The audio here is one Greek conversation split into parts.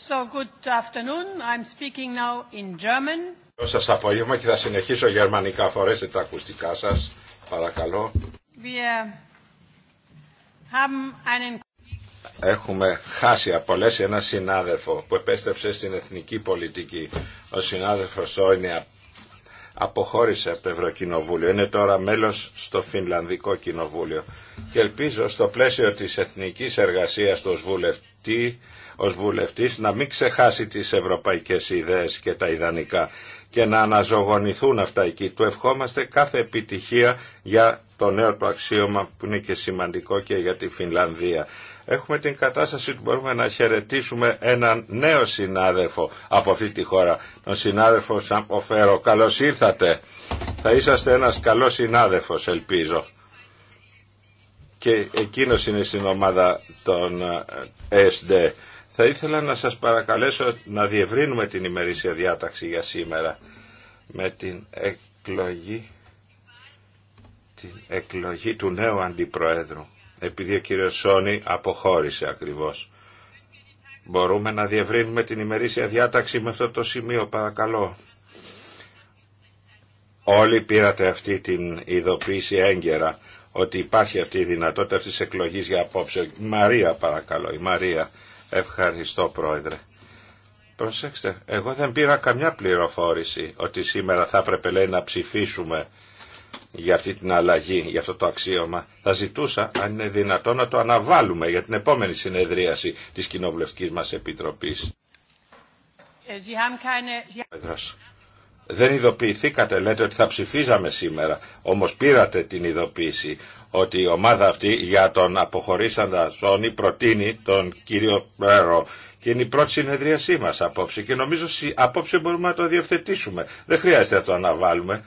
So good afternoon. I'm speaking now in German. Σας απόγευμα και θα συνεχίσω γερμανικά. Φορέστε τα ακουστικά σας. Παρακαλώ. Uh, Έχουμε χάσει απολέσει ένα συνάδελφο που επέστρεψε στην εθνική πολιτική. Ο συνάδελφος Σόινια αποχώρησε από το Ευρωκοινοβούλιο. Είναι τώρα μέλος στο Φινλανδικό Κοινοβούλιο. Και ελπίζω στο πλαίσιο της εθνικής εργασίας του βουλευτή ως βουλευτής να μην ξεχάσει τις ευρωπαϊκές ιδέες και τα ιδανικά και να αναζωογονηθούν αυτά εκεί. Του ευχόμαστε κάθε επιτυχία για το νέο του αξίωμα που είναι και σημαντικό και για τη Φινλανδία. Έχουμε την κατάσταση που μπορούμε να χαιρετήσουμε έναν νέο συνάδελφο από αυτή τη χώρα, τον συνάδελφο Σαμποφέρο. Καλώς ήρθατε. Θα είσαστε ένας καλός συνάδελφος ελπίζω. Και εκείνος είναι στην ομάδα των ε, SD. Θα ήθελα να σας παρακαλέσω να διευρύνουμε την ημερήσια διάταξη για σήμερα με την εκλογή, την εκλογή του νέου αντιπροέδρου. Επειδή ο κύριος Σόνι αποχώρησε ακριβώς. Μπορούμε να διευρύνουμε την ημερήσια διάταξη με αυτό το σημείο, παρακαλώ. Όλοι πήρατε αυτή την ειδοποίηση έγκαιρα ότι υπάρχει αυτή η δυνατότητα αυτής της εκλογής για απόψε. Μαρία παρακαλώ, η Μαρία. Ευχαριστώ πρόεδρε. Προσέξτε, εγώ δεν πήρα καμιά πληροφόρηση ότι σήμερα θα έπρεπε λέει να ψηφίσουμε για αυτή την αλλαγή, για αυτό το αξίωμα. Θα ζητούσα αν είναι δυνατόν να το αναβάλουμε για την επόμενη συνεδρίαση της κοινοβουλευτικής μας επιτροπής. Ε, δεν ειδοποιηθήκατε, λέτε ότι θα ψηφίζαμε σήμερα, όμως πήρατε την ειδοποίηση ότι η ομάδα αυτή για τον αποχωρήσαντα Σόνι προτείνει τον κύριο Πρέρο και είναι η πρώτη συνεδρίασή μας απόψε και νομίζω απόψε μπορούμε να το διευθετήσουμε. Δεν χρειάζεται να το αναβάλουμε.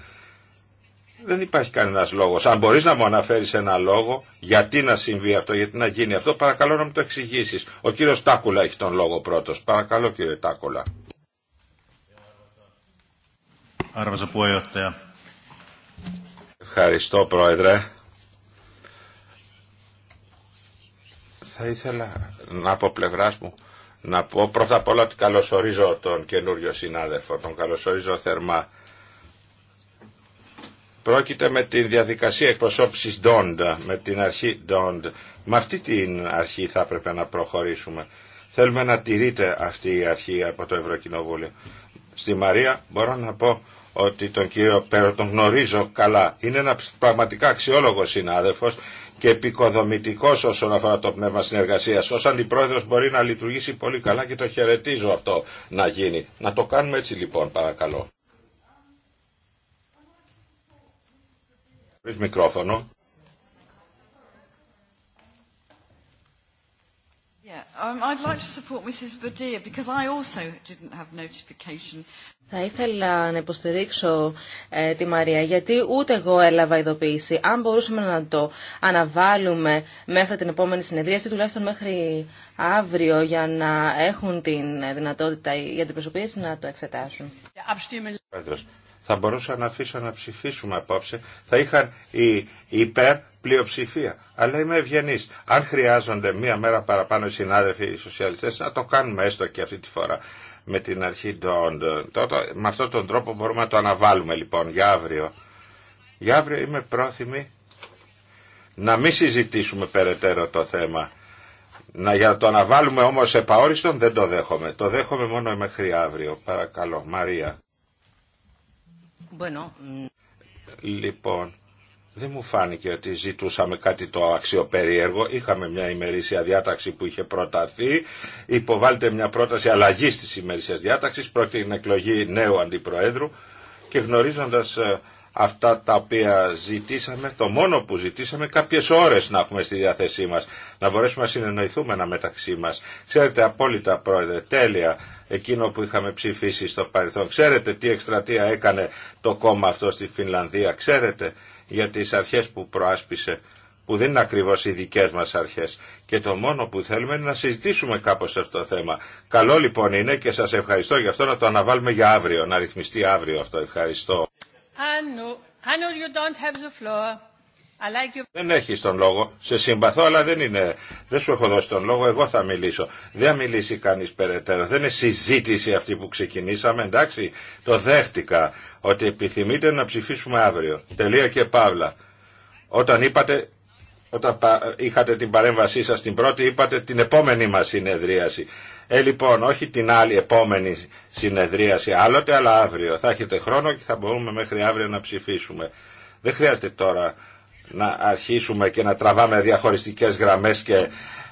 Δεν υπάρχει κανένα λόγο. Αν μπορεί να μου αναφέρει ένα λόγο, γιατί να συμβεί αυτό, γιατί να γίνει αυτό, παρακαλώ να μου το εξηγήσει. Ο κύριο Τάκουλα έχει τον λόγο πρώτο. Παρακαλώ, κύριε Τάκουλα. Ευχαριστώ, Πρόεδρε. Θα ήθελα να από πλευρά μου να πω πρώτα απ' όλα ότι καλωσορίζω τον καινούριο συνάδελφο, τον καλωσορίζω θερμά. Πρόκειται με τη διαδικασία εκπροσώπησης DOND, με την αρχή DOND. Με αυτή την αρχή θα έπρεπε να προχωρήσουμε. Θέλουμε να τηρείται αυτή η αρχή από το Ευρωκοινοβούλιο. Στη Μαρία μπορώ να πω ότι τον κύριο Πέρο τον γνωρίζω καλά. Είναι ένα πραγματικά αξιόλογος συνάδελφος και επικοδομητικός όσον αφορά το πνεύμα συνεργασίας. Ως αντιπρόεδρος μπορεί να λειτουργήσει πολύ καλά και το χαιρετίζω αυτό να γίνει. Να το κάνουμε έτσι λοιπόν παρακαλώ. μικρόφωνο. Θα ήθελα να υποστηρίξω ε, τη Μαρία γιατί ούτε εγώ έλαβα ειδοποίηση. Αν μπορούσαμε να το αναβάλουμε μέχρι την επόμενη συνεδρίαση, τουλάχιστον μέχρι αύριο, για να έχουν τη ε, δυνατότητα οι αντιπροσωπείες να το εξετάσουν. Θα μπορούσα να αφήσω να ψηφίσουμε απόψε. Θα είχαν οι υπέρ πλειοψηφία. Αλλά είμαι ευγενή. Αν χρειάζονται μία μέρα παραπάνω οι συνάδελφοι οι σοσιαλιστέ, να το κάνουμε έστω και αυτή τη φορά με την αρχή των. με αυτόν τον τρόπο μπορούμε να το αναβάλουμε λοιπόν για αύριο. Για αύριο είμαι πρόθυμη να μην συζητήσουμε περαιτέρω το θέμα. Να, για το αναβάλουμε όμως επαόριστον δεν το δέχομαι. Το δέχομαι μόνο μέχρι αύριο. Παρακαλώ. Μαρία. Bueno. Λοιπόν, δεν μου φάνηκε ότι ζητούσαμε κάτι το αξιοπερίεργο. Είχαμε μια ημερήσια διάταξη που είχε προταθεί. Υποβάλλεται μια πρόταση αλλαγή τη ημερήσια διάταξη. Πρόκειται την εκλογή νέου αντιπροέδρου. Και γνωρίζοντα ε, αυτά τα οποία ζητήσαμε, το μόνο που ζητήσαμε κάποιε ώρε να έχουμε στη διάθεσή μα, να μπορέσουμε να συνεννοηθούμε ένα μεταξύ μα. Ξέρετε απόλυτα πρόεδρε, τέλεια εκείνο που είχαμε ψηφίσει στο παρελθόν. Ξέρετε τι εκστρατεία έκανε το κόμμα αυτό στη Φινλανδία, ξέρετε για τις αρχές που προάσπισε, που δεν είναι ακριβώς οι δικές μας αρχές. Και το μόνο που θέλουμε είναι να συζητήσουμε κάπως αυτό το θέμα. Καλό λοιπόν είναι και σας ευχαριστώ γι' αυτό να το αναβάλουμε για αύριο, να ρυθμιστεί αύριο αυτό. Ευχαριστώ. Δεν έχει τον λόγο. Σε συμπαθώ, αλλά δεν είναι. Δεν σου έχω δώσει τον λόγο. Εγώ θα μιλήσω. Δεν θα μιλήσει κανεί περαιτέρω. Δεν είναι συζήτηση αυτή που ξεκινήσαμε. Εντάξει, το δέχτηκα ότι επιθυμείτε να ψηφίσουμε αύριο. Τελεία και παύλα. Όταν είπατε όταν είχατε την παρέμβασή σα την πρώτη είπατε την επόμενη μα συνεδρίαση. Ε, λοιπόν, όχι την άλλη επόμενη συνεδρίαση άλλοτε, αλλά αύριο. Θα έχετε χρόνο και θα μπορούμε μέχρι αύριο να ψηφίσουμε. Δεν χρειάζεται τώρα να αρχίσουμε και να τραβάμε διαχωριστικές γραμμές και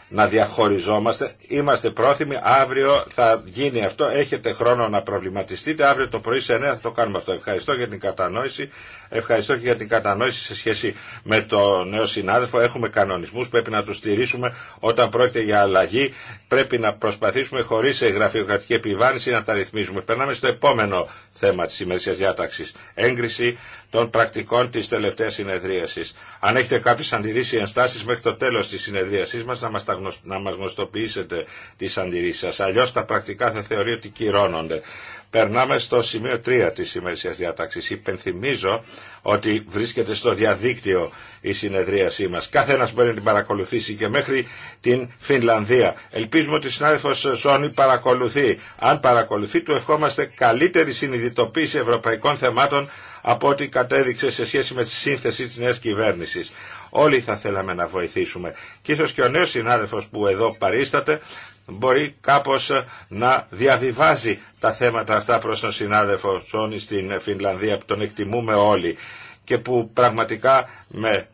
να διαχωριζόμαστε. Είμαστε πρόθυμοι, αύριο θα γίνει αυτό, έχετε χρόνο να προβληματιστείτε, αύριο το πρωί σε 9 θα το κάνουμε αυτό. Ευχαριστώ για την κατανόηση Ευχαριστώ και για την κατανόηση σε σχέση με τον νέο συνάδελφο. Έχουμε κανονισμούς, πρέπει να τους στηρίσουμε όταν πρόκειται για αλλαγή. Πρέπει να προσπαθήσουμε χωρίς γραφειοκρατική επιβάρυνση να τα ρυθμίζουμε. Περνάμε στο επόμενο θέμα της ημερησίας διάταξης. Έγκριση των πρακτικών της τελευταίας συνεδρίασης. Αν έχετε κάποιες αντιρρήσεις ή ενστάσεις μέχρι το τέλος της συνεδρίασής μας να μας, να μας γνωστοποιήσετε τις αντιρρήσεις σας. Αλλιώς τα πρακτικά θα θεωρεί ότι κυρώνονται. Περνάμε στο σημείο 3 της ημερησίας διάταξης. Υπενθυμίζω ότι βρίσκεται στο διαδίκτυο η συνεδρίασή μας. Κάθε ένας μπορεί να την παρακολουθήσει και μέχρι την Φινλανδία. Ελπίζουμε ότι ο συνάδελφος Σόνι παρακολουθεί. Αν παρακολουθεί του ευχόμαστε καλύτερη συνειδητοποίηση ευρωπαϊκών θεμάτων από ό,τι κατέδειξε σε σχέση με τη σύνθεση της νέας κυβέρνησης. Όλοι θα θέλαμε να βοηθήσουμε. Και ίσως και ο νέος συνάδελφος που εδώ παρίσταται μπορεί κάπως ε, να διαβιβάζει τα θέματα αυτά προς τον συνάδελφο Σόνι στην Φινλανδία που τον εκτιμούμε όλοι και που πραγματικά με,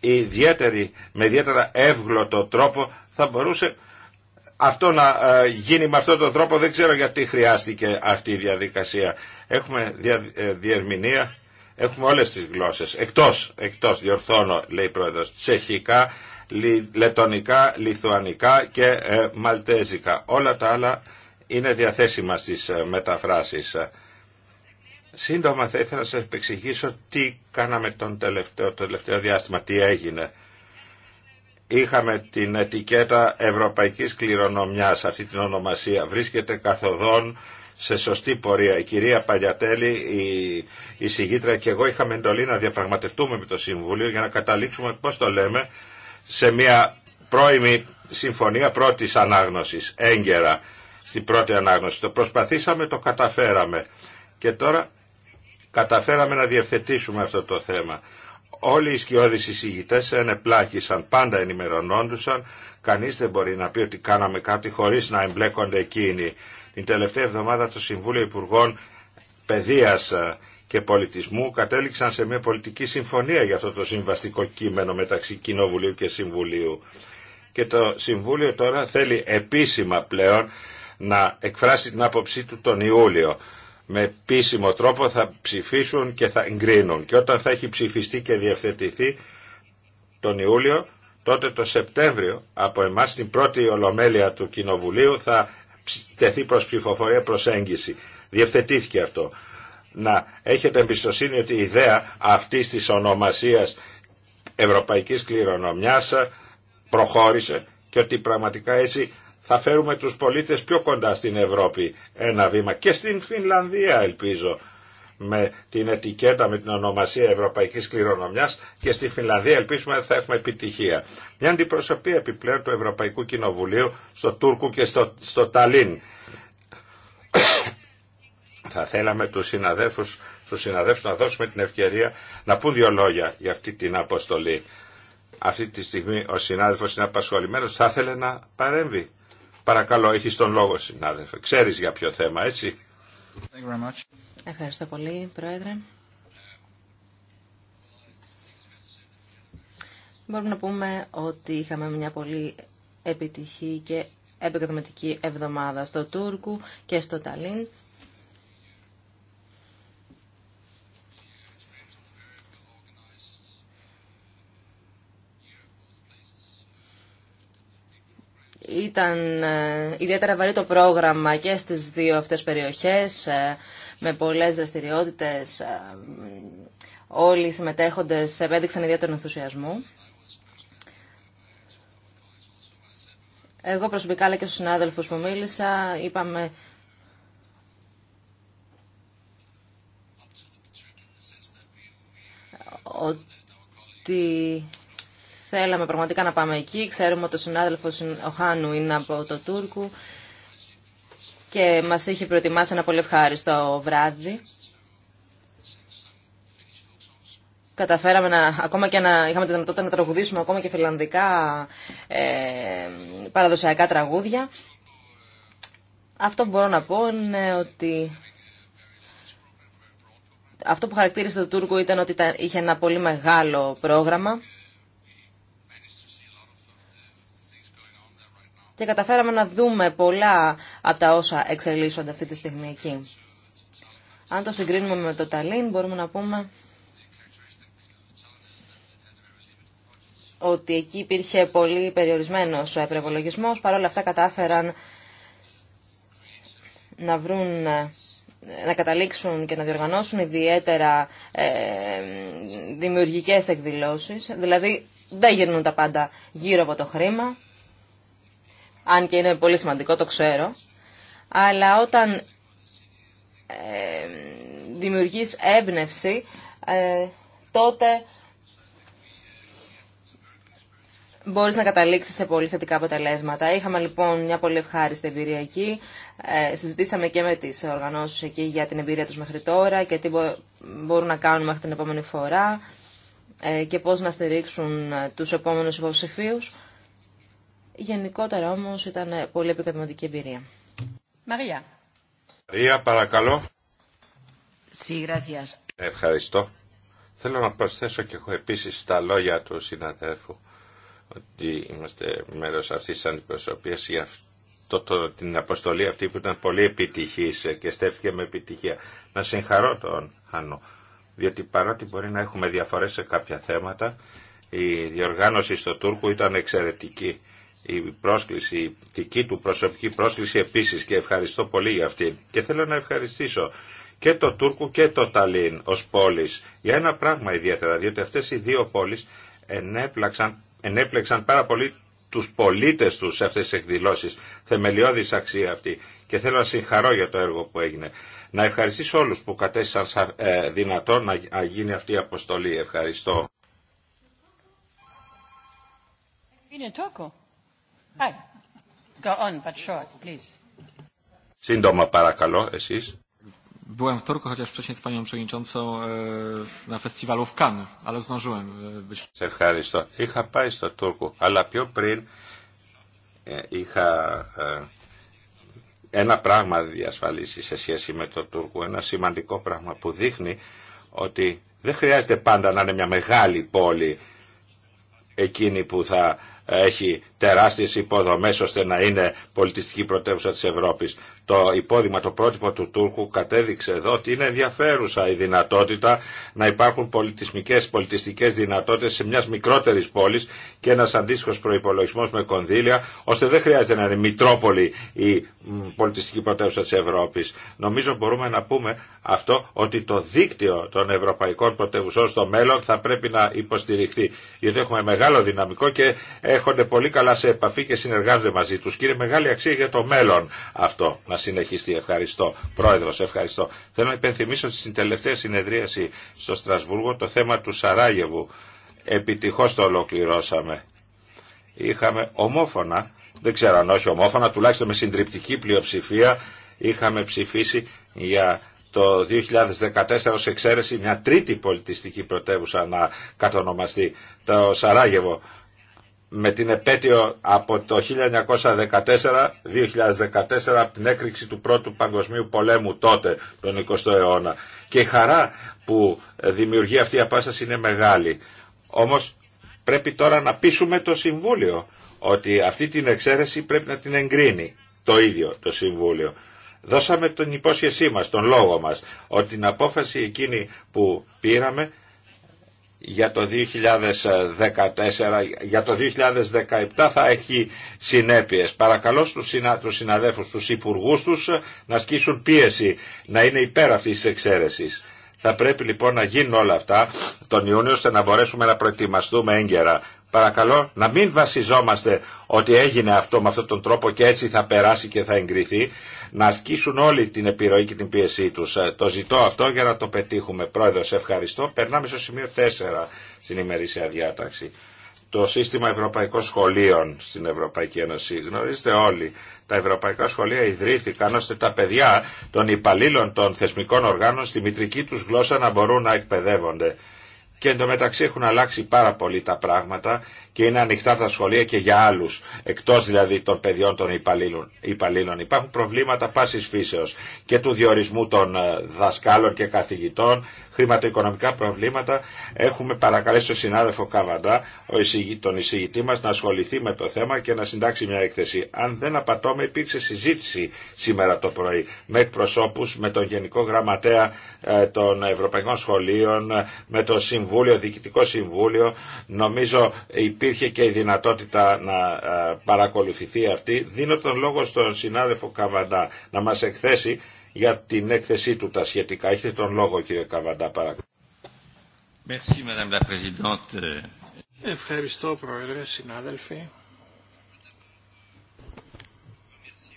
ιδιαίτερη, με ιδιαίτερα εύγλωτο τρόπο θα μπορούσε αυτό να ε, γίνει με αυτόν τον τρόπο δεν ξέρω γιατί χρειάστηκε αυτή η διαδικασία. Έχουμε ε, διερμηνία, έχουμε όλες τις γλώσσες. Εκτός, εκτός διορθώνω λέει η Πρόεδρος, τσεχικά, λετονικά, λιθουανικά και ε, μαλτέζικα. Όλα τα άλλα είναι διαθέσιμα στις ε, μεταφράσεις. Σύντομα θα ήθελα να σας επεξηγήσω τι κάναμε τον τελευταίο, το τελευταίο διάστημα, τι έγινε. Είχαμε την ετικέτα Ευρωπαϊκής Κληρονομιάς, αυτή την ονομασία. Βρίσκεται καθοδόν σε σωστή πορεία. Η κυρία Παγιατέλη, η, η συγγήτρια και εγώ είχαμε εντολή να διαπραγματευτούμε με το Συμβούλιο για να καταλήξουμε πώς το λέμε σε μια πρώιμη συμφωνία πρώτης ανάγνωσης, έγκαιρα στην πρώτη ανάγνωση. Το προσπαθήσαμε, το καταφέραμε και τώρα καταφέραμε να διευθετήσουμε αυτό το θέμα. Όλοι οι σκιώδεις εισηγητές ενεπλάκησαν, πάντα ενημερωνόντουσαν, κανείς δεν μπορεί να πει ότι κάναμε κάτι χωρίς να εμπλέκονται εκείνοι. Την τελευταία εβδομάδα το Συμβούλιο Υπουργών Παιδείας ε, και Πολιτισμού κατέληξαν σε μια πολιτική συμφωνία για αυτό το συμβαστικό κείμενο μεταξύ Κοινοβουλίου και Συμβουλίου. Και το Συμβούλιο τώρα θέλει επίσημα πλέον να εκφράσει την άποψή του τον Ιούλιο. Με επίσημο τρόπο θα ψηφίσουν και θα εγκρίνουν. Και όταν θα έχει ψηφιστεί και διευθετηθεί τον Ιούλιο, τότε το Σεπτέμβριο από εμάς στην πρώτη ολομέλεια του Κοινοβουλίου θα τεθεί προς ψηφοφορία προσέγγιση. Διευθετήθηκε αυτό να έχετε εμπιστοσύνη ότι η ιδέα αυτή της ονομασίας ευρωπαϊκής κληρονομιάς προχώρησε και ότι πραγματικά έτσι θα φέρουμε τους πολίτες πιο κοντά στην Ευρώπη ένα βήμα και στην Φινλανδία ελπίζω με την ετικέτα, με την ονομασία Ευρωπαϊκής Κληρονομιάς και στη Φινλανδία ελπίζουμε ότι θα έχουμε επιτυχία. Μια αντιπροσωπεία επιπλέον του Ευρωπαϊκού Κοινοβουλίου στο Τούρκου και στο, στο Ταλίν θα θέλαμε τους συναδέλφους, τους συναδέλφους να δώσουμε την ευκαιρία να πούν δύο λόγια για αυτή την αποστολή. Αυτή τη στιγμή ο συνάδελφος είναι απασχολημένος, θα ήθελε να παρέμβει. Παρακαλώ, έχεις τον λόγο συνάδελφε. Ξέρεις για ποιο θέμα, έτσι. Ευχαριστώ πολύ, Πρόεδρε. Μπορούμε να πούμε ότι είχαμε μια πολύ επιτυχή και επικοδομητική εβδομάδα στο Τούρκου και στο Ταλίν. ήταν ε, ιδιαίτερα βαρύ το πρόγραμμα και στις δύο αυτές περιοχές ε, με πολλές δραστηριότητες. Ε, όλοι οι συμμετέχοντες επέδειξαν ιδιαίτερο ενθουσιασμό. Εγώ προσωπικά αλλά και στους συνάδελφους που μίλησα είπαμε ότι Θέλαμε πραγματικά να πάμε εκεί. Ξέρουμε ότι ο συνάδελφος ο Χάνου είναι από το Τούρκου και μας είχε προετοιμάσει ένα πολύ ευχάριστο βράδυ. Καταφέραμε να, ακόμα και να είχαμε τη δυνατότητα να τραγουδήσουμε ακόμα και φιλανδικά ε, παραδοσιακά τραγούδια. Αυτό που μπορώ να πω είναι ότι αυτό που χαρακτήρισε το Τούρκο ήταν ότι είχε ένα πολύ μεγάλο πρόγραμμα και καταφέραμε να δούμε πολλά από τα όσα εξελίσσονται αυτή τη στιγμή εκεί. Αν το συγκρίνουμε με το Ταλίν, μπορούμε να πούμε ότι εκεί υπήρχε πολύ περιορισμένος ο Παρ' όλα αυτά κατάφεραν να βρουν να καταλήξουν και να διοργανώσουν ιδιαίτερα ε, δημιουργικές εκδηλώσεις. Δηλαδή δεν γυρνούν τα πάντα γύρω από το χρήμα αν και είναι πολύ σημαντικό, το ξέρω. Αλλά όταν ε, δημιουργείς έμπνευση, ε, τότε μπορείς να καταλήξεις σε πολύ θετικά αποτελέσματα. Είχαμε λοιπόν μια πολύ ευχάριστη εμπειρία εκεί. Ε, συζητήσαμε και με τις οργανώσεις εκεί για την εμπειρία τους μέχρι τώρα και τι μπορούν να κάνουν μέχρι την επόμενη φορά ε, και πώς να στηρίξουν ε, τους επόμενους υποψηφίους. Γενικότερα όμως ήταν πολύ επικοδηματική εμπειρία. Μαρία. Μαρία, παρακαλώ. Ευχαριστώ. Θέλω να προσθέσω και εγώ επίσης τα λόγια του συναδέλφου ότι είμαστε μέρο αυτής της αντιπροσωπείας για το, την αποστολή αυτή που ήταν πολύ επιτυχής και στέφηκε με επιτυχία. Να συγχαρώ τον Άννο, διότι παρότι μπορεί να έχουμε διαφορές σε κάποια θέματα, η διοργάνωση στο Τούρκου ήταν εξαιρετική η πρόσκληση, η δική του προσωπική πρόσκληση επίσης και ευχαριστώ πολύ για αυτή. Και θέλω να ευχαριστήσω και το Τούρκου και το Ταλίν ως πόλεις για ένα πράγμα ιδιαίτερα, διότι αυτές οι δύο πόλεις ενέπλαξαν, ενέπλεξαν πάρα πολύ τους πολίτες τους σε αυτές τις εκδηλώσεις. Θεμελιώδης αξία αυτή. Και θέλω να συγχαρώ για το έργο που έγινε. Να ευχαριστήσω όλους που κατέστησαν ε, δυνατό να γίνει αυτή η αποστολή. Ευχαριστώ. Είναι τόκο. Σύντομα παρακαλώ, εσείς. Σε ευχαριστώ. Είχα πάει στο Τούρκο, αλλά πιο πριν ε, είχα ε, ένα πράγμα διασφαλίσει σε σχέση με το Τούρκο, ένα σημαντικό πράγμα που δείχνει ότι δεν χρειάζεται πάντα να είναι μια μεγάλη πόλη εκείνη που θα έχει τεράστιες υποδομές ώστε να είναι πολιτιστική πρωτεύουσα της Ευρώπης το υπόδειγμα, το πρότυπο του Τούρκου κατέδειξε εδώ ότι είναι ενδιαφέρουσα η δυνατότητα να υπάρχουν πολιτισμικές, πολιτιστικές δυνατότητες σε μιας μικρότερης πόλης και ένας αντίστοιχος προϋπολογισμός με κονδύλια, ώστε δεν χρειάζεται να είναι μητρόπολη η πολιτιστική πρωτεύουσα της Ευρώπης. Νομίζω μπορούμε να πούμε αυτό ότι το δίκτυο των ευρωπαϊκών πρωτεύουσών στο μέλλον θα πρέπει να υποστηριχθεί, γιατί έχουμε μεγάλο δυναμικό και έρχονται πολύ καλά σε επαφή και συνεργάζονται μαζί τους. Κύριε, μεγάλη αξία για το μέλλον αυτό να συνεχιστεί. Ευχαριστώ. πρόεδρο, ευχαριστώ. Θέλω να υπενθυμίσω στην τελευταία συνεδρίαση στο Στρασβούργο το θέμα του Σαράγεβου. Επιτυχώς το ολοκληρώσαμε. Είχαμε ομόφωνα, δεν ξέρω αν όχι ομόφωνα, τουλάχιστον με συντριπτική πλειοψηφία είχαμε ψηφίσει για το 2014 ως εξαίρεση μια τρίτη πολιτιστική πρωτεύουσα να κατονομαστεί το Σαράγεβο με την επέτειο από το 1914-2014 από την έκρηξη του Πρώτου Παγκοσμίου Πολέμου τότε, τον 20ο αιώνα. Και η χαρά που δημιουργεί αυτή η απάσταση είναι μεγάλη. Όμως πρέπει τώρα να πείσουμε το Συμβούλιο ότι αυτή την εξαίρεση πρέπει να την εγκρίνει το ίδιο το Συμβούλιο. Δώσαμε την υπόσχεσή μας, τον λόγο μας, ότι την απόφαση εκείνη που πήραμε για το 2014, για το 2017 θα έχει συνέπειες. Παρακαλώ στους συναδέφους, στους συναδέλφους, τους υπουργούς τους ε, να ασκήσουν πίεση, να είναι υπέρ αυτής της εξαίρεσης. Θα πρέπει λοιπόν να γίνουν όλα αυτά τον Ιούνιο ώστε να μπορέσουμε να προετοιμαστούμε έγκαιρα. Παρακαλώ να μην βασιζόμαστε ότι έγινε αυτό με αυτόν τον τρόπο και έτσι θα περάσει και θα εγκριθεί, να ασκήσουν όλη την επιρροή και την πίεσή τους. Ε, το ζητώ αυτό για να το πετύχουμε. Πρόεδρος, ευχαριστώ. Περνάμε στο σημείο 4 στην ημερήσια διάταξη. Το σύστημα ευρωπαϊκών σχολείων στην Ευρωπαϊκή Ένωση. Γνωρίζετε όλοι, τα ευρωπαϊκά σχολεία ιδρύθηκαν ώστε τα παιδιά των υπαλλήλων των θεσμικών οργάνων στη μητρική τους γλώσσα να μπορούν να εκπαιδεύονται και εντωμεταξύ έχουν αλλάξει πάρα πολύ τα πράγματα και είναι ανοιχτά τα σχολεία και για άλλου, εκτό δηλαδή των παιδιών των υπαλλήλων. Υπάρχουν προβλήματα πάσης φύσεως και του διορισμού των ε, δασκάλων και καθηγητών, χρηματοοικονομικά προβλήματα. Έχουμε παρακαλέσει τον συνάδελφο Καβαντά, τον εισηγητή μα, να ασχοληθεί με το θέμα και να συντάξει μια έκθεση. Αν δεν απατώμε, υπήρξε συζήτηση σήμερα το πρωί με εκπροσώπου, με τον Γενικό Γραμματέα ε, των Ευρωπαϊκών Σχολείων, με τον Συμβούλιο, Διοικητικό Συμβούλιο. Νομίζω υπήρχε και η δυνατότητα να ε, παρακολουθηθεί αυτή. Δίνω τον λόγο στον συνάδελφο Καβαντά να μας εκθέσει για την έκθεσή του τα σχετικά. Έχετε τον λόγο κύριε Καβαντά παρακαλώ. Ευχαριστώ Πρόεδρε, συνάδελφοι.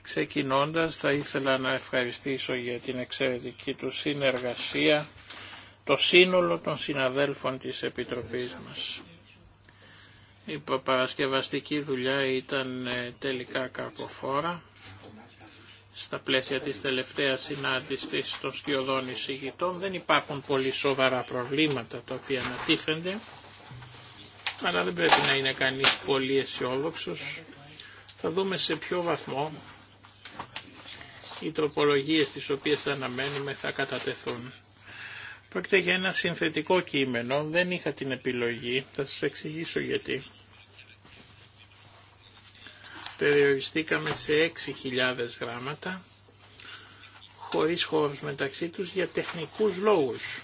Ξεκινώντας θα ήθελα να ευχαριστήσω για την εξαιρετική του συνεργασία το σύνολο των συναδέλφων της Επιτροπής μας. Η παρασκευαστική δουλειά ήταν ε, τελικά κακοφόρα στα πλαίσια της τελευταίας συνάντησης των σκιωδών εισηγητών. Δεν υπάρχουν πολύ σοβαρά προβλήματα τα οποία ανατίθενται, αλλά δεν πρέπει να είναι κανείς πολύ αισιόδοξο. Θα δούμε σε ποιο βαθμό οι τροπολογίες τις οποίες αναμένουμε θα κατατεθούν. Πρόκειται για ένα συνθετικό κείμενο, δεν είχα την επιλογή, θα σας εξηγήσω γιατί. Περιοριστήκαμε σε 6.000 γράμματα, χωρίς χώρους μεταξύ τους για τεχνικούς λόγους.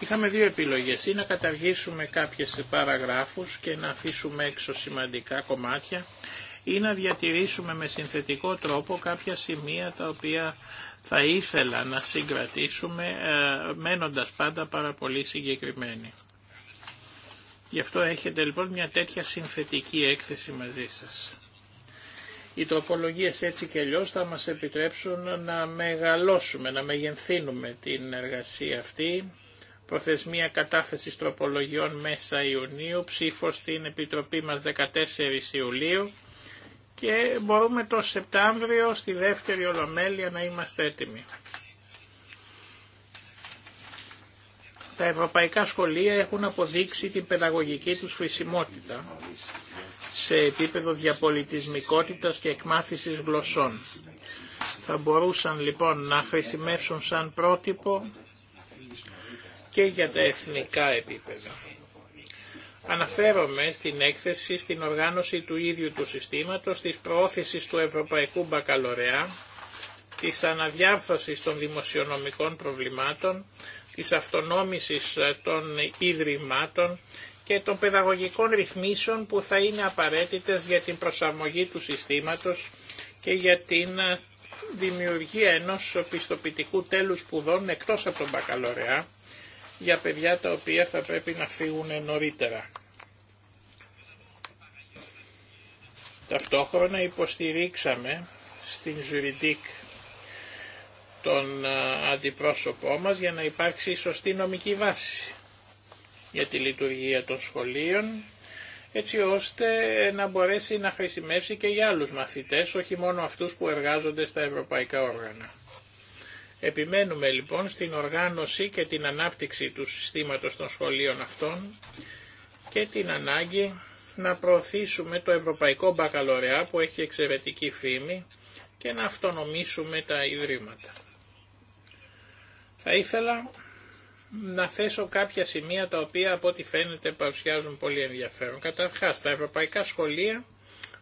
Είχαμε δύο επιλογές, ή να καταργήσουμε κάποιες παραγράφους και να αφήσουμε έξω σημαντικά κομμάτια, ή να διατηρήσουμε με συνθετικό τρόπο κάποια σημεία τα οποία θα ήθελα να συγκρατήσουμε ε, μένοντας πάντα πάρα πολύ συγκεκριμένοι. Γι' αυτό έχετε λοιπόν μια τέτοια συνθετική έκθεση μαζί σας. Οι τροπολογίες έτσι και αλλιώ θα μας επιτρέψουν να μεγαλώσουμε, να μεγενθύνουμε την εργασία αυτή. Προθεσμία κατάθεσης τροπολογιών μέσα Ιουνίου, ψήφος στην Επιτροπή μας 14 Ιουλίου και μπορούμε το Σεπτάμβριο στη δεύτερη Ολομέλεια να είμαστε έτοιμοι. Τα ευρωπαϊκά σχολεία έχουν αποδείξει την παιδαγωγική τους χρησιμότητα σε επίπεδο διαπολιτισμικότητας και εκμάθησης γλωσσών. Θα μπορούσαν λοιπόν να χρησιμεύσουν σαν πρότυπο και για τα εθνικά επίπεδα. Αναφέρομαι στην έκθεση στην οργάνωση του ίδιου του συστήματος, της προώθησης του Ευρωπαϊκού Μπακαλωρεά, της αναδιάρθρωσης των δημοσιονομικών προβλημάτων, της αυτονόμησης ε, των ίδρυμάτων και των παιδαγωγικών ρυθμίσεων που θα είναι απαραίτητες για την προσαρμογή του συστήματος και για την ε, δημιουργία ενός πιστοποιητικού τέλους σπουδών εκτός από τον μπακαλωρεά για παιδιά τα οποία θα πρέπει να φύγουν νωρίτερα. Ταυτόχρονα υποστηρίξαμε στην Ζουριντικ τον αντιπρόσωπό μας για να υπάρξει σωστή νομική βάση για τη λειτουργία των σχολείων έτσι ώστε να μπορέσει να χρησιμεύσει και για άλλους μαθητές, όχι μόνο αυτούς που εργάζονται στα ευρωπαϊκά όργανα. Επιμένουμε λοιπόν στην οργάνωση και την ανάπτυξη του συστήματος των σχολείων αυτών και την ανάγκη να προωθήσουμε το Ευρωπαϊκό Μπακαλωρεά που έχει εξαιρετική φήμη και να αυτονομήσουμε τα Ιδρύματα. Θα ήθελα να θέσω κάποια σημεία τα οποία από ό,τι φαίνεται παρουσιάζουν πολύ ενδιαφέρον. Καταρχάς, τα ευρωπαϊκά σχολεία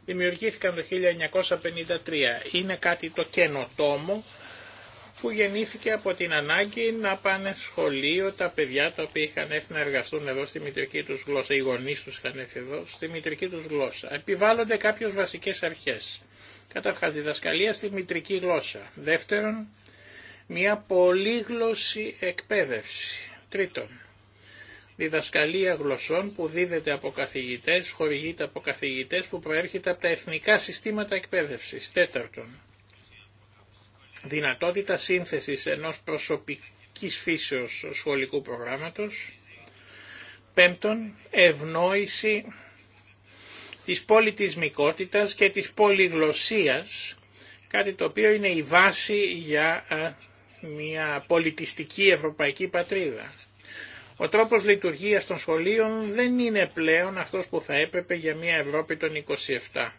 δημιουργήθηκαν το 1953. Είναι κάτι το καινοτόμο, που γεννήθηκε από την ανάγκη να πάνε σχολείο τα παιδιά τα οποία είχαν έρθει να εργαστούν εδώ στη μητρική τους γλώσσα, οι γονείς τους είχαν έρθει εδώ στη μητρική τους γλώσσα. Επιβάλλονται κάποιες βασικές αρχές. Καταρχάς διδασκαλία στη μητρική γλώσσα. Δεύτερον, μια πολύγλωση εκπαίδευση. Τρίτον, διδασκαλία γλωσσών που δίδεται από καθηγητές, χορηγείται από καθηγητές που προέρχεται από τα εθνικά συστήματα εκπαίδευση. Τέταρτον, δυνατότητα σύνθεσης ενός προσωπικής φύσεως σχολικού προγράμματος. Πέμπτον, ευνόηση της πολιτισμικότητας και της πολυγλωσσίας, κάτι το οποίο είναι η βάση για ε, μια πολιτιστική ευρωπαϊκή πατρίδα. Ο τρόπος λειτουργίας των σχολείων δεν είναι πλέον αυτός που θα έπρεπε για μια Ευρώπη των 27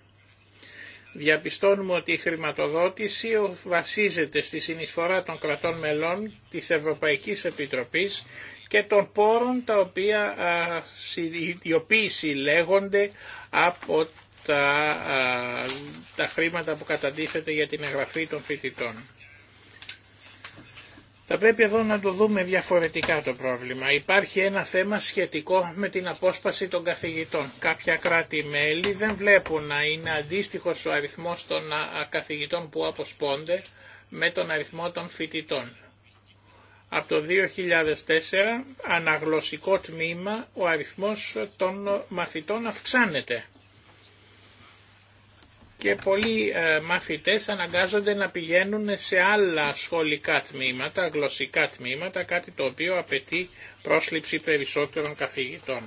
διαπιστώνουμε ότι η χρηματοδότηση βασίζεται στη συνεισφορά των κρατών μελών της Ευρωπαϊκής Επιτροπής και των πόρων τα οποία, οι οποίοι συλλέγονται από τα, χρήματα που κατατίθεται για την εγγραφή των φοιτητών. Θα πρέπει εδώ να το δούμε διαφορετικά το πρόβλημα. Υπάρχει ένα θέμα σχετικό με την απόσπαση των καθηγητών. Κάποια κράτη-μέλη δεν βλέπουν να είναι αντίστοιχο ο αριθμός των καθηγητών που αποσπώνται με τον αριθμό των φοιτητών. Από το 2004, αναγλωσσικό τμήμα, ο αριθμός των μαθητών αυξάνεται και πολλοί ε, μαθητές αναγκάζονται να πηγαίνουν σε άλλα σχολικά τμήματα, γλωσσικά τμήματα, κάτι το οποίο απαιτεί πρόσληψη περισσότερων καθηγητών.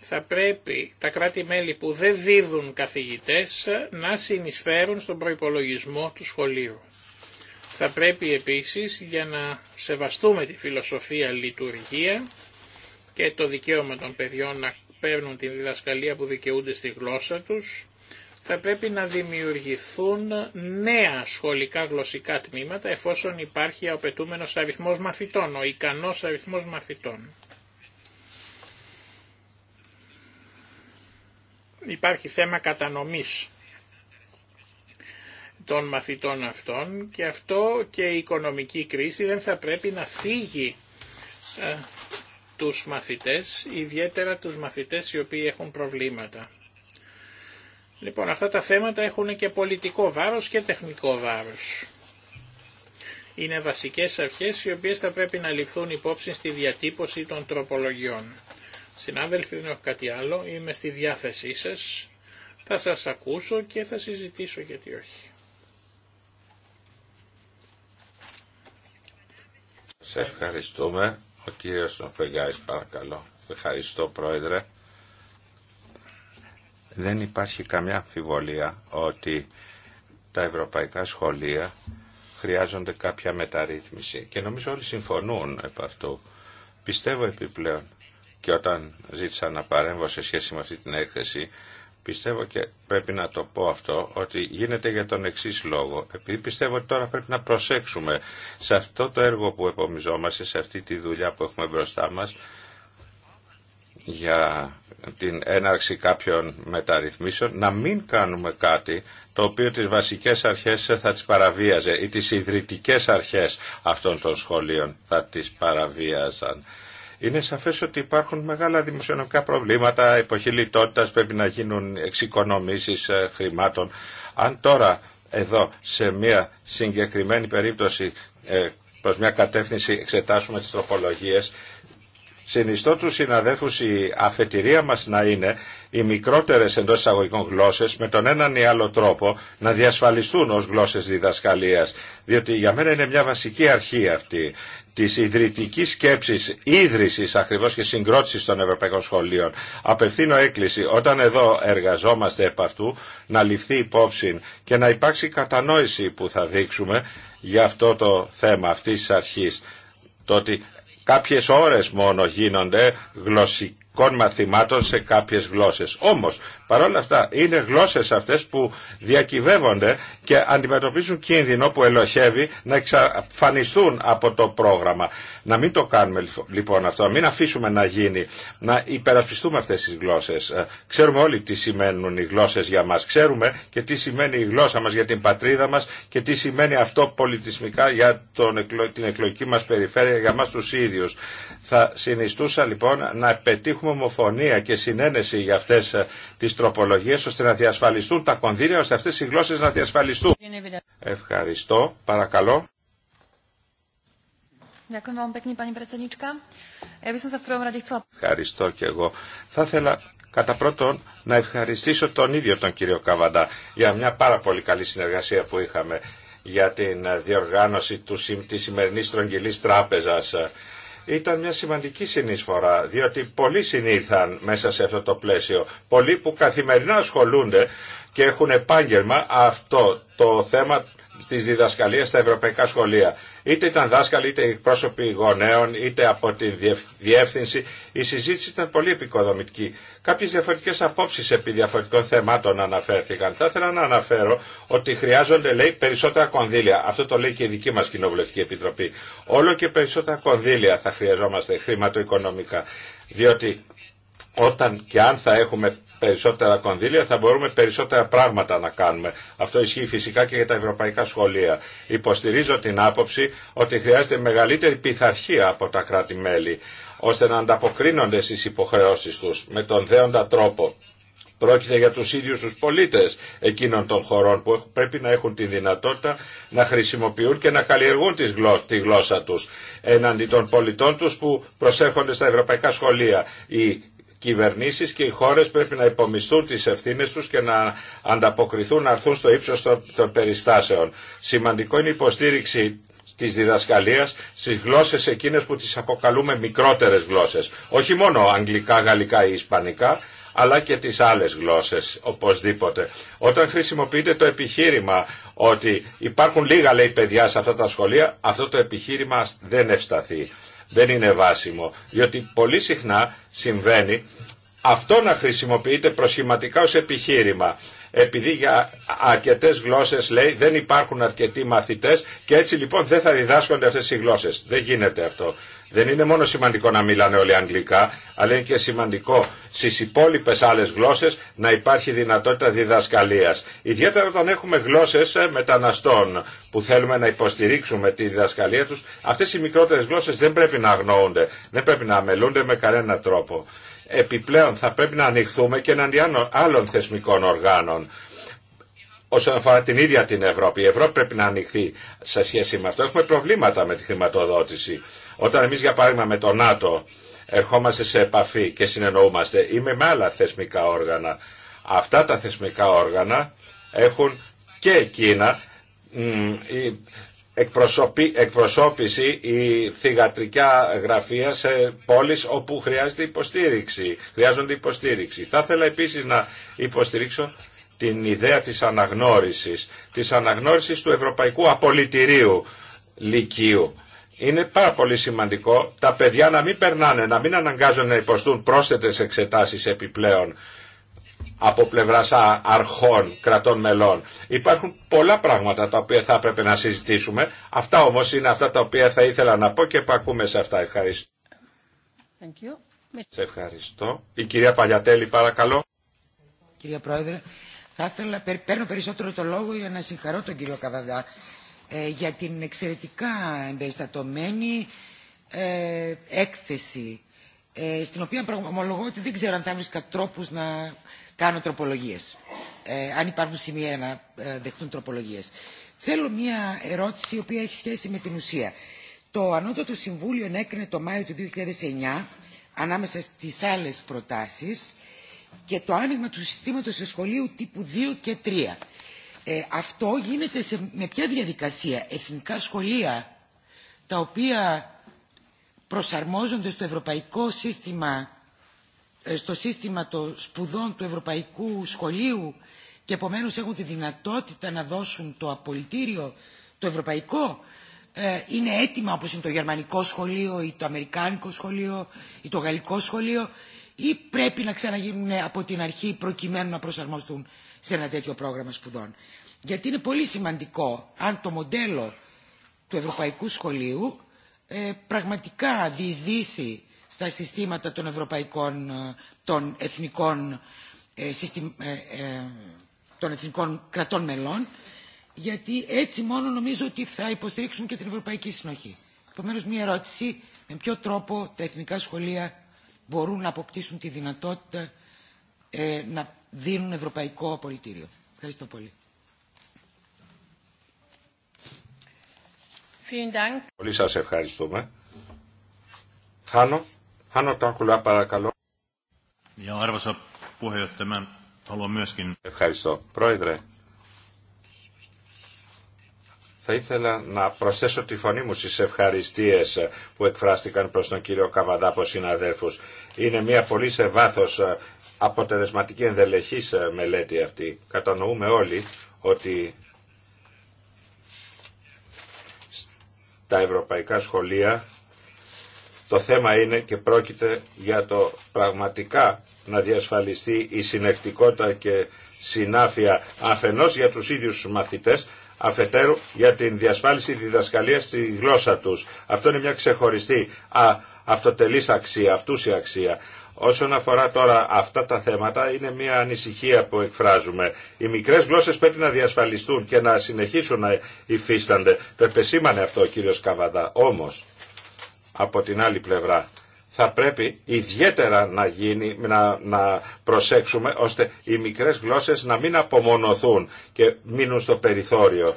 Θα πρέπει τα κράτη-μέλη που δεν δίδουν καθηγητές να συνεισφέρουν στον προϋπολογισμό του σχολείου. Θα πρέπει επίσης για να σεβαστούμε τη φιλοσοφία λειτουργία και το δικαίωμα των παιδιών να παίρνουν τη διδασκαλία που δικαιούνται στη γλώσσα τους, θα πρέπει να δημιουργηθούν νέα σχολικά γλωσσικά τμήματα εφόσον υπάρχει ο απαιτούμενος αριθμός μαθητών, ο ικανός αριθμός μαθητών. Υπάρχει θέμα κατανομής των μαθητών αυτών και αυτό και η οικονομική κρίση δεν θα πρέπει να φύγει ε, τους μαθητές, ιδιαίτερα τους μαθητές οι οποίοι έχουν προβλήματα. Λοιπόν, αυτά τα θέματα έχουν και πολιτικό βάρος και τεχνικό βάρος. Είναι βασικές αρχές οι οποίες θα πρέπει να ληφθούν υπόψη στη διατύπωση των τροπολογιών. Συνάδελφοι, δεν έχω κάτι άλλο, είμαι στη διάθεσή σας, θα σας ακούσω και θα συζητήσω γιατί όχι. Σε ευχαριστούμε. Ο κύριος Νοφεγγάης παρακαλώ. Ευχαριστώ πρόεδρε δεν υπάρχει καμιά αμφιβολία ότι τα ευρωπαϊκά σχολεία χρειάζονται κάποια μεταρρύθμιση και νομίζω όλοι συμφωνούν επ' αυτού. Πιστεύω επιπλέον και όταν ζήτησα να παρέμβω σε σχέση με αυτή την έκθεση πιστεύω και πρέπει να το πω αυτό ότι γίνεται για τον εξή λόγο επειδή πιστεύω ότι τώρα πρέπει να προσέξουμε σε αυτό το έργο που επομιζόμαστε σε αυτή τη δουλειά που έχουμε μπροστά μας για την έναρξη κάποιων μεταρρυθμίσεων να μην κάνουμε κάτι το οποίο τις βασικές αρχές θα τις παραβίαζε ή τις ιδρυτικές αρχές αυτών των σχολείων θα τις παραβίαζαν. Είναι σαφές ότι υπάρχουν μεγάλα δημοσιονομικά προβλήματα, εποχή λιτότητας, πρέπει να γίνουν εξοικονομήσεις ε, χρημάτων. Αν τώρα εδώ σε μια συγκεκριμένη περίπτωση ε, προς μια κατεύθυνση εξετάσουμε τις τροπολογίες Συνιστώ του συναδέλφους η αφετηρία μας να είναι οι μικρότερες εντός εισαγωγικών γλώσσες με τον έναν ή άλλο τρόπο να διασφαλιστούν ως γλώσσες διδασκαλίας. Διότι για μένα είναι μια βασική αρχή αυτή της ιδρυτικής σκέψης, ίδρυσης ακριβώς και συγκρότησης των Ευρωπαϊκών Σχολείων. Απευθύνω έκκληση όταν εδώ εργαζόμαστε επ' αυτού να ληφθεί υπόψη και να υπάρξει κατανόηση που θα δείξουμε για αυτό το θέμα αυτής της αρχής το Κάποιες ώρες μόνο γίνονται γλωσσικών μαθημάτων σε κάποιες γλώσσες. Όμως Παρ' όλα αυτά είναι γλώσσες αυτές που διακυβεύονται και αντιμετωπίζουν κίνδυνο που ελοχεύει να εξαφανιστούν από το πρόγραμμα. Να μην το κάνουμε λοιπόν αυτό, να μην αφήσουμε να γίνει, να υπερασπιστούμε αυτές τις γλώσσες. Ε, ξέρουμε όλοι τι σημαίνουν οι γλώσσες για μας. Ξέρουμε και τι σημαίνει η γλώσσα μας για την πατρίδα μας και τι σημαίνει αυτό πολιτισμικά για τον, την εκλογική μας περιφέρεια, για μας τους ίδιους. Θα συνιστούσα λοιπόν να πετύχουμε ομοφωνία και συνένεση για αυτές ε, τις ώστε να διασφαλιστούν τα κονδύλια ώστε αυτές οι γλώσσες να διασφαλιστούν. Ευχαριστώ. Παρακαλώ. Ευχαριστώ και εγώ. Θα ήθελα κατά πρώτον να ευχαριστήσω τον ίδιο τον κύριο Καβαντά για μια πάρα πολύ καλή συνεργασία που είχαμε για την διοργάνωση του, της σημερινής Τράπεζα ήταν μια σημαντική συνεισφορά, διότι πολλοί συνήθαν μέσα σε αυτό το πλαίσιο, πολλοί που καθημερινά ασχολούνται και έχουν επάγγελμα αυτό το θέμα της διδασκαλίας στα ευρωπαϊκά σχολεία. Είτε ήταν δάσκαλοι, είτε πρόσωποι γονέων, είτε από τη διεύθυνση. Η συζήτηση ήταν πολύ επικοδομητική. Κάποιε διαφορετικέ απόψει επί διαφορετικών θεμάτων αναφέρθηκαν. Θα ήθελα να αναφέρω ότι χρειάζονται, λέει, περισσότερα κονδύλια. Αυτό το λέει και η δική μα Κοινοβουλευτική Επιτροπή. Όλο και περισσότερα κονδύλια θα χρειαζόμαστε χρηματοοικονομικά. Διότι όταν και αν θα έχουμε περισσότερα κονδύλια θα μπορούμε περισσότερα πράγματα να κάνουμε. Αυτό ισχύει φυσικά και για τα ευρωπαϊκά σχολεία. Υποστηρίζω την άποψη ότι χρειάζεται μεγαλύτερη πειθαρχία από τα κράτη-μέλη ώστε να ανταποκρίνονται στις υποχρεώσεις τους με τον δέοντα τρόπο. Πρόκειται για τους ίδιους τους πολίτες εκείνων των χωρών που πρέπει να έχουν τη δυνατότητα να χρησιμοποιούν και να καλλιεργούν τη γλώσσα τους εναντί των πολιτών τους που προσέρχονται στα ευρωπαϊκά σχολεία. Η κυβερνήσεις και οι χώρες πρέπει να υπομισθούν τις ευθύνες τους και να ανταποκριθούν να έρθουν στο ύψος των περιστάσεων. Σημαντικό είναι η υποστήριξη της διδασκαλίας στις γλώσσες εκείνες που τις αποκαλούμε μικρότερες γλώσσες. Όχι μόνο αγγλικά, γαλλικά ή ισπανικά, αλλά και τις άλλες γλώσσες οπωσδήποτε. Όταν χρησιμοποιείται το επιχείρημα ότι υπάρχουν λίγα λέει παιδιά σε αυτά τα σχολεία, αυτό το επιχείρημα δεν ευσταθεί δεν είναι βάσιμο. Διότι πολύ συχνά συμβαίνει αυτό να χρησιμοποιείται προσχηματικά ως επιχείρημα επειδή για αρκετές γλώσσες λέει δεν υπάρχουν αρκετοί μαθητές και έτσι λοιπόν δεν θα διδάσκονται αυτές οι γλώσσες. Δεν γίνεται αυτό. Δεν είναι μόνο σημαντικό να μιλάνε όλοι αγγλικά, αλλά είναι και σημαντικό στι υπόλοιπε άλλε γλώσσε να υπάρχει δυνατότητα διδασκαλία. Ιδιαίτερα όταν έχουμε γλώσσε ε, μεταναστών που θέλουμε να υποστηρίξουμε τη διδασκαλία του, αυτέ οι μικρότερε γλώσσε δεν πρέπει να αγνοούνται, δεν πρέπει να αμελούνται με κανένα τρόπο. Επιπλέον θα πρέπει να ανοιχθούμε και εναντίον άλλων θεσμικών οργάνων όσον αφορά την ίδια την Ευρώπη. Η Ευρώπη πρέπει να ανοιχθεί σε σχέση με αυτό. Έχουμε προβλήματα με τη χρηματοδότηση. Όταν εμείς για παράδειγμα με το ΝΑΤΟ ερχόμαστε σε επαφή και συνεννοούμαστε ή με άλλα θεσμικά όργανα, αυτά τα θεσμικά όργανα έχουν και εκείνα εκπροσώπηση ή θηγατρικά γραφεία σε πόλεις όπου χρειάζεται υποστήριξη, χρειάζονται υποστήριξη. Θα ήθελα επίσης να υποστηρίξω την ιδέα της αναγνώρισης, της αναγνώρισης του Ευρωπαϊκού Απολυτηρίου Λυκείου είναι πάρα πολύ σημαντικό τα παιδιά να μην περνάνε, να μην αναγκάζονται να υποστούν πρόσθετες εξετάσεις επιπλέον από πλευράς αρχών κρατών μελών. Υπάρχουν πολλά πράγματα τα οποία θα έπρεπε να συζητήσουμε. Αυτά όμως είναι αυτά τα οποία θα ήθελα να πω και πακούμε σε αυτά. Ευχαριστώ. Σε ευχαριστώ. Η κυρία Παλιατέλη παρακαλώ. Κυρία Πρόεδρε, θα ήθελα, παίρνω περισσότερο το λόγο για να συγχαρώ τον κύριο Καβαδά ε, για την εξαιρετικά εμπεριστατωμένη ε, έκθεση ε, στην οποία ομολογώ ότι δεν ξέρω αν θα βρίσκα τρόπους να κάνω τροπολογίες. αν υπάρχουν σημεία να δεχτούν τροπολογίες. Θέλω μία ερώτηση η οποία έχει σχέση με την ουσία. Το Ανώτατο Συμβούλιο ενέκρινε το Μάιο του 2009 ανάμεσα στις άλλες προτάσεις και το άνοιγμα του συστήματος σε σχολείου τύπου 2 και 3 ε, αυτό γίνεται με ποια διαδικασία. Εθνικά σχολεία τα οποία προσαρμόζονται στο ευρωπαϊκό σύστημα, ε, στο σύστημα των σπουδών του ευρωπαϊκού σχολείου και επομένως έχουν τη δυνατότητα να δώσουν το απολυτήριο το ευρωπαϊκό ε, είναι έτοιμα όπως είναι το γερμανικό σχολείο ή το αμερικάνικο σχολείο ή το γαλλικό σχολείο ή πρέπει να ξαναγίνουν από την αρχή προκειμένου να προσαρμοστούν σε ένα τέτοιο πρόγραμμα σπουδών. Γιατί είναι πολύ σημαντικό αν το μοντέλο του Ευρωπαϊκού Σχολείου ε, πραγματικά διεισδύσει στα συστήματα των, ευρωπαϊκών, ε, των, εθνικών, ε, ε, ε, των εθνικών κρατών μελών, γιατί έτσι μόνο νομίζω ότι θα υποστηρίξουν και την Ευρωπαϊκή Συνοχή. Επομένως, μία ερώτηση, με ποιο τρόπο τα εθνικά σχολεία μπορούν να αποκτήσουν τη δυνατότητα να δίνουν ευρωπαϊκό απολυτήριο. Ευχαριστώ πολύ. Πολύ σας ευχαριστούμε. Χάνο, Χάνο Τάκουλα παρακαλώ. Ευχαριστώ. Πρόεδρε, θα ήθελα να προσθέσω τη φωνή μου στις ευχαριστίες που εκφράστηκαν προς τον κύριο Καβαδά από συναδέλφους. Είναι μια πολύ σε βάθος αποτελεσματική ενδελεχής ε, μελέτη αυτή. Κατανοούμε όλοι ότι τα ευρωπαϊκά σχολεία το θέμα είναι και πρόκειται για το πραγματικά να διασφαλιστεί η συνεκτικότητα και συνάφεια αφενός για τους ίδιους τους μαθητές, αφετέρου για την διασφάλιση διδασκαλίας στη γλώσσα τους. Αυτό είναι μια ξεχωριστή α, αυτοτελής αξία, η αξία. Όσον αφορά τώρα αυτά τα θέματα, είναι μια ανησυχία που εκφράζουμε. Οι μικρέ γλώσσε πρέπει να διασφαλιστούν και να συνεχίσουν να υφίστανται. Το επεσήμανε αυτό ο κύριο Καβαδά. Όμω, από την άλλη πλευρά, θα πρέπει ιδιαίτερα να, γίνει, να, να προσέξουμε ώστε οι μικρές γλώσσες να μην απομονωθούν και μείνουν στο περιθώριο.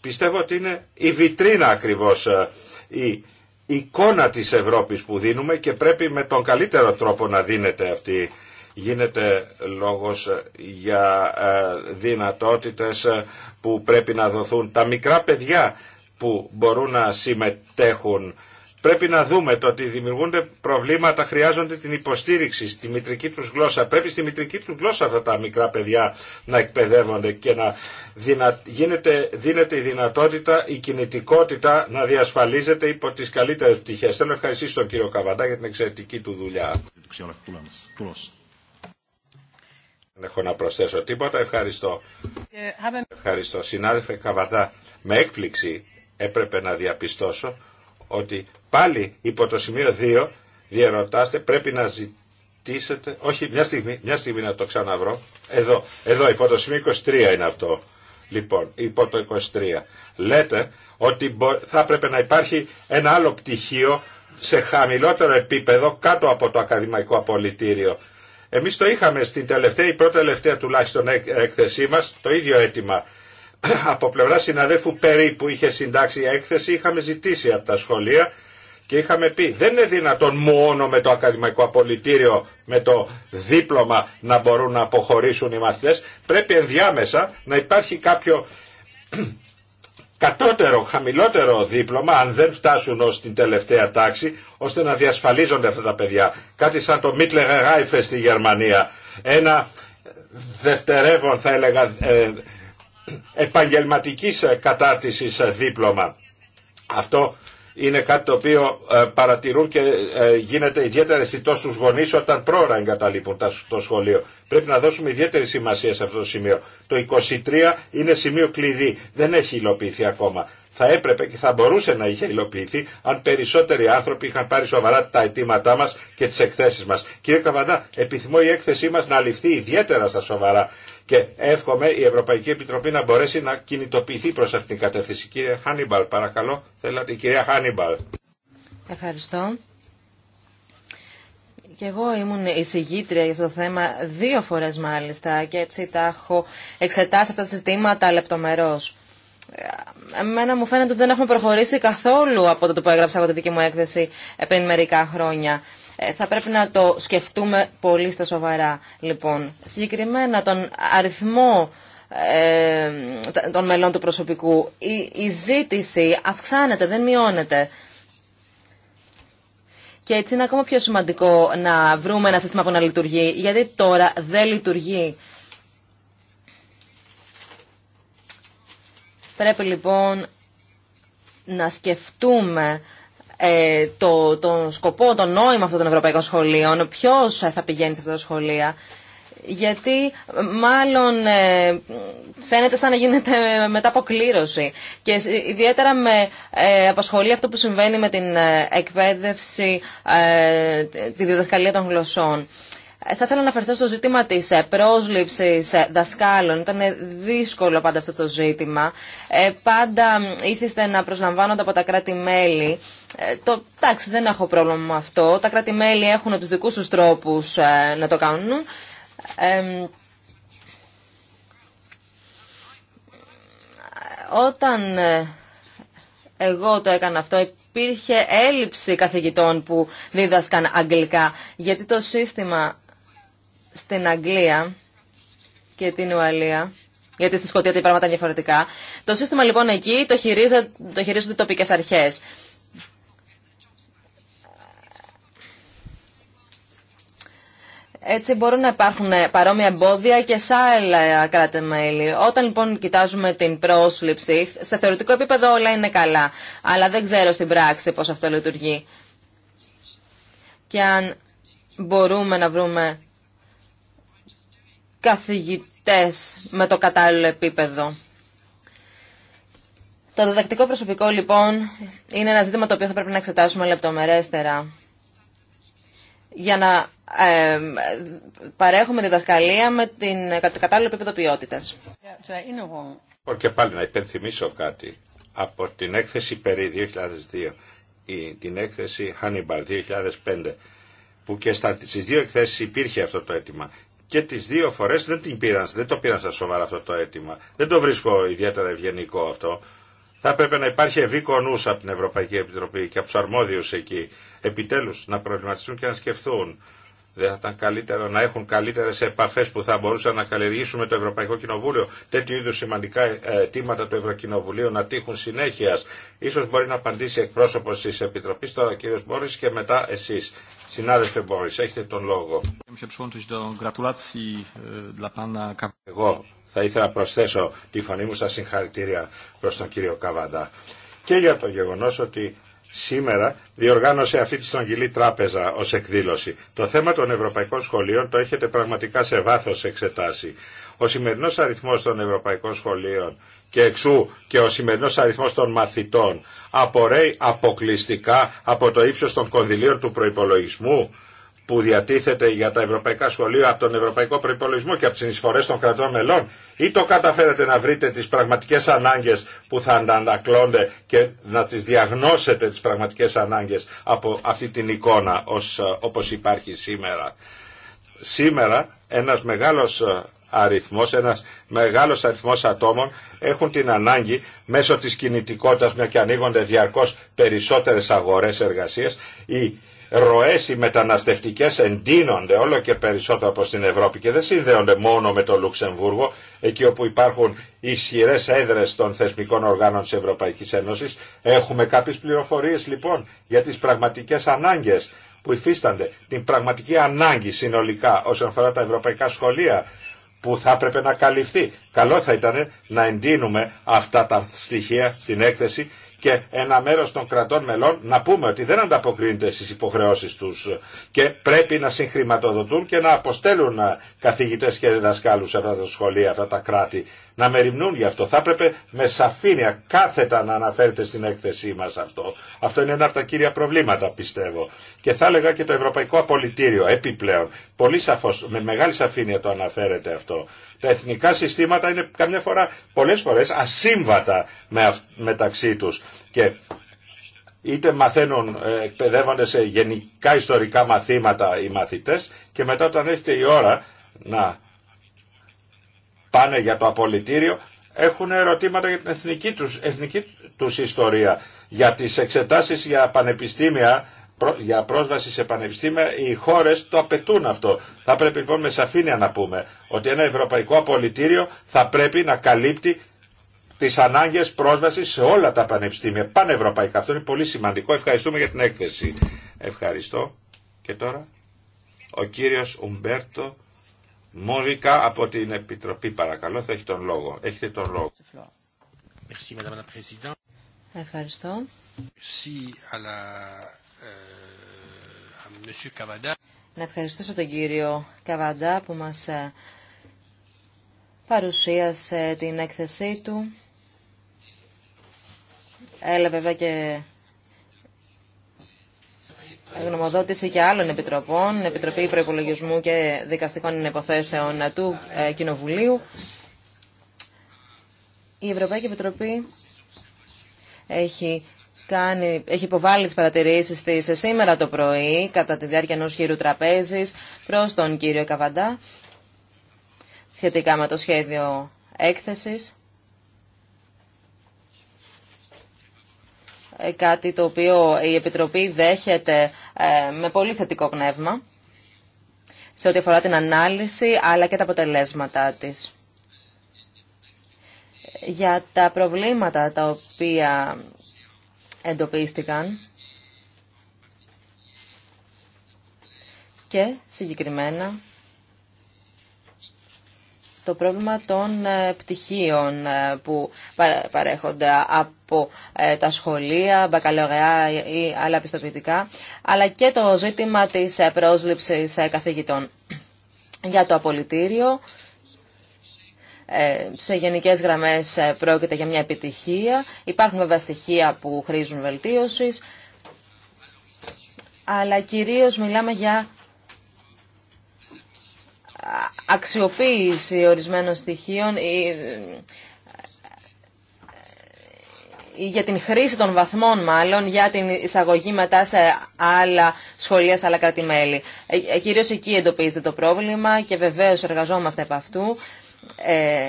Πιστεύω ότι είναι η βιτρίνα ακριβώς ε, η εικόνα της Ευρώπης που δίνουμε και πρέπει με τον καλύτερο τρόπο να δίνεται αυτή. Γίνεται λόγος για ε, δυνατότητες ε, που πρέπει να δοθούν τα μικρά παιδιά που μπορούν να συμμετέχουν Πρέπει να δούμε το ότι δημιουργούνται προβλήματα, χρειάζονται την υποστήριξη στη μητρική τους γλώσσα. Πρέπει στη μητρική τους γλώσσα αυτά τα μικρά παιδιά να εκπαιδεύονται και να δυνα... γίνεται, δίνεται η δυνατότητα, η κινητικότητα να διασφαλίζεται υπό τις καλύτερες πτυχές. Θέλω να ευχαριστήσω τον κύριο Καβαντά για την εξαιρετική του δουλειά. Δεν έχω να προσθέσω τίποτα. Ευχαριστώ. Ε, Ευχαριστώ. Συνάδελφε Καβαντά, με έκπληξη έπρεπε να διαπιστώσω ότι πάλι υπό το σημείο 2 διαρωτάστε πρέπει να ζητήσετε, όχι μια στιγμή, μια στιγμή να το ξαναβρω, εδώ, εδώ υπό το σημείο 23 είναι αυτό. Λοιπόν, υπό το 23. Λέτε ότι θα πρέπει να υπάρχει ένα άλλο πτυχίο σε χαμηλότερο επίπεδο κάτω από το ακαδημαϊκό απολυτήριο. Εμείς το είχαμε στην τελευταία ή πρώτα τελευταία τουλάχιστον έκθεσή μας το ίδιο αίτημα από πλευρά συναδέφου Περί που είχε συντάξει η έκθεση είχαμε ζητήσει από τα σχολεία και είχαμε πει δεν είναι δυνατόν μόνο με το ακαδημαϊκό απολυτήριο, με το δίπλωμα να μπορούν να αποχωρήσουν οι μαθητές. Πρέπει ενδιάμεσα να υπάρχει κάποιο κατώτερο, χαμηλότερο δίπλωμα, αν δεν φτάσουν ως την τελευταία τάξη, ώστε να διασφαλίζονται αυτά τα παιδιά. Κάτι σαν το Mittlerer Reife στη Γερμανία. Ένα δευτερεύον, θα έλεγα, ε, επαγγελματικής ε, κατάρτισης ε, δίπλωμα. Αυτό είναι κάτι το οποίο ε, παρατηρούν και γίνεται ιδιαίτερα αισθητό στου γονεί όταν πρόωρα εγκαταλείπουν το σχολείο. Πρέπει να δώσουμε ιδιαίτερη σημασία σε αυτό το σημείο. Το 23 είναι σημείο κλειδί. Δεν έχει υλοποιηθεί ακόμα. Θα έπρεπε και θα μπορούσε να είχε υλοποιηθεί αν περισσότεροι άνθρωποι είχαν πάρει σοβαρά τα αιτήματά μα και τι εκθέσει μα. Κύριε Καβαντά, επιθυμώ η έκθεσή μα να ληφθεί ιδιαίτερα στα σοβαρά και εύχομαι η Ευρωπαϊκή Επιτροπή να μπορέσει να κινητοποιηθεί προς αυτήν την κατεύθυνση. Κύριε Χάνιμπαλ, παρακαλώ, θέλατε η κυρία Χάνιμπαλ. Ευχαριστώ. Και εγώ ήμουν εισηγήτρια για αυτό το θέμα δύο φορές μάλιστα και έτσι τα έχω εξετάσει αυτά τα ζητήματα λεπτομερώς. Εμένα μου φαίνεται ότι δεν έχουμε προχωρήσει καθόλου από το που έγραψα από τη δική μου έκθεση ε, πριν μερικά χρόνια. Ε, θα πρέπει να το σκεφτούμε πολύ στα σοβαρά. Λοιπόν, συγκεκριμένα τον αριθμό ε, των μελών του προσωπικού, η, η ζήτηση αυξάνεται, δεν μειώνεται. Και έτσι είναι ακόμα πιο σημαντικό να βρούμε ένα σύστημα που να λειτουργεί, γιατί τώρα δεν λειτουργεί. Πρέπει λοιπόν να σκεφτούμε ε, το, τον σκοπό, το νόημα αυτών των ευρωπαϊκών σχολείων, ποιο θα πηγαίνει σε αυτά τα σχολεία. Γιατί μάλλον ε, φαίνεται σαν να γίνεται μετά από κλήρωση. Και ιδιαίτερα με ε, απασχολεί αυτό που συμβαίνει με την ε, εκπαίδευση, ε, τη διδασκαλία των γλωσσών. Ε, θα ήθελα να αναφερθώ στο ζήτημα της ε, πρόσληψη ε, δασκάλων. Ήταν δύσκολο πάντα αυτό το ζήτημα. Πάντα ήθιστε να προσλαμβάνονται από τα κράτη-μέλη. Το, εντάξει, δεν έχω πρόβλημα με αυτό. Τα κράτη-μέλη έχουν τους δικούς τους τρόπους να το κάνουν. Όταν εγώ το έκανα αυτό, υπήρχε έλλειψη καθηγητών που δίδασκαν αγγλικά, γιατί το σύστημα στην Αγγλία και την Ουαλία, γιατί στη Σκοτία τα πράγματα είναι διαφορετικά. Το σύστημα λοιπόν εκεί το, χειρίζονται, το οι τοπικές αρχές. Έτσι μπορούν να υπάρχουν παρόμοια εμπόδια και σε άλλα κράτη-μέλη. Όταν λοιπόν κοιτάζουμε την πρόσληψη, σε θεωρητικό επίπεδο όλα είναι καλά. Αλλά δεν ξέρω στην πράξη πώς αυτό λειτουργεί. Και αν μπορούμε να βρούμε καθηγητές με το κατάλληλο επίπεδο. Το διδακτικό προσωπικό λοιπόν είναι ένα ζήτημα το οποίο θα πρέπει να εξετάσουμε λεπτομερέστερα για να ε, παρέχουμε διδασκαλία με την κατάλληλο επίπεδο ποιότητα. Και πάλι να υπενθυμίσω κάτι από την έκθεση περί 2002 ή την έκθεση Hannibal 2005 που και στις δύο εκθέσεις υπήρχε αυτό το αίτημα και τι δύο φορέ δεν, την πήραν, δεν το πήραν στα σοβαρά αυτό το αίτημα. Δεν το βρίσκω ιδιαίτερα ευγενικό αυτό. Θα έπρεπε να υπάρχει ευήκο νου από την Ευρωπαϊκή Επιτροπή και από του αρμόδιου εκεί. επιτέλου, να προβληματιστούν και να σκεφτούν. Δεν θα ήταν καλύτερο να έχουν καλύτερε επαφέ που θα μπορούσαν να καλλιεργήσουν με το Ευρωπαϊκό Κοινοβούλιο. Τέτοιου είδου σημαντικά ε, αιτήματα του Ευρωκοινοβουλίου να τύχουν συνέχεια. σω μπορεί να απαντήσει εκπρόσωπο τη Επιτροπή, τώρα ο κύριο Μπόρι, και μετά εσεί. Συνάδελφε Μπόρις, έχετε τον λόγο. Εγώ θα ήθελα να προσθέσω τη φωνή μου στα συγχαρητήρια προς τον κύριο Καβαντά. Και για το γεγονός ότι σήμερα διοργάνωσε αυτή τη στρογγυλή τράπεζα ως εκδήλωση. Το θέμα των ευρωπαϊκών σχολείων το έχετε πραγματικά σε βάθος εξετάσει. Ο σημερινός αριθμός των ευρωπαϊκών σχολείων και εξού και ο σημερινός αριθμός των μαθητών απορρέει αποκλειστικά από το ύψος των κονδυλίων του προϋπολογισμού που διατίθεται για τα ευρωπαϊκά σχολεία από τον ευρωπαϊκό προπολογισμό και από τι εισφορέ των κρατών μελών, ή το καταφέρετε να βρείτε τι πραγματικέ ανάγκε που θα αντανακλώνται και να τι διαγνώσετε τι πραγματικέ ανάγκε από αυτή την εικόνα όπω υπάρχει σήμερα. Σήμερα ένας μεγάλος αριθμός, ένας μεγάλος αριθμός ατόμων έχουν την ανάγκη μέσω της κινητικότητας μια και ανοίγονται διαρκώς περισσότερες αγορές εργασίας οι ροές οι μεταναστευτικές εντείνονται όλο και περισσότερο προς την Ευρώπη και δεν συνδέονται μόνο με το Λουξεμβούργο εκεί όπου υπάρχουν ισχυρέ έδρες των θεσμικών οργάνων της Ευρωπαϊκής Ένωσης έχουμε κάποιες πληροφορίες λοιπόν για τις πραγματικές ανάγκες που υφίστανται την πραγματική ανάγκη συνολικά όσον αφορά τα ευρωπαϊκά σχολεία που θα έπρεπε να καλυφθεί. Καλό θα ήταν να εντείνουμε αυτά τα στοιχεία στην έκθεση και ένα μέρος των κρατών μελών να πούμε ότι δεν ανταποκρίνεται στις υποχρεώσεις τους και πρέπει να συγχρηματοδοτούν και να αποστέλουν καθηγητές και διδασκάλους σε αυτά τα σχολεία, αυτά τα κράτη να μεριμνούν γι' αυτό. Θα έπρεπε με σαφήνεια κάθετα να αναφέρεται στην έκθεσή μας αυτό. Αυτό είναι ένα από τα κύρια προβλήματα πιστεύω. Και θα έλεγα και το Ευρωπαϊκό Απολυτήριο επιπλέον. Πολύ σαφώς, με μεγάλη σαφήνεια το αναφέρεται αυτό. Τα εθνικά συστήματα είναι καμιά φορά, πολλές φορές ασύμβατα με, μεταξύ του. Και είτε μαθαίνουν, ε, εκπαιδεύονται σε γενικά ιστορικά μαθήματα οι μαθητές και μετά όταν έρχεται η ώρα να πάνε για το απολυτήριο έχουν ερωτήματα για την εθνική τους, εθνική τους ιστορία. Για τις εξετάσεις για πανεπιστήμια, για πρόσβαση σε πανεπιστήμια, οι χώρες το απαιτούν αυτό. Θα πρέπει λοιπόν με σαφήνεια να πούμε ότι ένα ευρωπαϊκό απολυτήριο θα πρέπει να καλύπτει τις ανάγκες πρόσβασης σε όλα τα πανεπιστήμια πανευρωπαϊκά. Αυτό είναι πολύ σημαντικό. Ευχαριστούμε για την έκθεση. Ευχαριστώ. Και τώρα ο κύριος Ουμπέρτο Μόρικα από την Επιτροπή παρακαλώ θα έχει τον λόγο. Έχετε τον λόγο. Ευχαριστώ. Euh, Να ευχαριστήσω τον κύριο Καβαντά που μας ε, παρουσίασε την έκθεσή του. Έλα βέβαια και γνωμοδότηση και άλλων επιτροπών, Επιτροπή Προπολογισμού και Δικαστικών Υποθέσεων του ε, Κοινοβουλίου. Η Ευρωπαϊκή Επιτροπή έχει, κάνει, έχει υποβάλει τις παρατηρήσεις της σήμερα το πρωί κατά τη διάρκεια ενός χειρού τραπέζης προς τον κύριο Καβαντά σχετικά με το σχέδιο έκθεσης. Ε, κάτι το οποίο η Επιτροπή δέχεται ε, με πολύ θετικό πνεύμα σε ό,τι αφορά την ανάλυση αλλά και τα αποτελέσματά της. Για τα προβλήματα τα οποία εντοπίστηκαν και συγκεκριμένα το πρόβλημα των ε, πτυχίων ε, που παρέχονται από ε, τα σχολεία, μπακαλαιογεά ή άλλα πιστοποιητικά, αλλά και το ζήτημα της πρόσληψης καθηγητών για το απολυτήριο. Σε γενικές γραμμές πρόκειται για μια επιτυχία. Υπάρχουν βέβαια στοιχεία που χρήζουν βελτίωσης, αλλά κυρίως μιλάμε για αξιοποίηση ορισμένων στοιχείων ή, ή για την χρήση των βαθμών μάλλον, για την εισαγωγή μετά σε άλλα σχολεία, σε άλλα κράτη-μέλη. Ε, ε, κυρίως εκεί εντοπίζεται το πρόβλημα και βεβαίως εργαζόμαστε επ' αυτού. Ε,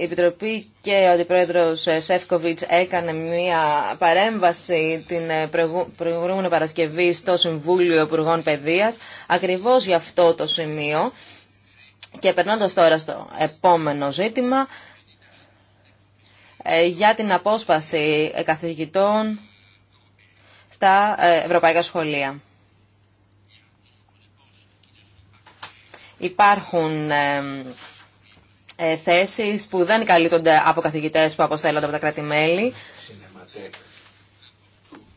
η Επιτροπή και ο Αντιπρόεδρος Σεφκοβιτς έκανε μια παρέμβαση την προηγούμενη Παρασκευή στο Συμβούλιο Υπουργών Παιδείας ακριβώς για αυτό το σημείο και περνώντας τώρα στο επόμενο ζήτημα, ε, για την απόσπαση καθηγητών στα ε, ευρωπαϊκά σχολεία. Υπάρχουν ε, θέσεις που δεν καλύπτονται από καθηγητές που αποστέλλονται από τα κράτη-μέλη.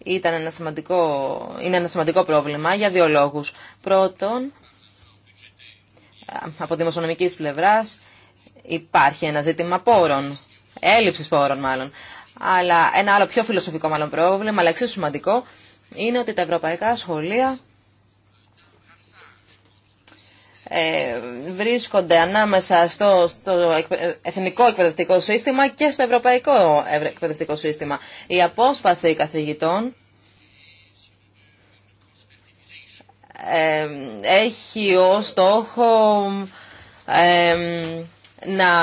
Ήταν ένα σημαντικό, είναι ένα σημαντικό πρόβλημα για δύο λόγους. Πρώτον, από δημοσιονομική πλευράς υπάρχει ένα ζήτημα πόρων, έλλειψη πόρων μάλλον. Αλλά ένα άλλο πιο φιλοσοφικό μάλλον πρόβλημα, αλλά εξίσου σημαντικό, είναι ότι τα ευρωπαϊκά σχολεία ε, βρίσκονται ανάμεσα στο, στο εθνικό εκπαιδευτικό σύστημα και στο ευρωπαϊκό εκπαιδευτικό σύστημα. Η απόσπαση καθηγητών έχει ως στόχο να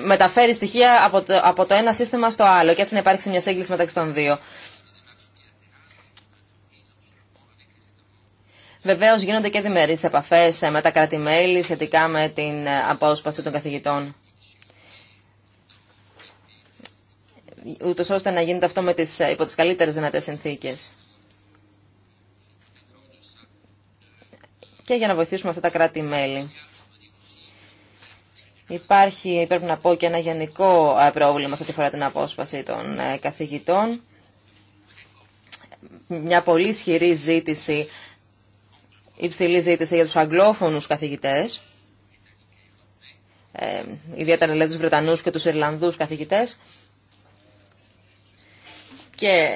μεταφέρει στοιχεία από το, από το ένα σύστημα στο άλλο και έτσι να υπάρξει μια σύγκληση μεταξύ των δύο. Βεβαίως γίνονται και διμερείς επαφές ε, με τα κρατη σχετικά με την ε, απόσπαση των καθηγητών. Ούτως ώστε να γίνεται αυτό με τις, ε, υπό τις καλύτερες δυνατές συνθήκες. και για να βοηθήσουμε αυτά τα κράτη-μέλη. Υπάρχει, πρέπει να πω, και ένα γενικό ε, πρόβλημα σε ό,τι αφορά την απόσπαση των ε, καθηγητών. Μια πολύ ισχυρή ζήτηση, υψηλή ζήτηση για τους αγγλόφωνους καθηγητές, ε, ιδιαίτερα λέει δηλαδή, τους Βρετανούς και τους Ιρλανδούς καθηγητές, και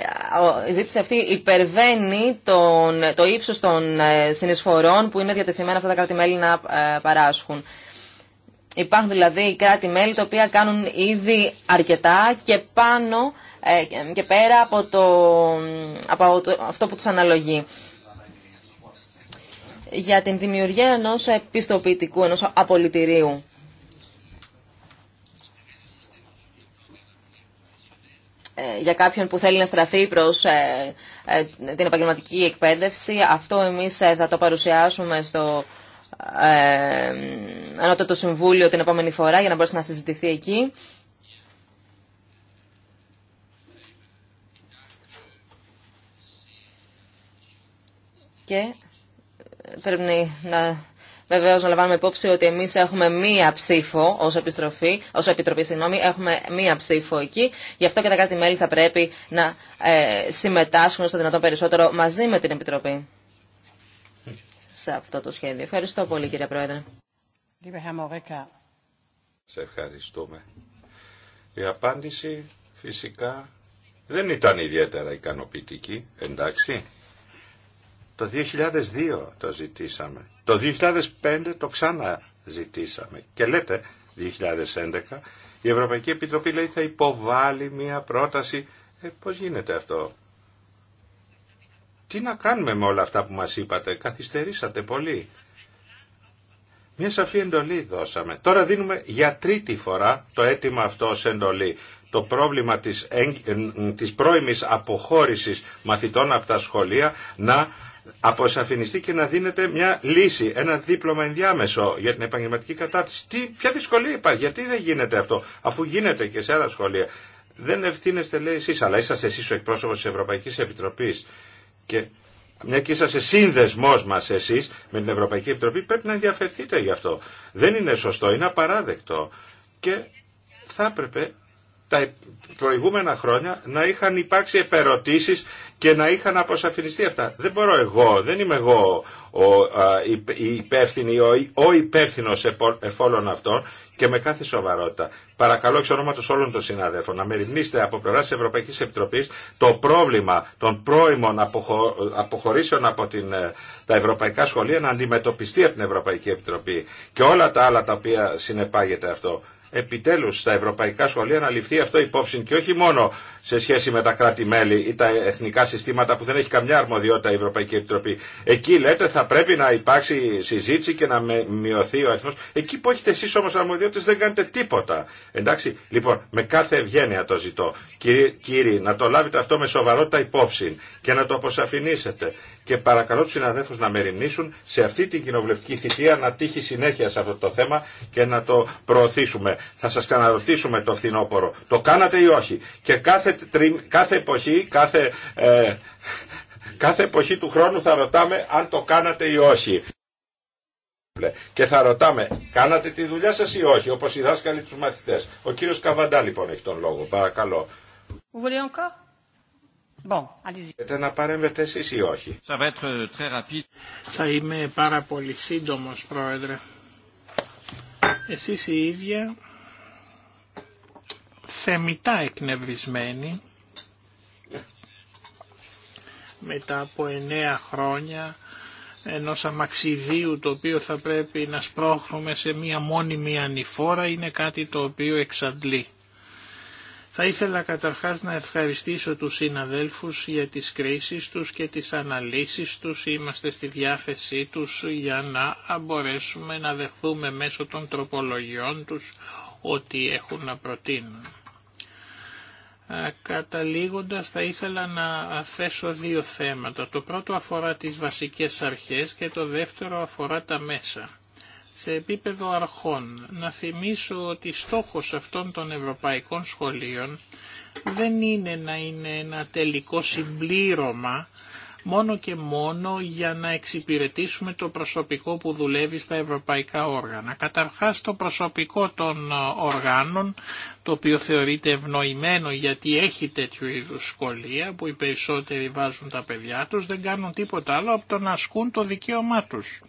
η ζήτηση αυτή υπερβαίνει τον, το ύψος των ε, συνεισφορών που είναι διατεθειμένα αυτά τα κράτη-μέλη να ε, παράσχουν. Υπάρχουν δηλαδή κράτη-μέλη τα οποία κάνουν ήδη αρκετά και πάνω ε, και πέρα από, το, από αυτό που τους αναλογεί. Για την δημιουργία ενός επιστοποιητικού, ενός απολυτηρίου. Ε, για κάποιον που θέλει να στραφεί προς ε, ε, την επαγγελματική εκπαίδευση. Αυτό εμείς θα το παρουσιάσουμε στο Ανώτατο Συμβούλιο την επόμενη φορά για να μπορέσει να συζητηθεί εκεί. Και πρέπει να Βεβαίω, να λαμβάνουμε υπόψη ότι εμεί έχουμε μία ψήφο ω επιστροφή, ω επιτροπή, συγγνώμη, έχουμε μία ψήφο εκεί. Γι' αυτό και τα κράτη-μέλη θα πρέπει να ε, συμμετάσχουν στο δυνατόν περισσότερο μαζί με την Επιτροπή σε αυτό το σχέδιο. Ευχαριστώ πολύ, κύριε Πρόεδρε. Σε ευχαριστούμε. Η απάντηση φυσικά δεν ήταν ιδιαίτερα ικανοποιητική, εντάξει. Το 2002 το ζητήσαμε το 2005 το ξαναζητήσαμε και λέτε 2011 η Ευρωπαϊκή Επιτροπή λέει θα υποβάλει μια πρόταση. Ε, πώς γίνεται αυτό. Τι να κάνουμε με όλα αυτά που μας είπατε. Καθυστερήσατε πολύ. Μια σαφή εντολή δώσαμε. Τώρα δίνουμε για τρίτη φορά το αίτημα αυτό ως εντολή. Το πρόβλημα της, ε, ε, της πρώιμης αποχώρησης μαθητών από τα σχολεία να αποσαφινιστεί και να δίνεται μια λύση, ένα δίπλωμα ενδιάμεσο για την επαγγελματική κατάρτιση. Τι, ποια δυσκολία υπάρχει, γιατί δεν γίνεται αυτό, αφού γίνεται και σε άλλα σχολεία. Δεν ευθύνεστε, λέει εσεί, αλλά είσαστε εσεί ο εκπρόσωπο τη Ευρωπαϊκή Επιτροπή. Και μια και είσαστε σύνδεσμό μα εσεί με την Ευρωπαϊκή Επιτροπή, πρέπει να ενδιαφερθείτε γι' αυτό. Δεν είναι σωστό, είναι απαράδεκτο. Και θα έπρεπε τα προηγούμενα χρόνια να είχαν υπάρξει επερωτήσεις και να είχαν αποσαφινιστεί αυτά. Δεν μπορώ εγώ, δεν είμαι εγώ ο υπεύθυνη, ο υπεύθυνο εφόλων αυτών και με κάθε σοβαρότητα. Παρακαλώ εξ ονόματο όλων των συναδέλφων να μεριμνήσετε από πλευρά τη Ευρωπαϊκή Επιτροπή το πρόβλημα των πρώιμων αποχωρήσεων από την, ε, τα ευρωπαϊκά σχολεία να αντιμετωπιστεί από την Ευρωπαϊκή Επιτροπή και όλα τα άλλα τα οποία συνεπάγεται αυτό επιτέλους στα ευρωπαϊκά σχολεία να ληφθεί αυτό υπόψη και όχι μόνο σε σχέση με τα κράτη-μέλη ή τα εθνικά συστήματα που δεν έχει καμιά αρμοδιότητα η Ευρωπαϊκή Επιτροπή. Εκεί λέτε θα πρέπει να υπάρξει συζήτηση και να μειωθεί ο αριθμό. Εκεί που έχετε εσεί όμω αρμοδιότητε δεν κάνετε τίποτα. Εντάξει, λοιπόν, με κάθε ευγένεια το ζητώ. Κυρίε κύριοι, να το λάβετε αυτό με σοβαρότητα υπόψη και να το αποσαφηνήσετε. Και παρακαλώ του συναδέλφου να μεριμνήσουν σε αυτή την κοινοβουλευτική θητεία να τύχει συνέχεια σε αυτό το θέμα και να το προωθήσουμε. Θα σα ξαναρωτήσουμε το φθινόπωρο. Το κάνατε ή όχι. Και κάθε κάθε εποχή, κάθε, ε, εποχή του χρόνου θα ρωτάμε αν το κάνατε ή όχι. Και θα ρωτάμε, κάνατε τη δουλειά σας ή όχι, όπως οι δάσκαλοι τους μαθητές. Ο κύριος Καβαντά λοιπόν έχει τον λόγο, παρακαλώ. Θέλετε να παρέμβετε εσείς ή όχι. Euh, θα είμαι πάρα πολύ σύντομος, Πρόεδρε. Εσείς η οχι οπως οι δασκαλοι τους μαθητες ο κυριος καβαντα λοιπον εχει τον λογο παρακαλω θελετε να παρεμβετε εσεις η οχι θα ειμαι παρα πολυ συντομος προεδρε εσεις οι ιδια θεμητά εκνευρισμένη μετά από εννέα χρόνια ενός αμαξιδίου το οποίο θα πρέπει να σπρώχνουμε σε μία μόνιμη ανηφόρα είναι κάτι το οποίο εξαντλεί. Θα ήθελα καταρχάς να ευχαριστήσω τους συναδέλφους για τις κρίσεις τους και τις αναλύσεις τους. Είμαστε στη διάθεσή τους για να μπορέσουμε να δεχθούμε μέσω των τροπολογιών τους ότι έχουν να προτείνουν. Καταλήγοντας θα ήθελα να θέσω δύο θέματα. Το πρώτο αφορά τις βασικές αρχές και το δεύτερο αφορά τα μέσα. Σε επίπεδο αρχών, να θυμίσω ότι στόχος αυτών των ευρωπαϊκών σχολείων δεν είναι να είναι ένα τελικό συμπλήρωμα μόνο και μόνο για να εξυπηρετήσουμε το προσωπικό που δουλεύει στα ευρωπαϊκά όργανα. Καταρχάς το προσωπικό των ε, οργάνων, το οποίο θεωρείται ευνοημένο γιατί έχει τέτοιου είδους σχολεία που οι περισσότεροι βάζουν τα παιδιά τους, δεν κάνουν τίποτα άλλο από το να ασκούν το δικαίωμά τους.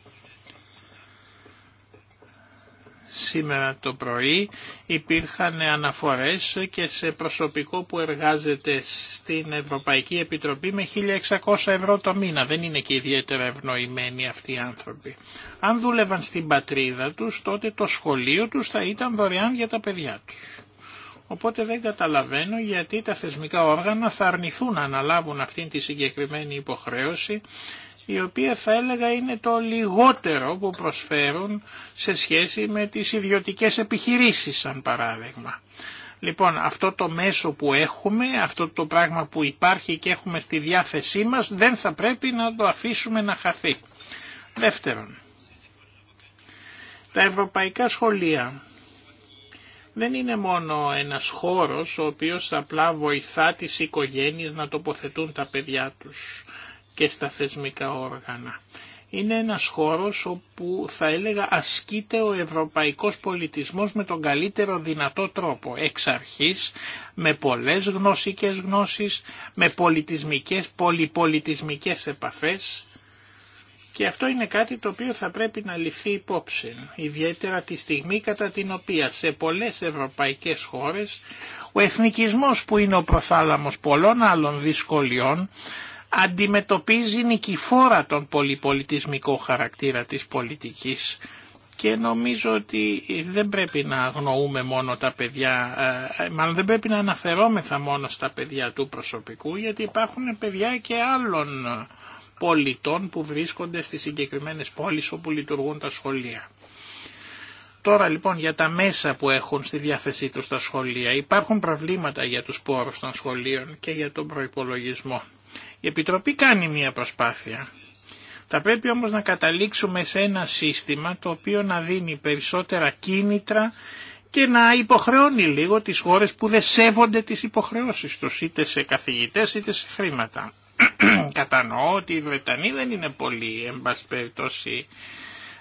Σήμερα το πρωί υπήρχαν αναφορές και σε προσωπικό που εργάζεται στην Ευρωπαϊκή Επιτροπή με 1.600 ευρώ το μήνα. Δεν είναι και ιδιαίτερα ευνοημένοι αυτοί οι άνθρωποι. Αν δούλευαν στην πατρίδα τους τότε το σχολείο τους θα ήταν δωρεάν για τα παιδιά τους. Οπότε δεν καταλαβαίνω γιατί τα θεσμικά όργανα θα αρνηθούν να αναλάβουν αυτήν τη συγκεκριμένη υποχρέωση η οποία θα έλεγα είναι το λιγότερο που προσφέρουν σε σχέση με τις ιδιωτικές επιχειρήσεις σαν παράδειγμα. Λοιπόν, αυτό το μέσο που έχουμε, αυτό το πράγμα που υπάρχει και έχουμε στη διάθεσή μας, δεν θα πρέπει να το αφήσουμε να χαθεί. Δεύτερον, τα ευρωπαϊκά σχολεία δεν είναι μόνο ένας χώρος ο οποίος απλά βοηθά τις οικογένειες να τοποθετούν τα παιδιά τους και στα θεσμικά όργανα. Είναι ένας χώρος όπου θα έλεγα ασκείται ο ευρωπαϊκός πολιτισμός με τον καλύτερο δυνατό τρόπο, εξ αρχής, με πολλές γνωσικές γνώσεις, με πολιτισμικές, πολυπολιτισμικές επαφές και αυτό είναι κάτι το οποίο θα πρέπει να ληφθεί υπόψη, ιδιαίτερα τη στιγμή κατά την οποία σε πολλές ευρωπαϊκές χώρες ο εθνικισμός που είναι ο προθάλαμος πολλών άλλων δυσκολιών αντιμετωπίζει νικηφόρα τον πολυπολιτισμικό χαρακτήρα της πολιτικής και νομίζω ότι δεν πρέπει να αγνοούμε μόνο τα παιδιά, ε, μάλλον δεν πρέπει να αναφερόμεθα μόνο στα παιδιά του προσωπικού γιατί υπάρχουν παιδιά και άλλων πολιτών που βρίσκονται στις συγκεκριμένες πόλεις όπου λειτουργούν τα σχολεία. Τώρα λοιπόν για τα μέσα που έχουν στη διάθεσή τους τα σχολεία. Υπάρχουν προβλήματα για τους πόρους των σχολείων και για τον προϋπολογισμό. Η Επιτροπή κάνει μια προσπάθεια. Θα πρέπει όμως να καταλήξουμε σε ένα σύστημα το οποίο να δίνει περισσότερα κίνητρα και να υποχρεώνει λίγο τις χώρες που δεν σέβονται τις υποχρεώσεις τους, είτε σε καθηγητές είτε σε χρήματα. Κατανοώ ότι οι Βρετανοί δεν είναι πολύ, εν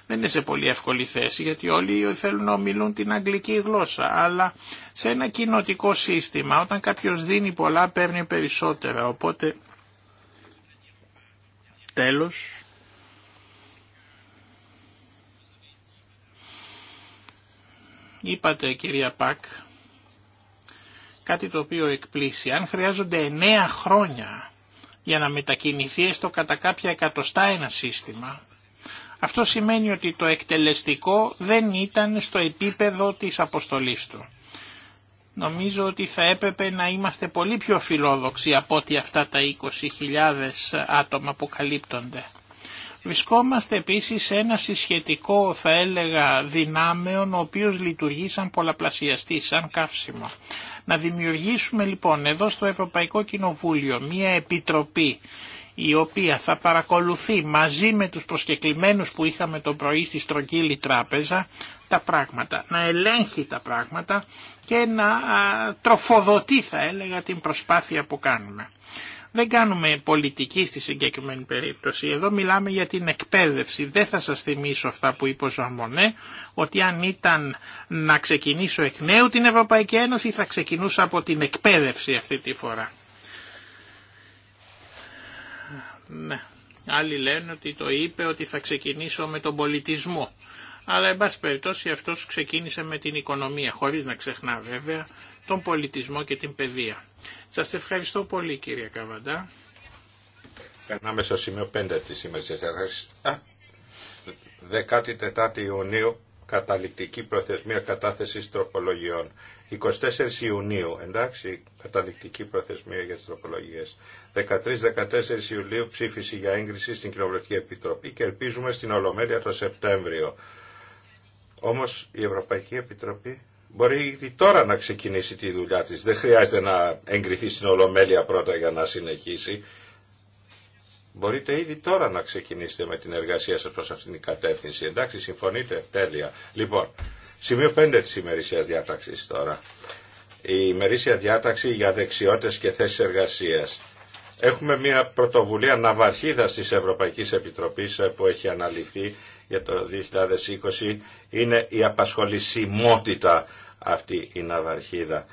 δεν είναι σε πολύ εύκολη θέση, γιατί όλοι θέλουν να μιλούν την αγγλική γλώσσα, αλλά σε ένα κοινοτικό σύστημα, όταν κάποιος δίνει πολλά παίρνει περισσότερα, οπότε Τέλος. Είπατε κυρία Πακ κάτι το οποίο εκπλήσει. Αν χρειάζονται εννέα χρόνια για να μετακινηθεί έστω κατά κάποια εκατοστά ένα σύστημα, αυτό σημαίνει ότι το εκτελεστικό δεν ήταν στο επίπεδο της αποστολής του. Νομίζω ότι θα έπρεπε να είμαστε πολύ πιο φιλόδοξοι από ότι αυτά τα 20.000 άτομα που καλύπτονται. Βρισκόμαστε επίσης σε ένα συσχετικό θα έλεγα δυνάμεων ο οποίος λειτουργεί σαν πολλαπλασιαστή, σαν καύσιμο. Να δημιουργήσουμε λοιπόν εδώ στο Ευρωπαϊκό Κοινοβούλιο μια επιτροπή η οποία θα παρακολουθεί μαζί με τους προσκεκλημένους που είχαμε το πρωί στη Στρογγύλη Τράπεζα τα πράγματα, να ελέγχει τα πράγματα και να τροφοδοτεί θα έλεγα την προσπάθεια που κάνουμε. Δεν κάνουμε πολιτική στη συγκεκριμένη περίπτωση. Εδώ μιλάμε για την εκπαίδευση. Δεν θα σας θυμίσω αυτά που είπε ο ότι αν ήταν να ξεκινήσω εκ νέου την Ευρωπαϊκή Ένωση θα ξεκινούσα από την εκπαίδευση αυτή τη φορά. Ναι. Άλλοι λένε ότι το είπε ότι θα ξεκινήσω με τον πολιτισμό αλλά εν πάση περιπτώσει αυτός ξεκίνησε με την οικονομία, χωρίς να ξεχνά βέβαια τον πολιτισμό και την παιδεία. Σας ευχαριστώ πολύ κύριε Καβαντά. Περνάμε στο σημείο 5 της ημερησίας διάταξης. 14 Ιουνίου, καταληκτική προθεσμία κατάθεσης τροπολογιών. 24 Ιουνίου, εντάξει, καταληκτική προθεσμία για τις τροπολογίες. 13-14 Ιουλίου ψήφιση για έγκριση στην Κοινοβουλευτική Επιτροπή και ελπίζουμε στην Ολομέλεια το Σεπτέμβριο. Όμως η Ευρωπαϊκή Επιτροπή μπορεί ήδη τώρα να ξεκινήσει τη δουλειά της. Δεν χρειάζεται να εγκριθεί στην Ολομέλεια πρώτα για να συνεχίσει. Μπορείτε ήδη τώρα να ξεκινήσετε με την εργασία σας προς αυτήν την κατεύθυνση. Εντάξει, συμφωνείτε. Τέλεια. Λοιπόν, σημείο 5 της ημερησίας διάταξης τώρα. Η ημερήσια διάταξη για δεξιότητες και θέσεις εργασίας. Έχουμε μια πρωτοβουλία ναυαρχίδας της Ευρωπαϊκής Επιτροπής ε, που έχει αναλυθεί για το 2020 είναι η απασχολησιμότητα αυτή η ναυαρχίδα.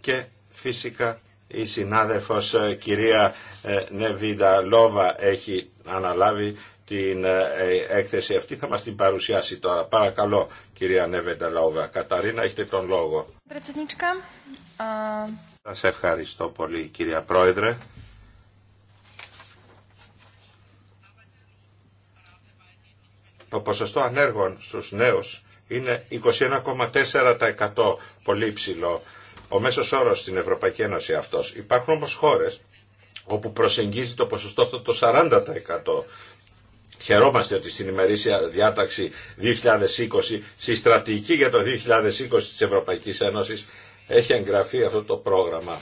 Και φυσικά η συνάδελφος ε, κυρία ε, Νεβίδα Λόβα έχει αναλάβει την ε, έκθεση αυτή. Θα μας την παρουσιάσει τώρα. Παρακαλώ κυρία Νεβίδα Λόβα. Καταρίνα έχετε τον λόγο. Σας ευχαριστώ πολύ κυρία Πρόεδρε. Το ποσοστό ανέργων στους νέους είναι 21,4% πολύ υψηλό. Ο μέσος όρος στην Ευρωπαϊκή Ένωση αυτός. Υπάρχουν όμως χώρες όπου προσεγγίζει το ποσοστό αυτό το 40%. Χαιρόμαστε ότι στην ημερήσια διάταξη 2020, στη στρατηγική για το 2020 της Ευρωπαϊκής Ένωσης, έχει εγγραφεί αυτό το πρόγραμμα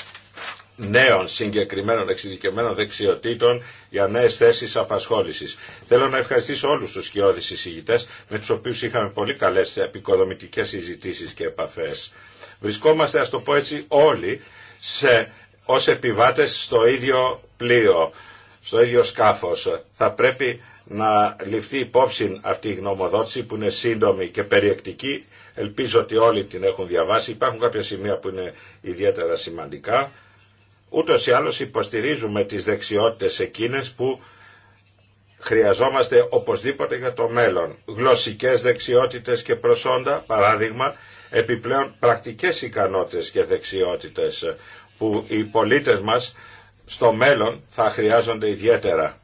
νέων συγκεκριμένων εξειδικευμένων δεξιοτήτων για νέε θέσει απασχόληση. Θέλω να ευχαριστήσω όλου του σκιώδει εισηγητέ, με του οποίου είχαμε πολύ καλέ επικοδομητικέ συζητήσει και επαφέ. Βρισκόμαστε, α το πω έτσι, όλοι σε, ως επιβάτες στο ίδιο πλοίο, στο ίδιο σκάφος. Θα πρέπει να ληφθεί υπόψη αυτή η γνωμοδότηση που είναι σύντομη και περιεκτική. Ελπίζω ότι όλοι την έχουν διαβάσει. Υπάρχουν κάποια σημεία που είναι ιδιαίτερα σημαντικά. Ούτως ή άλλως υποστηρίζουμε τις δεξιότητες εκείνες που χρειαζόμαστε οπωσδήποτε για το μέλλον. Γλωσσικές δεξιότητες και προσόντα, παράδειγμα, επιπλέον πρακτικές ικανότητες και δεξιότητες που οι πολίτες μας στο μέλλον θα χρειάζονται ιδιαίτερα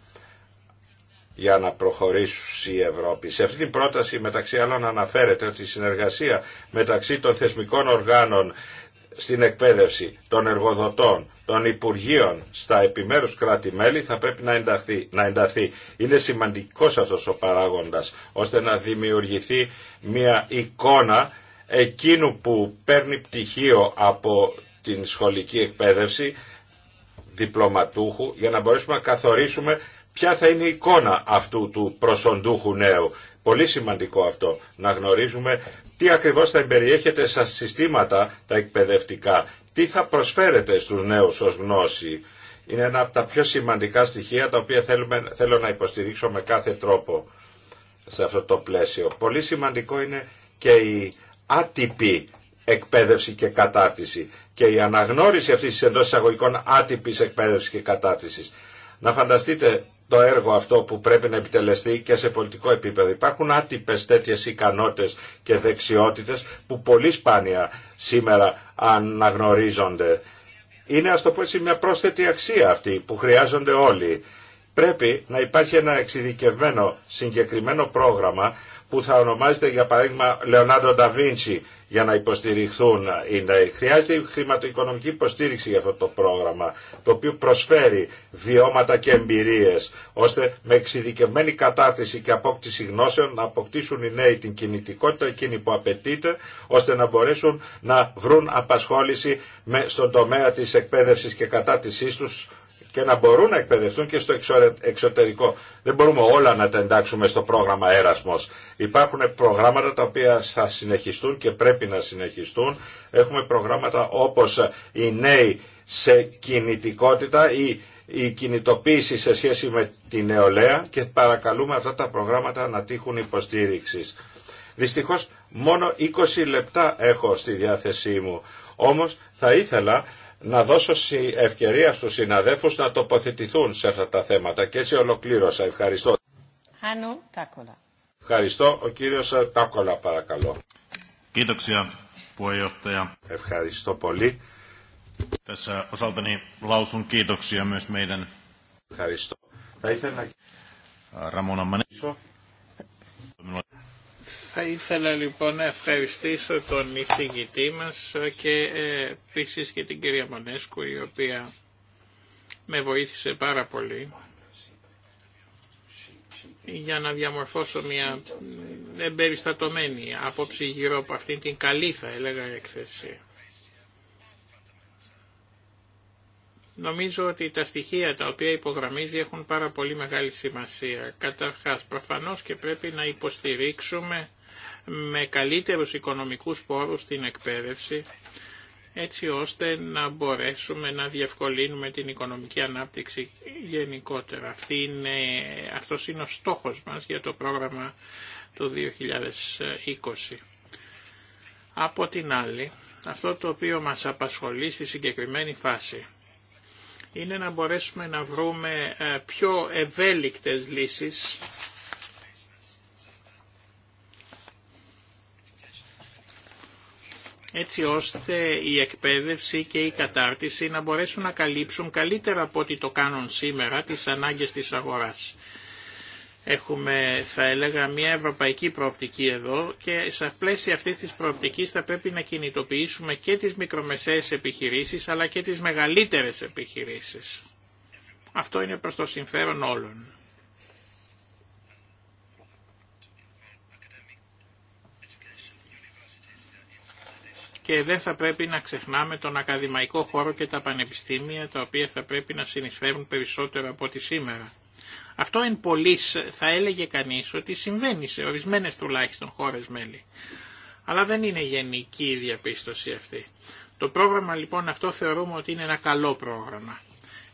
για να προχωρήσουν η Ευρώπη. Σε αυτή την πρόταση μεταξύ άλλων αναφέρεται ότι η συνεργασία μεταξύ των θεσμικών οργάνων στην εκπαίδευση των εργοδοτών, των Υπουργείων στα επιμέρους κράτη-μέλη θα πρέπει να ενταχθεί, να ενταχθεί. Είναι σημαντικός αυτός ο παράγοντας ώστε να δημιουργηθεί μια εικόνα εκείνου που παίρνει πτυχίο από την σχολική εκπαίδευση διπλωματούχου για να μπορέσουμε να καθορίσουμε ποια θα είναι η εικόνα αυτού του προσοντούχου νέου. Πολύ σημαντικό αυτό, να γνωρίζουμε τι ακριβώς θα εμπεριέχεται στα συστήματα τα εκπαιδευτικά, τι θα προσφέρετε στους νέους ως γνώση. Είναι ένα από τα πιο σημαντικά στοιχεία τα οποία θέλουμε, θέλω να υποστηρίξω με κάθε τρόπο σε αυτό το πλαίσιο. Πολύ σημαντικό είναι και η άτυπη εκπαίδευση και κατάρτιση και η αναγνώριση αυτής της εντός εισαγωγικών άτυπης εκπαίδευσης και κατάρτισης. Να φανταστείτε το έργο αυτό που πρέπει να επιτελεστεί και σε πολιτικό επίπεδο. Υπάρχουν άτυπες τέτοιες ικανότητες και δεξιότητες που πολύ σπάνια σήμερα αναγνωρίζονται. Είναι, ας το πω έτσι, μια πρόσθετη αξία αυτή που χρειάζονται όλοι. Πρέπει να υπάρχει ένα εξειδικευμένο συγκεκριμένο πρόγραμμα που θα ονομάζεται για παράδειγμα Λεωνάρντο Νταβίντσι για να υποστηριχθούν οι νέοι. Χρειάζεται χρηματοοικονομική υποστήριξη για αυτό το πρόγραμμα, το οποίο προσφέρει βιώματα και εμπειρίες, ώστε με εξειδικευμένη κατάρτιση και απόκτηση γνώσεων να αποκτήσουν οι νέοι την κινητικότητα εκείνη που απαιτείται, ώστε να μπορέσουν να βρουν απασχόληση στον τομέα της εκπαίδευσης και κατάρτισή του και να μπορούν να εκπαιδευτούν και στο εξωτερικό. Δεν μπορούμε όλα να τα εντάξουμε στο πρόγραμμα Έρασμος. Υπάρχουν προγράμματα τα οποία θα συνεχιστούν και πρέπει να συνεχιστούν. Έχουμε προγράμματα όπως οι νέοι σε κινητικότητα ή η κινητοποίηση σε σχέση με τη νεολαία και παρακαλούμε αυτά τα προγράμματα να τύχουν υποστήριξης. Δυστυχώς μόνο 20 λεπτά έχω στη διάθεσή μου. Όμως θα ήθελα να δώσω ευκαιρία στους συναδέφους να τοποθετηθούν σε αυτά τα θέματα και έτσι ολοκλήρωσα. Ευχαριστώ. Χάνου Τάκολα. Ευχαριστώ. Ο κύριος Τάκολα παρακαλώ. Ευχαριστώ πολύ. Tässä osaltani lausun kiitoksia myös meidän. Ευχαριστώ. Θα ήθελα να θα ήθελα λοιπόν να ευχαριστήσω τον εισηγητή μας και ε, επίση και την κυρία Μονέσκου η οποία με βοήθησε πάρα πολύ για να διαμορφώσω μια εμπεριστατωμένη άποψη γύρω από αυτήν την καλή θα έλεγα έκθεση. Νομίζω ότι τα στοιχεία τα οποία υπογραμμίζει έχουν πάρα πολύ μεγάλη σημασία. Καταρχάς, προφανώς και πρέπει να υποστηρίξουμε με καλύτερους οικονομικούς πόρους στην εκπαίδευση, έτσι ώστε να μπορέσουμε να διευκολύνουμε την οικονομική ανάπτυξη γενικότερα. Αυτή είναι, αυτός είναι ο στόχος μας για το πρόγραμμα του 2020. Από την άλλη, αυτό το οποίο μας απασχολεί στη συγκεκριμένη φάση είναι να μπορέσουμε να βρούμε ε, πιο ευέλικτες λύσεις έτσι ώστε η εκπαίδευση και η κατάρτιση να μπορέσουν να καλύψουν καλύτερα από ό,τι το κάνουν σήμερα τις ανάγκες της αγοράς. Έχουμε, θα έλεγα, μια ευρωπαϊκή προοπτική εδώ και σε πλαίσια αυτή της προοπτικής θα πρέπει να κινητοποιήσουμε και τις μικρομεσαίες επιχειρήσεις αλλά και τις μεγαλύτερε επιχειρήσεις. Αυτό είναι προ το συμφέρον όλων. και δεν θα πρέπει να ξεχνάμε τον ακαδημαϊκό χώρο και τα πανεπιστήμια τα οποία θα πρέπει να συνεισφέρουν περισσότερο από ό,τι σήμερα. Αυτό εν πολλής θα έλεγε κανείς ότι συμβαίνει σε ορισμένες τουλάχιστον χώρες μέλη. Αλλά δεν είναι γενική η διαπίστωση αυτή. Το πρόγραμμα λοιπόν αυτό θεωρούμε ότι είναι ένα καλό πρόγραμμα.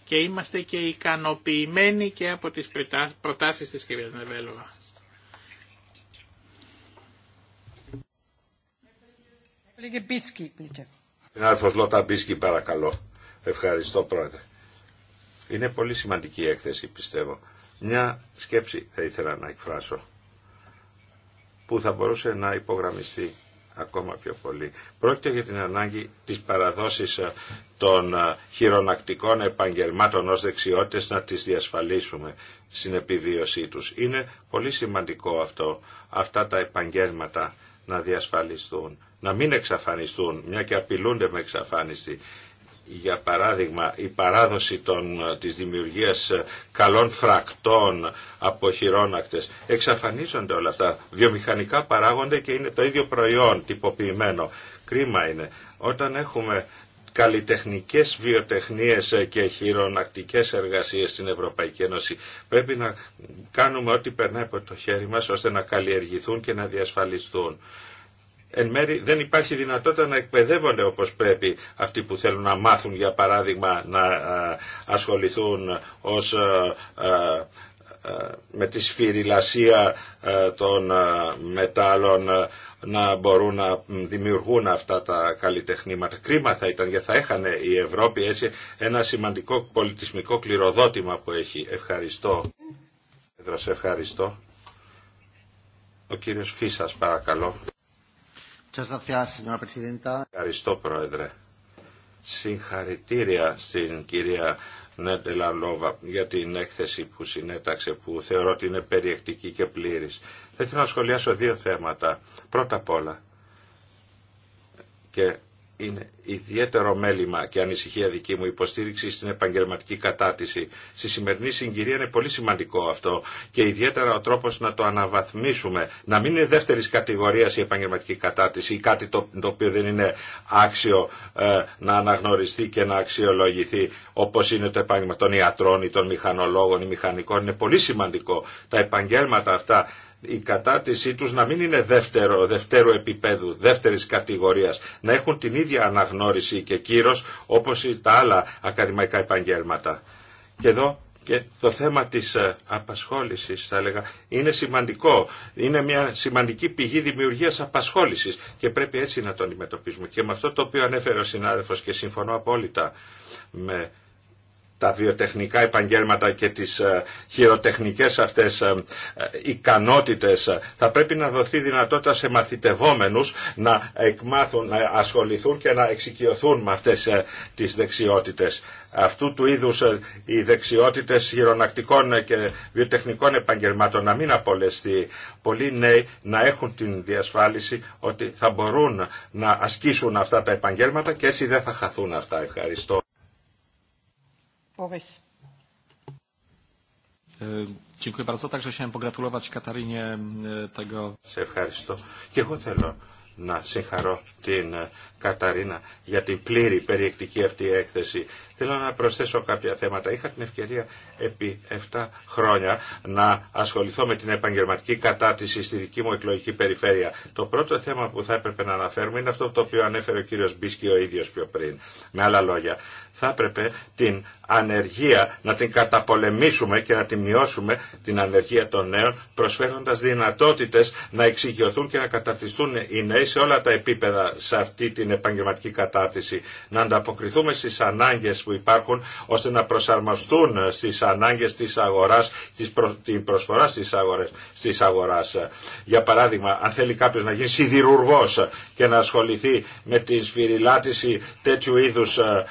Και είμαστε και ικανοποιημένοι και από τις προτάσεις της κυρίας Νεβέλοβα. Συνάδελφος Λότα Μπίσκι παρακαλώ. Ευχαριστώ πρόεδρε. Είναι πολύ σημαντική η έκθεση πιστεύω. Μια σκέψη θα ήθελα να εκφράσω που θα μπορούσε να υπογραμμιστεί ακόμα πιο πολύ. Πρόκειται για την ανάγκη της παραδόσης ε, των ε, χειρονακτικών επαγγελμάτων ως δεξιότητες να τις διασφαλίσουμε στην επιβίωσή τους. Είναι πολύ σημαντικό αυτό, αυτά τα επαγγέλματα να διασφαλιστούν να μην εξαφανιστούν, μια και απειλούνται με εξαφάνιση. Για παράδειγμα, η παράδοση των, ε, της δημιουργίας ε, καλών φρακτών από χειρόνακτες. Εξαφανίζονται όλα αυτά. Βιομηχανικά παράγονται και είναι το ίδιο προϊόν τυποποιημένο. Κρίμα είναι. Όταν έχουμε καλλιτεχνικές βιοτεχνίες ε, και χειρονακτικές εργασίες στην Ευρωπαϊκή Ένωση. Πρέπει να κάνουμε ό,τι περνάει από το χέρι μας ώστε να καλλιεργηθούν και να διασφαλιστούν εν μέρη δεν υπάρχει δυνατότητα να εκπαιδεύονται όπως πρέπει αυτοί που θέλουν να μάθουν για παράδειγμα να ασχοληθούν ως με τη σφυριλασία των μετάλλων να μπορούν να δημιουργούν αυτά τα καλλιτεχνήματα. Κρίμα θα ήταν γιατί θα έχανε η Ευρώπη έτσι ένα σημαντικό πολιτισμικό κληροδότημα που έχει. Ευχαριστώ. ευχαριστώ. Ο κύριος Φίσας παρακαλώ. Ευχαριστώ, Πρόεδρε. Συγχαρητήρια στην κυρία Νέντελα Λόβα για την έκθεση που συνέταξε που θεωρώ ότι είναι περιεκτική και πλήρης. Θα ήθελα να σχολιάσω δύο θέματα. Πρώτα απ' όλα και είναι ιδιαίτερο μέλημα και ανησυχία δική μου υποστήριξη στην επαγγελματική κατάτηση. Στη σημερινή συγκυρία είναι πολύ σημαντικό αυτό και ιδιαίτερα ο τρόπο να το αναβαθμίσουμε. Να μην είναι δεύτερη κατηγορία η επαγγελματική κατάτηση ή κάτι το, το οποίο δεν είναι άξιο ε, να αναγνωριστεί και να αξιολογηθεί όπω είναι το επάγγελμα των ιατρών ή των μηχανολόγων ή μηχανικών. Είναι πολύ σημαντικό τα επαγγέλματα αυτά η κατάρτισή τους να μην είναι δεύτερο, δεύτερου επίπεδου, δεύτερης κατηγορίας, να έχουν την ίδια αναγνώριση και κύρος όπως τα άλλα ακαδημαϊκά επαγγέλματα. Και εδώ και το θέμα της ε, απασχόλησης θα έλεγα είναι σημαντικό. Είναι μια σημαντική πηγή δημιουργίας απασχόλησης και πρέπει έτσι να τον αντιμετωπίζουμε. Και με αυτό το οποίο ανέφερε ο συνάδελφος και συμφωνώ απόλυτα με τα βιοτεχνικά επαγγέλματα και τις ε, χειροτεχνικές αυτές ε, ε, ικανότητες θα πρέπει να δοθεί δυνατότητα σε μαθητευόμενους να εκμάθουν, να ασχοληθούν και να εξοικειωθούν με αυτές τις δεξιότητες. Αυτού του είδους οι δεξιότητες χειρονακτικών και βιοτεχνικών επαγγελμάτων να μην απολεστεί πολλοί νέοι να έχουν την διασφάλιση ότι θα μπορούν να ασκήσουν αυτά τα επαγγέλματα και έτσι δεν θα χαθούν αυτά. Ευχαριστώ. Σε ευχαριστώ. Και εγώ θέλω να συγχαρώ την ε, Καταρίνα για την πλήρη περιεκτική αυτή έκθεση. Θέλω να προσθέσω κάποια θέματα. Είχα την ευκαιρία επί 7 χρόνια να ασχοληθώ με την επαγγελματική κατάρτιση στη δική μου εκλογική περιφέρεια. Το πρώτο θέμα που θα έπρεπε να αναφέρουμε είναι αυτό το οποίο ανέφερε ο κύριος Μπίσκι ο ίδιος πιο πριν. Με άλλα λόγια, θα έπρεπε την ανεργία να την καταπολεμήσουμε και να τη μειώσουμε την ανεργία των νέων προσφέροντας δυνατότητες να εξοικειωθούν και να καταρτιστούν οι νέοι σε όλα τα επίπεδα σε αυτή την επαγγελματική κατάρτιση. Να ανταποκριθούμε στις ανάγκες που υπάρχουν ώστε να προσαρμοστούν στις ανάγκες της αγοράς, την προσφορά στις αγορές, στις αγοράς. Για παράδειγμα, αν θέλει κάποιος να γίνει σιδηρουργός και να ασχοληθεί με τη σφυριλάτηση τέτοιου είδους ε,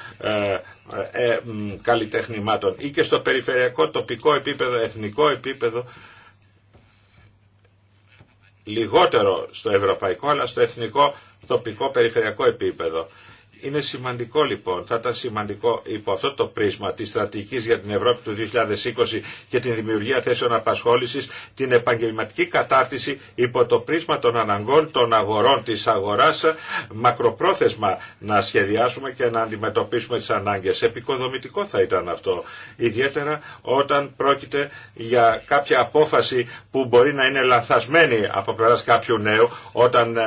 ε, ε, καλλιτεχνημάτων ή και στο περιφερειακό τοπικό επίπεδο, εθνικό επίπεδο λιγότερο στο ευρωπαϊκό αλλά στο εθνικό τοπικό περιφερειακό επίπεδο. Είναι σημαντικό λοιπόν, θα ήταν σημαντικό υπό αυτό το πρίσμα της στρατηγικής για την Ευρώπη του 2020 και την δημιουργία θέσεων απασχόλησης, την επαγγελματική κατάρτιση υπό το πρίσμα των αναγκών των αγορών της αγοράς, μακροπρόθεσμα να σχεδιάσουμε και να αντιμετωπίσουμε τις ανάγκες. Επικοδομητικό θα ήταν αυτό, ιδιαίτερα όταν πρόκειται για κάποια απόφαση που μπορεί να είναι λανθασμένη από πλευράς κάποιου νέου, όταν ε,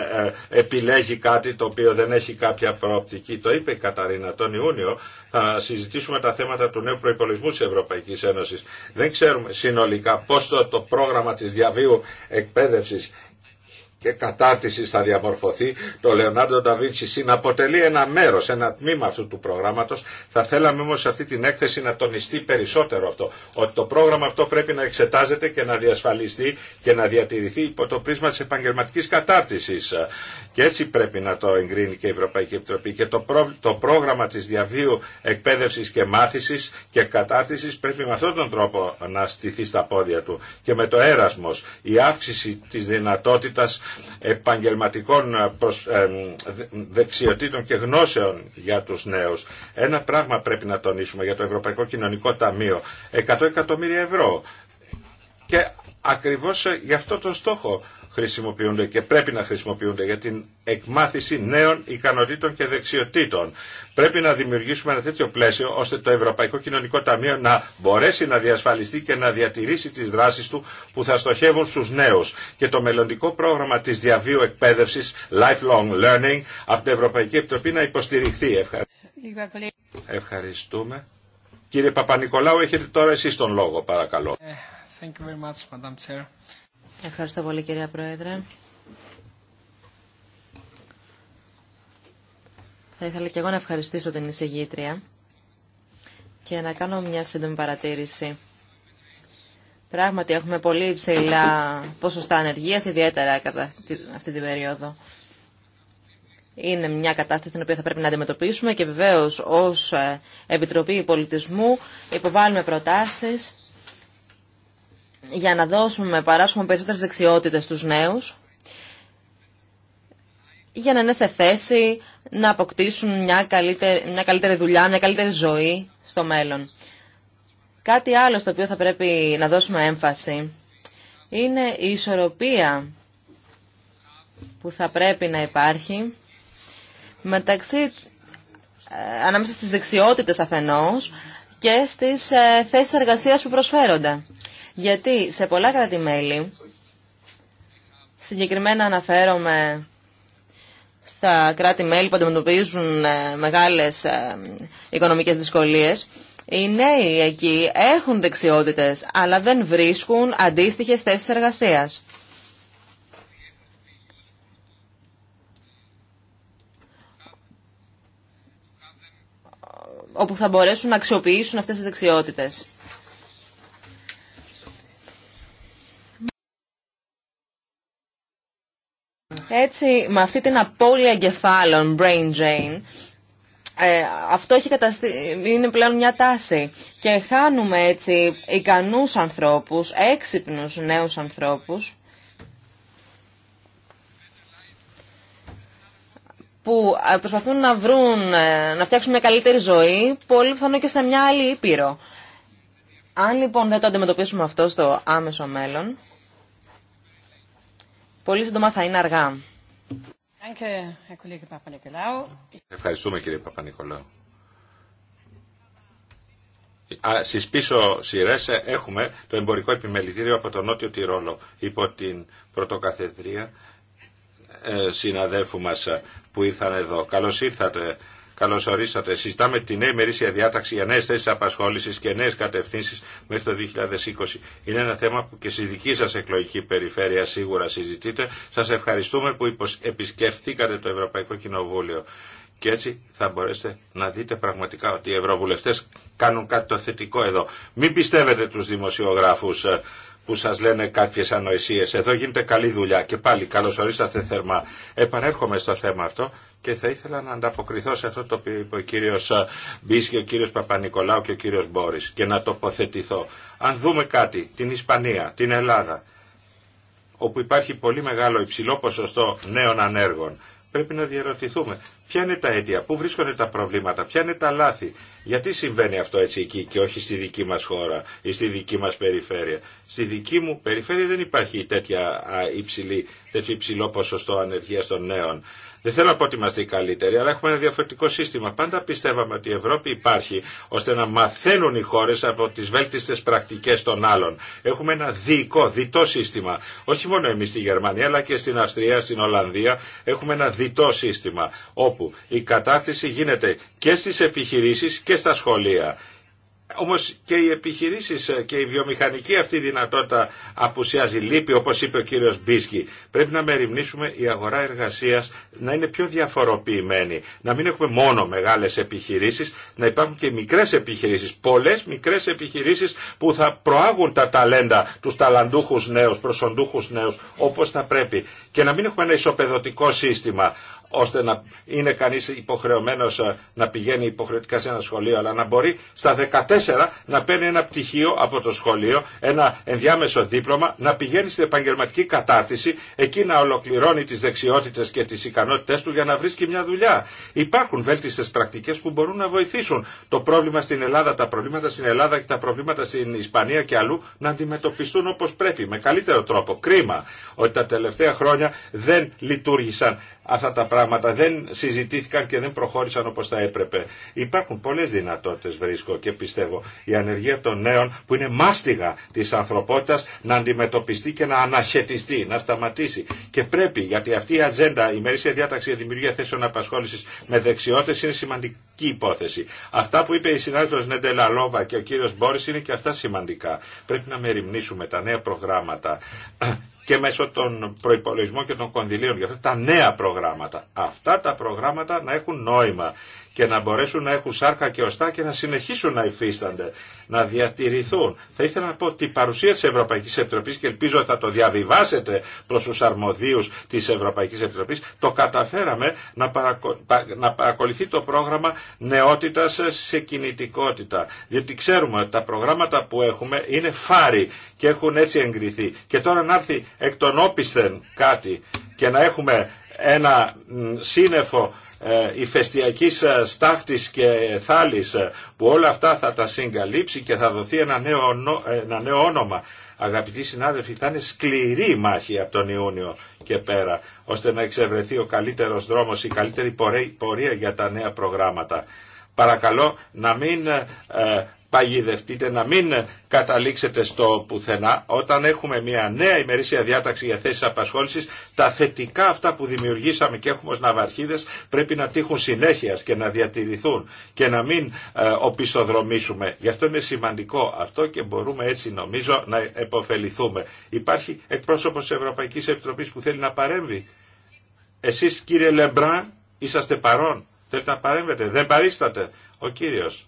επιλέγει κάτι το οποίο δεν έχει κάποια προοπτική και Το είπε η Καταρίνα τον Ιούνιο. Θα συζητήσουμε τα θέματα του νέου προπολογισμού τη Ευρωπαϊκή Ένωση. Δεν ξέρουμε συνολικά πώ το, το πρόγραμμα τη διαβίου εκπαίδευση και κατάρτιση θα διαμορφωθεί το Λεωνάρντο Νταβίντσι Συν αποτελεί ένα μέρο, ένα τμήμα αυτού του προγράμματο. Θα θέλαμε όμω σε αυτή την έκθεση να τονιστεί περισσότερο αυτό, ότι το πρόγραμμα αυτό πρέπει να εξετάζεται και να διασφαλιστεί και να διατηρηθεί υπό το πρίσμα της επαγγελματική κατάρτιση. Και έτσι πρέπει να το εγκρίνει και η Ευρωπαϊκή Επιτροπή. Και το, το πρόγραμμα τη διαβίου εκπαίδευσης και μάθηση και κατάρτιση πρέπει με αυτόν τον τρόπο να στηθεί στα πόδια του. Και με το έρασμο η αύξηση τη δυνατότητα επαγγελματικών ε, ε, δεξιοτήτων και γνώσεων για τους νέους. Ένα πράγμα πρέπει να τονίσουμε για το Ευρωπαϊκό Κοινωνικό Ταμείο. 100 εκατομμύρια ευρώ. Και ακριβώς ε, γι' αυτό το στόχο χρησιμοποιούνται και πρέπει να χρησιμοποιούνται για την εκμάθηση νέων ικανοτήτων και δεξιοτήτων. Πρέπει να δημιουργήσουμε ένα τέτοιο πλαίσιο ώστε το Ευρωπαϊκό Κοινωνικό Ταμείο να μπορέσει να διασφαλιστεί και να διατηρήσει τις δράσεις του που θα στοχεύουν στους νέους. Και το μελλοντικό πρόγραμμα της διαβίου εκπαίδευσης Lifelong Learning από την Ευρωπαϊκή Επιτροπή να υποστηριχθεί. Ευχαριστούμε. Κύριε Παπα-Νικολάου, έχετε τώρα εσείς τον λόγο, παρακαλώ. Ε, thank you very much, Madam Chair. Ευχαριστώ πολύ κυρία Πρόεδρε. Θα ήθελα και εγώ να ευχαριστήσω την εισηγήτρια και να κάνω μια σύντομη παρατήρηση. Πράγματι έχουμε πολύ υψηλά ποσοστά ανεργίας, ιδιαίτερα κατά αυτή την περίοδο. Είναι μια κατάσταση την οποία θα πρέπει να αντιμετωπίσουμε και βεβαίως ως ε, Επιτροπή Πολιτισμού υποβάλλουμε προτάσεις για να δώσουμε, παράσχουμε περισσότερες δεξιότητες στους νέους για να είναι σε θέση να αποκτήσουν μια καλύτερη, μια καλύτερη δουλειά, μια καλύτερη ζωή στο μέλλον. Κάτι άλλο στο οποίο θα πρέπει να δώσουμε έμφαση είναι η ισορροπία που θα πρέπει να υπάρχει μεταξύ ε, ανάμεσα στις δεξιότητες αφενός και στις ε, θέσεις εργασίας που προσφέρονται. Γιατί σε πολλά κράτη-μέλη, συγκεκριμένα αναφέρομαι στα κράτη-μέλη που αντιμετωπίζουν ε, μεγάλες ε, οικονομικές δυσκολίες, οι νέοι εκεί έχουν δεξιότητες, αλλά δεν βρίσκουν αντίστοιχες θέσεις εργασίας. όπου θα μπορέσουν να αξιοποιήσουν αυτές τις δεξιότητες. Έτσι, με αυτή την απώλεια εγκεφάλων, brain drain, ε, αυτό έχει καταστη... είναι πλέον μια τάση και χάνουμε έτσι ικανούς ανθρώπους, έξυπνους νέους ανθρώπους που ε, προσπαθούν να βρουν, ε, να φτιάξουν μια καλύτερη ζωή, πολύ πιθανό και σε μια άλλη ήπειρο. Αν λοιπόν δεν το αντιμετωπίσουμε αυτό στο άμεσο μέλλον, Πολύ σύντομα θα είναι αργά. Ευχαριστούμε κύριε Παπα-Νικολάου. Στι πίσω σειρέ ε, έχουμε το εμπορικό επιμελητήριο από τον Νότιο Τυρόλο υπό την πρωτοκαθεδρία ε, συναδέλφου μας ε, που ήρθαν εδώ. Καλώς ήρθατε Καλώ ορίσατε. Συζητάμε τη νέα ημερήσια διάταξη για νέε θέσει απασχόληση και νέε κατευθύνσει μέχρι το 2020. Είναι ένα θέμα που και στη δική σα εκλογική περιφέρεια σίγουρα συζητείτε. Σα ευχαριστούμε που επισκεφθήκατε το Ευρωπαϊκό Κοινοβούλιο. Και έτσι θα μπορέσετε να δείτε πραγματικά ότι οι ευρωβουλευτέ κάνουν κάτι το θετικό εδώ. Μην πιστεύετε του δημοσιογράφου. Ε, που σας λένε κάποιες ανοησίες. Εδώ γίνεται καλή δουλειά και πάλι καλώς ορίσατε θερμά. Επανέρχομαι στο θέμα αυτό και θα ήθελα να ανταποκριθώ σε αυτό το οποίο είπε ο κύριος ε, Μπίς και ο κύριος Παπα-Νικολάου και ο κύριος Μπόρης και να τοποθετηθώ. Αν δούμε κάτι, την Ισπανία, την Ελλάδα, όπου υπάρχει πολύ μεγάλο υψηλό ποσοστό νέων ανέργων πρέπει να διαρωτηθούμε ποια είναι τα αίτια, πού βρίσκονται τα προβλήματα, ποια είναι τα λάθη. Γιατί συμβαίνει αυτό έτσι εκεί και όχι στη δική μας χώρα ή στη δική μας περιφέρεια. Στη δική μου περιφέρεια δεν υπάρχει τέτοια υψηλή, τέτοιο υψηλό ποσοστό ανεργίας των νέων. Δεν θέλω να πω ότι είμαστε οι καλύτεροι, αλλά έχουμε ένα διαφορετικό σύστημα. Πάντα πιστεύαμε ότι η Ευρώπη υπάρχει ώστε να μαθαίνουν οι χώρε από τι βέλτιστε πρακτικέ των άλλων. Έχουμε ένα διοικό, διτό σύστημα. Όχι μόνο εμεί στη Γερμανία, αλλά και στην Αυστρία, στην Ολλανδία. Έχουμε ένα διτό σύστημα όπου η κατάρτιση γίνεται και στι επιχειρήσει και στα σχολεία όμως και οι επιχειρήσεις ε, και η βιομηχανική αυτή δυνατότητα απουσιάζει λύπη όπως είπε ο κύριος Μπίσκι. Πρέπει να μεριμνήσουμε η αγορά εργασίας να είναι πιο διαφοροποιημένη. Να μην έχουμε μόνο μεγάλες επιχειρήσεις, να υπάρχουν και μικρές επιχειρήσεις. Πολλές μικρές επιχειρήσεις που θα προάγουν τα ταλέντα, του ταλαντούχους νέους, προσοντούχους νέους όπως θα πρέπει. Και να μην έχουμε ένα ισοπεδωτικό σύστημα ώστε να είναι κανεί υποχρεωμένο ε, να πηγαίνει υποχρεωτικά σε ένα σχολείο, αλλά να μπορεί στα 14 να παίρνει ένα πτυχίο από το σχολείο, ένα ενδιάμεσο δίπλωμα, να πηγαίνει στην επαγγελματική κατάρτιση, εκεί να ολοκληρώνει τι δεξιότητε και τι ικανότητε του για να βρίσκει μια δουλειά. Υπάρχουν βέλτιστε πρακτικές που μπορούν να βοηθήσουν το πρόβλημα στην Ελλάδα, τα προβλήματα στην Ελλάδα και τα προβλήματα στην Ισπανία και αλλού να αντιμετωπιστούν όπω πρέπει, με καλύτερο τρόπο. Κρίμα ότι τα τελευταία χρόνια δεν λειτουργήσαν αυτά τα πράγματα δεν συζητήθηκαν και δεν προχώρησαν όπως θα έπρεπε. Υπάρχουν πολλές δυνατότητες βρίσκω και πιστεύω η ανεργία των νέων που είναι μάστιγα της ανθρωπότητας να αντιμετωπιστεί και να αναχαιτιστεί, να σταματήσει. Και πρέπει γιατί αυτή η ατζέντα, η μερίσια διάταξη για δημιουργία θέσεων απασχόλησης με δεξιότητες είναι σημαντική υπόθεση. Αυτά που είπε η συνάδελφο Νέντελα Λόβα και ο κύριο Μπόρι είναι και αυτά σημαντικά. Πρέπει να μεριμνήσουμε τα νέα προγράμματα και μέσω των προϋπολογισμών και των κονδυλίων για αυτά τα νέα προγράμματα. Αυτά τα προγράμματα να έχουν νόημα και να μπορέσουν να έχουν σάρκα και οστά και να συνεχίσουν να υφίστανται, να διατηρηθούν. Θα ήθελα να πω ότι η παρουσία της Ευρωπαϊκής Επιτροπής και ελπίζω θα το διαβιβάσετε προς τους αρμοδίους της Ευρωπαϊκής Επιτροπής, το καταφέραμε να παρακολουθεί το πρόγραμμα νεότητας σε κινητικότητα. Διότι ξέρουμε ότι τα προγράμματα που έχουμε είναι φάρη και έχουν έτσι εγκριθεί. Και τώρα να έρθει εκ των όπισθεν κάτι και να έχουμε ένα σύννεφο ε, φεστιακή ε, στάχτης και θάλης ε, που όλα αυτά θα τα συγκαλύψει και θα δοθεί ένα νέο, ένα νέο όνομα. Αγαπητοί συνάδελφοι, θα είναι σκληρή μάχη από τον Ιούνιο και πέρα, ώστε να εξευρεθεί ο καλύτερος δρόμος, η καλύτερη πορεία για τα νέα προγράμματα. Παρακαλώ να μην παγιδευτείτε, να μην καταλήξετε στο πουθενά. Όταν έχουμε μια νέα ημερήσια διάταξη για θέσει απασχόληση, τα θετικά αυτά που δημιουργήσαμε και έχουμε ω ναυαρχίδε πρέπει να τύχουν συνέχεια και να διατηρηθούν και να μην ε, οπισθοδρομήσουμε. Γι' αυτό είναι σημαντικό αυτό και μπορούμε έτσι νομίζω να επωφεληθούμε. Υπάρχει εκπρόσωπο τη Ευρωπαϊκή Επιτροπή που θέλει να παρέμβει. Εσείς κύριε Λεμπραν, είσαστε παρόν. Θέλετε να παρέμβετε. Δεν παρίστατε. Ο κύριος.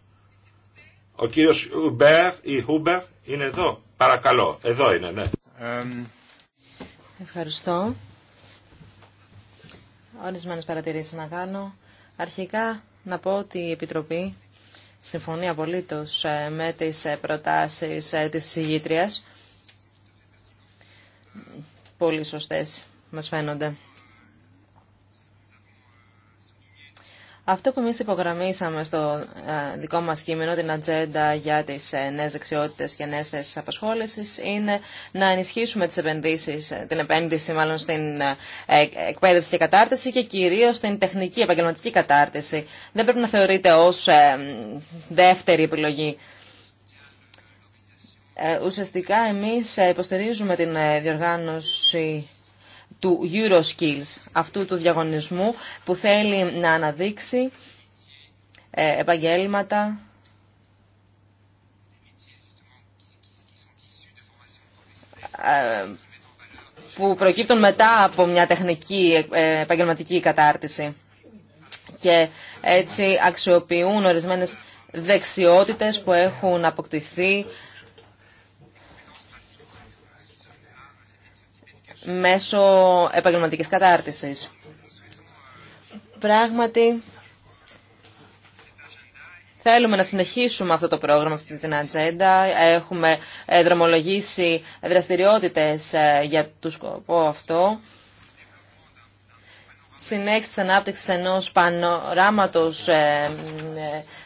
Ο κύριος Ουμπέρ ή Χούμπερ είναι εδώ. Παρακαλώ. Εδώ είναι, ναι. Ευχαριστώ. Ορισμένες παρατηρήσεις να κάνω. Αρχικά να πω ότι η Επιτροπή συμφωνεί απολύτως ε, με τις ε, προτάσεις ε, της συγγήτριας. Πολύ σωστές μας φαίνονται. Αυτό που εμείς υπογραμμίσαμε στο ε, δικό μας κείμενο, την ατζέντα για τις ε, νέες δεξιότητες και νέες θέσεις απασχόλησης, είναι να ενισχύσουμε τις επενδύσεις, ε, την επένδυση μάλλον στην εκπαίδευση και κατάρτιση και κυρίως στην τεχνική επαγγελματική κατάρτιση. Δεν πρέπει να θεωρείται ως δεύτερη επιλογή. Ουσιαστικά εμείς υποστηρίζουμε την διοργάνωση του Euroskills, αυτού του διαγωνισμού που θέλει να αναδείξει ε, επαγγέλματα ε, που προκύπτουν μετά από μια τεχνική ε, επαγγελματική κατάρτιση και έτσι αξιοποιούν ορισμένες δεξιότητες που έχουν αποκτηθεί μέσω επαγγελματικής κατάρτισης. Πράγματι, θέλουμε να συνεχίσουμε αυτό το πρόγραμμα, αυτή την ατζέντα. Έχουμε ε, δρομολογήσει δραστηριότητες ε, για το σκοπό αυτό. Συνέχιση της ανάπτυξης ενός πανοράματος ε,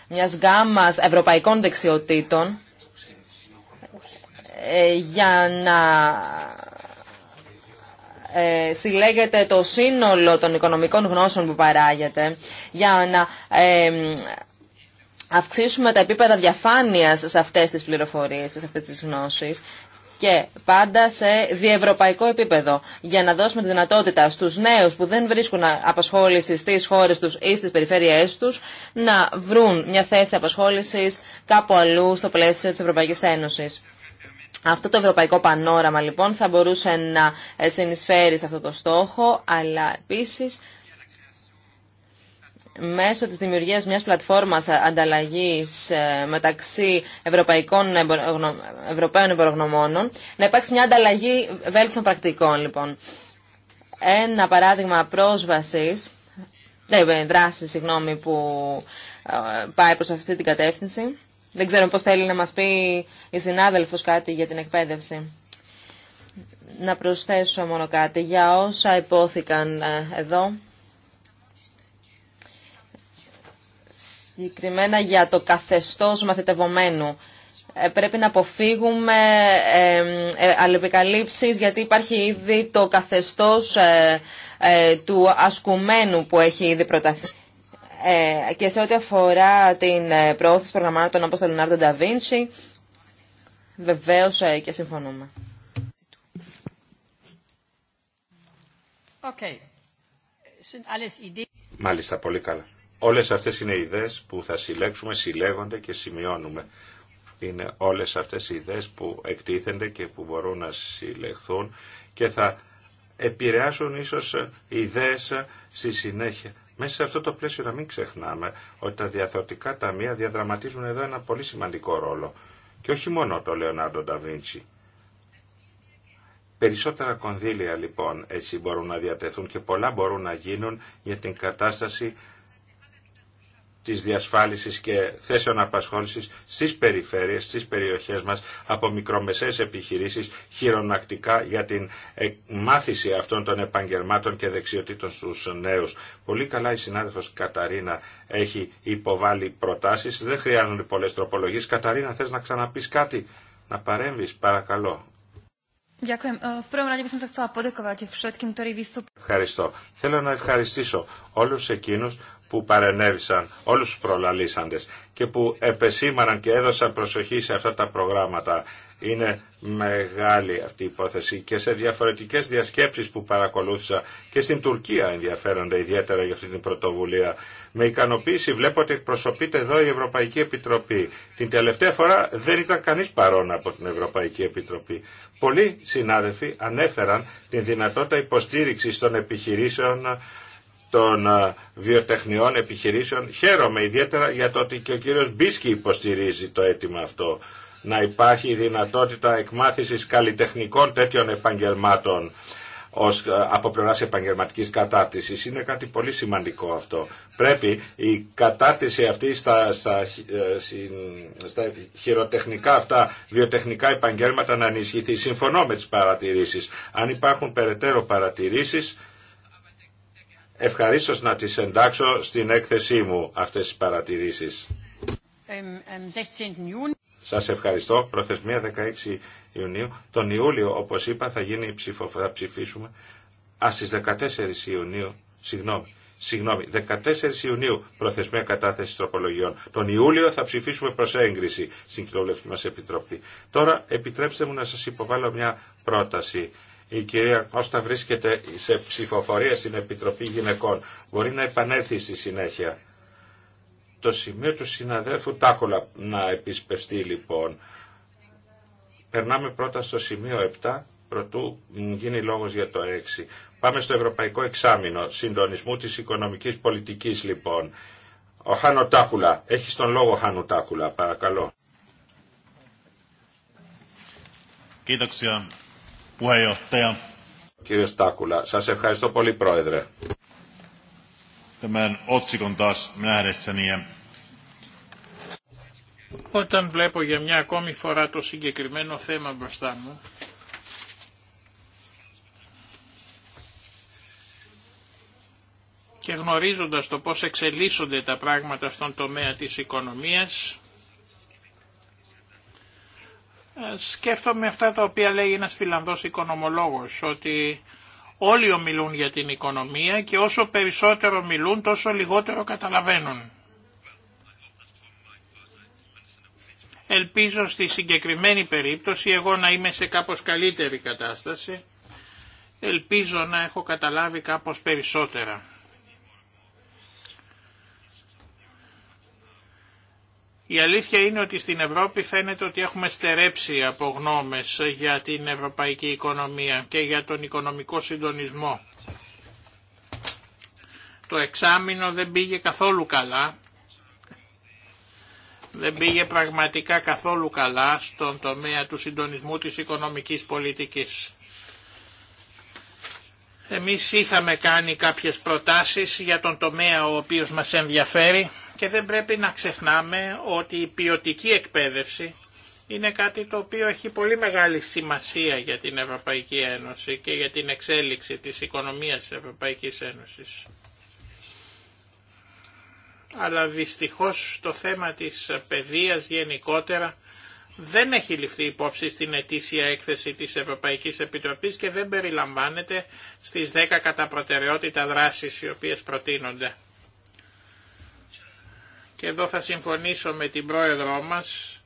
μιας γάμας ευρωπαϊκών δεξιοτήτων για να ε, συλλέγεται το σύνολο των οικονομικών γνώσεων που παράγεται για να ε, αυξήσουμε τα επίπεδα διαφάνειας σε αυτές τις πληροφορίες και σε αυτές τις γνώσεις και πάντα σε διευρωπαϊκό επίπεδο για να δώσουμε τη δυνατότητα στους νέους που δεν βρίσκουν απασχόληση στις χώρες τους ή στις περιφέρειές τους να βρουν μια θέση απασχόλησης κάπου αλλού στο πλαίσιο της Ευρωπαϊκής Ένωσης. Αυτό το ευρωπαϊκό πανόραμα λοιπόν θα μπορούσε να ε, συνεισφέρει σε αυτό το στόχο, αλλά επίσης μέσω της δημιουργίας μιας πλατφόρμας ανταλλαγής ε, μεταξύ ευρωπαϊκών, ευρωπαίων εμπορογνωμόνων, να υπάρξει μια ανταλλαγή βέλτιστων πρακτικών λοιπόν. Ένα παράδειγμα πρόσβασης, ε, δράση συγγνώμη, που πάει προς αυτή την κατεύθυνση, δεν ξέρω πώς θέλει να μας πει η συνάδελφος κάτι για την εκπαίδευση. Να προσθέσω μόνο κάτι για όσα υπόθηκαν ε, εδώ. Συγκεκριμένα για το καθεστώς μαθητευομένου. Ε, πρέπει να αποφύγουμε ε, αλληλεπικαλύψεις γιατί υπάρχει ήδη το καθεστώς του ασκουμένου που έχει ήδη προταθεί. Ε, και σε ό,τι αφορά την ε, προώθηση προγραμμάτων όπως το Λουνάρντο Νταβίντσι, βεβαίως ε, και συμφωνούμε. Okay. Μάλιστα, πολύ καλά. Όλες αυτές είναι οι ιδέες που θα συλλέξουμε, συλλέγονται και σημειώνουμε. Είναι όλες αυτές οι ιδέες που εκτίθενται και που μπορούν να συλλεχθούν και θα επηρεάσουν ίσως ιδέες στη συνέχεια μέσα σε αυτό το πλαίσιο να μην ξεχνάμε ότι τα διαθωτικά ταμεία διαδραματίζουν εδώ ένα πολύ σημαντικό ρόλο. Και όχι μόνο το Λεωνάρντο Νταβίντσι. Περισσότερα κονδύλια λοιπόν έτσι μπορούν να διατεθούν και πολλά μπορούν να γίνουν για την κατάσταση Τη διασφάλισης και θέσεων απασχόλησης στις περιφέρειες, στις περιοχές μας από μικρομεσαίες επιχειρήσεις χειρονακτικά για την ε, μάθηση αυτών των επαγγελμάτων και δεξιοτήτων στους νέους. Πολύ καλά η συνάδελφος Καταρίνα έχει υποβάλει προτάσεις, δεν χρειάζονται πολλέ τροπολογίε. Καταρίνα θέ να ξαναπεί κάτι, να παρέμβει, παρακαλώ. Ε, Ευχαριστώ. Θέλω να ευχαριστήσω όλους εκείνους που παρενέβησαν, όλους τους προλαλήσαντες και που επεσήμαναν και έδωσαν προσοχή σε αυτά τα προγράμματα. Είναι μεγάλη αυτή η υπόθεση και σε διαφορετικές διασκέψεις που παρακολούθησα και στην Τουρκία ενδιαφέρονται ιδιαίτερα για αυτή την πρωτοβουλία. Με ικανοποίηση βλέπω ότι εκπροσωπείται εδώ η Ευρωπαϊκή Επιτροπή. Την τελευταία φορά δεν ήταν κανείς παρόν από την Ευρωπαϊκή Επιτροπή. Πολλοί συνάδελφοι ανέφεραν την δυνατότητα υποστήριξης των επιχειρήσεων των βιοτεχνιών επιχειρήσεων. Χαίρομαι ιδιαίτερα για το ότι και ο κύριος Μπίσκι υποστηρίζει το αίτημα αυτό. Να υπάρχει δυνατότητα εκμάθησης καλλιτεχνικών τέτοιων επαγγελμάτων ως, από πλευράς επαγγελματικής κατάρτισης. Είναι κάτι πολύ σημαντικό αυτό. Πρέπει η κατάρτιση αυτή στα, στα, ε, στα χειροτεχνικά αυτά, βιοτεχνικά επαγγέλματα να ενισχυθεί. Συμφωνώ με τις παρατηρήσεις. Αν υπάρχουν περαιτέρω παρατηρήσεις ευχαρίστως να τις εντάξω στην έκθεσή μου αυτές τις παρατηρήσεις. Σας ευχαριστώ. Προθεσμία 16 Ιουνίου. Τον Ιούλιο, όπως είπα, θα γίνει Θα ψηφίσουμε. Α, στις 14 Ιουνίου, συγγνώμη, συγγνώμη, 14 Ιουνίου προθεσμία κατάθεση τροπολογιών. Τον Ιούλιο θα ψηφίσουμε προ έγκριση στην κοινοβουλευτική μα επιτροπή. Τώρα επιτρέψτε μου να σα υποβάλω μια πρόταση η κυρία Κώστα βρίσκεται σε ψηφοφορία στην Επιτροπή Γυναικών. Μπορεί να επανέλθει στη συνέχεια. Το σημείο του συναδέλφου Τάκολα να επισπευστεί λοιπόν. Περνάμε πρώτα στο σημείο 7, προτού γίνει λόγος για το 6. Πάμε στο Ευρωπαϊκό Εξάμεινο Συντονισμού της Οικονομικής Πολιτικής λοιπόν. Ο Χάνο Τάκουλα. Έχεις τον λόγο Χάνο Τάκουλα, παρακαλώ puheenjohtaja. Στάκουλα, Τάκουλα, σας ευχαριστώ πολύ πρόεδρε. Tämän otsikon taas nähdessäni όταν βλέπω για μια ακόμη φορά το συγκεκριμένο θέμα μπροστά μου, και γνωρίζοντας το πώς εξελίσσονται τα πράγματα στον τομέα της οικονομίας, ε, σκέφτομαι αυτά τα οποία λέει ένας φιλανδός οικονομολόγος, ότι όλοι ομιλούν για την οικονομία και όσο περισσότερο μιλούν τόσο λιγότερο καταλαβαίνουν. Ελπίζω στη συγκεκριμένη περίπτωση εγώ να είμαι σε κάπως καλύτερη κατάσταση. Ελπίζω να έχω καταλάβει κάπως περισσότερα. Η αλήθεια είναι ότι στην Ευρώπη φαίνεται ότι έχουμε στερέψει από γνώμες για την ευρωπαϊκή οικονομία και για τον οικονομικό συντονισμό. Το εξάμεινο δεν πήγε καθόλου καλά. Δεν πήγε πραγματικά καθόλου καλά στον τομέα του συντονισμού της οικονομικής πολιτικής. Εμείς είχαμε κάνει κάποιες προτάσεις για τον τομέα ο οποίος μας ενδιαφέρει και δεν πρέπει να ξεχνάμε ότι η ποιοτική εκπαίδευση είναι κάτι το οποίο έχει πολύ μεγάλη σημασία για την Ευρωπαϊκή Ένωση και για την εξέλιξη της οικονομίας της Ευρωπαϊκής Ένωσης. Αλλά δυστυχώς το θέμα της παιδείας γενικότερα δεν έχει ληφθεί υπόψη στην ετήσια έκθεση της Ευρωπαϊκής Επιτροπής και δεν περιλαμβάνεται στις 10 κατά προτεραιότητα δράσεις οι οποίες προτείνονται και εδώ θα συμφωνήσω με την πρόεδρό μας,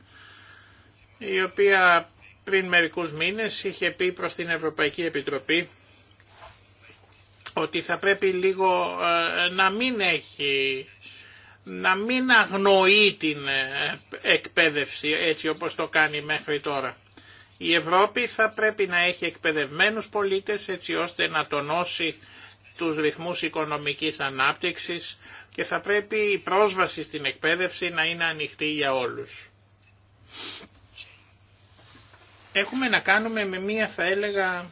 η οποία πριν μερικούς μήνες είχε πει προς την Ευρωπαϊκή Επιτροπή ότι θα πρέπει λίγο ε, να μην έχει, να μην αγνοεί την ε, εκπαίδευση έτσι όπως το κάνει μέχρι τώρα. Η Ευρώπη θα πρέπει να έχει εκπαιδευμένους πολίτες έτσι ώστε να τονώσει τους ρυθμούς οικονομικής ανάπτυξης, και θα πρέπει η πρόσβαση στην εκπαίδευση να είναι ανοιχτή για όλους. Έχουμε να κάνουμε με μία θα έλεγα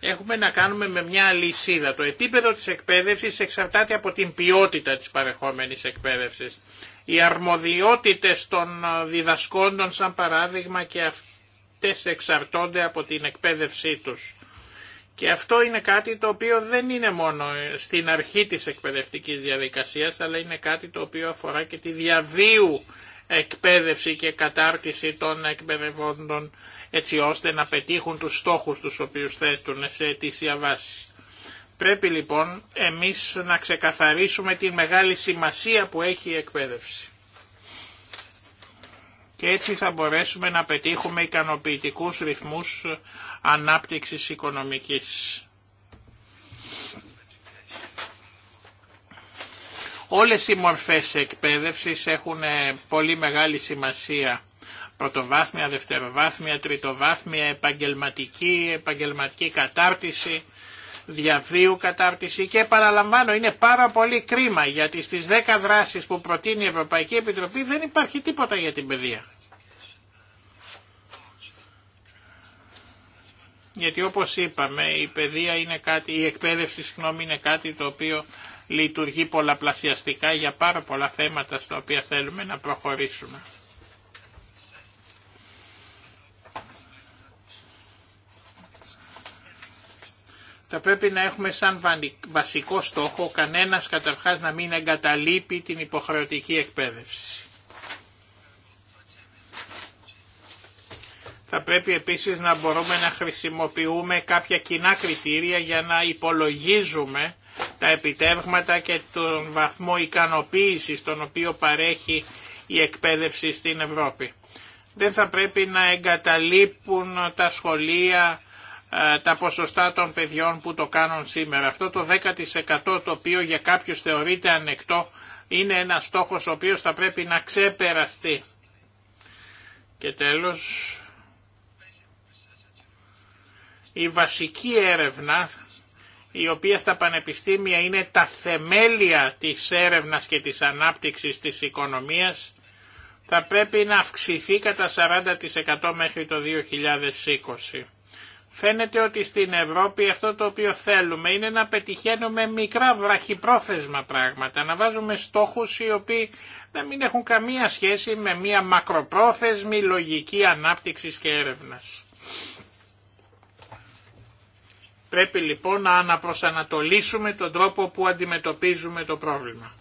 έχουμε να κάνουμε με μια αλυσίδα. Το επίπεδο της εκπαίδευσης εξαρτάται από την ποιότητα της παρεχόμενης εκπαίδευσης. Οι αρμοδιότητες των διδασκόντων σαν παράδειγμα και αυτές εξαρτώνται από την εκπαίδευσή τους. Και αυτό είναι κάτι το οποίο δεν είναι μόνο στην αρχή της εκπαιδευτικής διαδικασίας, αλλά είναι κάτι το οποίο αφορά και τη διαβίου εκπαίδευση και κατάρτιση των εκπαιδευόντων έτσι ώστε να πετύχουν τους στόχους τους οποίους θέτουν σε αιτήσια βάση. Πρέπει λοιπόν εμείς να ξεκαθαρίσουμε τη μεγάλη σημασία που έχει η εκπαίδευση και έτσι θα μπορέσουμε να πετύχουμε ικανοποιητικούς ρυθμούς ανάπτυξης οικονομικής. Όλες οι μορφές εκπαίδευσης έχουν ε, πολύ μεγάλη σημασία. Πρωτοβάθμια, δευτεροβάθμια, τριτοβάθμια, επαγγελματική, επαγγελματική κατάρτιση διαβίου κατάρτιση και παραλαμβάνω είναι πάρα πολύ κρίμα γιατί στις 10 δράσεις που προτείνει η Ευρωπαϊκή Επιτροπή δεν υπάρχει τίποτα για την παιδεία. Γιατί όπως είπαμε η παιδεία είναι κάτι, η εκπαίδευση συγγνώμη είναι κάτι το οποίο λειτουργεί πολλαπλασιαστικά για πάρα πολλά θέματα στα οποία θέλουμε να προχωρήσουμε. θα πρέπει να έχουμε σαν βασικό στόχο κανένας καταρχάς να μην εγκαταλείπει την υποχρεωτική εκπαίδευση. Θα πρέπει επίσης να μπορούμε να χρησιμοποιούμε κάποια κοινά κριτήρια για να υπολογίζουμε τα επιτεύγματα και τον βαθμό ικανοποίησης τον οποίο παρέχει η εκπαίδευση στην Ευρώπη. Δεν θα πρέπει να εγκαταλείπουν τα σχολεία ε, τα ποσοστά των παιδιών που το κάνουν σήμερα. Αυτό το 10% το οποίο για κάποιους θεωρείται ανεκτό είναι ένα στόχος ο οποίος θα πρέπει να ξεπεραστεί. Και τέλος, η βασική έρευνα η οποία στα πανεπιστήμια είναι τα θεμέλια της έρευνας και της ανάπτυξης της οικονομίας, θα πρέπει να αυξηθεί κατά 40% μέχρι το 2020. Φαίνεται ότι στην Ευρώπη αυτό το οποίο θέλουμε είναι να πετυχαίνουμε μικρά βραχυπρόθεσμα πράγματα, να βάζουμε στόχους οι οποίοι να μην έχουν καμία σχέση με μια μακροπρόθεσμη λογική ανάπτυξης και έρευνας. Πρέπει λοιπόν να αναπροσανατολίσουμε τον τρόπο που αντιμετωπίζουμε το πρόβλημα.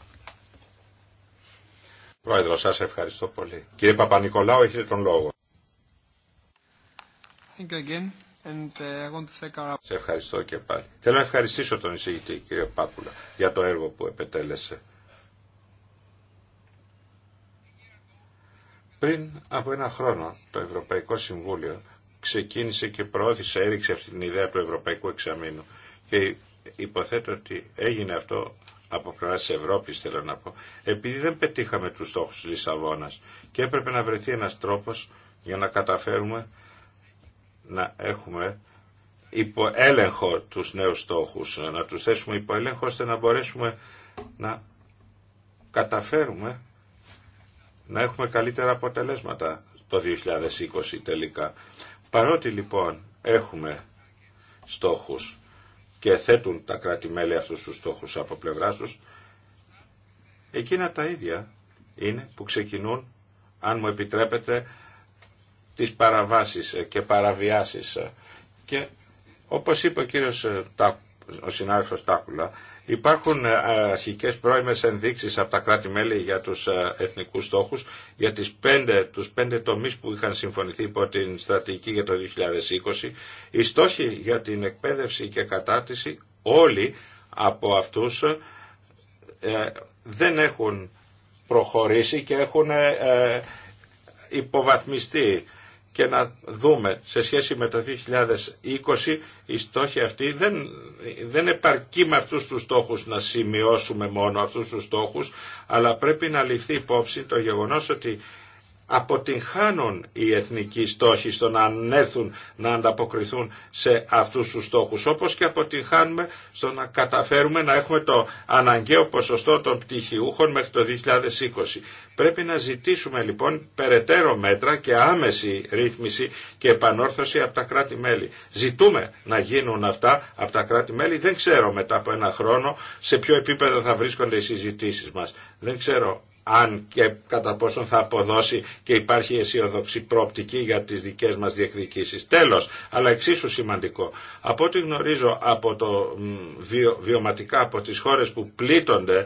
Πρόεδρο, σας ευχαριστώ πολύ. Κύριε Παπα-Νικολάου, έχετε τον λόγο. Thank Uh, Σε ευχαριστώ και πάλι. Θέλω να ευχαριστήσω τον εισηγητή κύριο Πάπουλα για το έργο που επετέλεσε. Πριν από ένα χρόνο το Ευρωπαϊκό Συμβούλιο ξεκίνησε και προώθησε, έριξε αυτή την ιδέα του Ευρωπαϊκού Εξαμήνου και υποθέτω ότι έγινε αυτό από πλευρά τη Ευρώπη, θέλω να πω, επειδή δεν πετύχαμε του στόχου τη Λισαβόνα και έπρεπε να βρεθεί ένα τρόπο για να καταφέρουμε να έχουμε υπό έλεγχο τους νέους στόχους, να τους θέσουμε υπό ώστε να μπορέσουμε να καταφέρουμε να έχουμε καλύτερα αποτελέσματα το 2020 τελικά. Παρότι λοιπόν έχουμε στόχους και θέτουν τα κράτη-μέλη αυτούς τους στόχους από πλευρά τους, εκείνα τα ίδια είναι που ξεκινούν, αν μου επιτρέπετε, τις παραβάσεις ε, και παραβιάσεις. Ε. Και όπως είπε ο κύριος ε, ο συνάδελφος Τάκουλα, υπάρχουν αρχικές πρώιμες ενδείξεις από τα κράτη-μέλη για τους εθνικούς στόχους, για τις πέντε, τους πέντε τομείς που είχαν συμφωνηθεί υπό την στρατηγική για το 2020. Οι στόχοι για την εκπαίδευση και κατάρτιση, όλοι από αυτούς δεν έχουν προχωρήσει και έχουν υποβαθμιστεί και να δούμε σε σχέση με το 2020 οι στόχοι αυτοί δεν, δεν επαρκεί με αυτούς τους στόχους να σημειώσουμε μόνο αυτούς τους στόχους αλλά πρέπει να ληφθεί υπόψη το γεγονός ότι αποτυγχάνουν οι εθνικοί στόχοι στο να ανέθουν, να ανταποκριθούν σε αυτούς τους στόχους. Όπως και αποτυγχάνουμε στο να καταφέρουμε να έχουμε το αναγκαίο ποσοστό των πτυχιούχων μέχρι το 2020. Πρέπει να ζητήσουμε λοιπόν περαιτέρω μέτρα και άμεση ρύθμιση και επανόρθωση από τα κράτη-μέλη. Ζητούμε να γίνουν αυτά από τα κράτη-μέλη. Δεν ξέρω μετά από ένα χρόνο σε ποιο επίπεδο θα βρίσκονται οι συζητήσεις μας. Δεν ξέρω αν και κατά πόσον θα αποδώσει και υπάρχει αισιοδοξη πρόπτικη για τις δικές μας διεκδικήσεις. Τέλος, αλλά εξίσου σημαντικό, από ό,τι γνωρίζω από το βιο, βιωματικά από τις χώρες που πλήττονται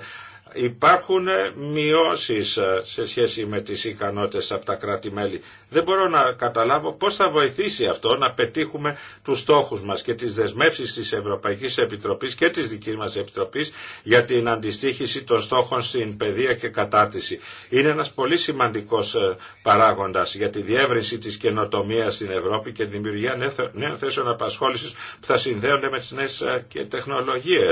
υπάρχουν ε, μειώσεις ε, σε σχέση με τις ικανότητες από τα κράτη-μέλη. Δεν μπορώ να καταλάβω πώς θα βοηθήσει αυτό να πετύχουμε τους στόχους μας και τις δεσμεύσεις της Ευρωπαϊκής Επιτροπής και της δικής μας Επιτροπής για την αντιστοίχηση των στόχων στην παιδεία και κατάρτιση. Είναι ένας πολύ σημαντικός ε, παράγοντας για τη διεύρυνση της καινοτομίας στην Ευρώπη και τη δημιουργία νέων θέσεων απασχόλησης που θα συνδέονται με τις νέες τεχνολογίε.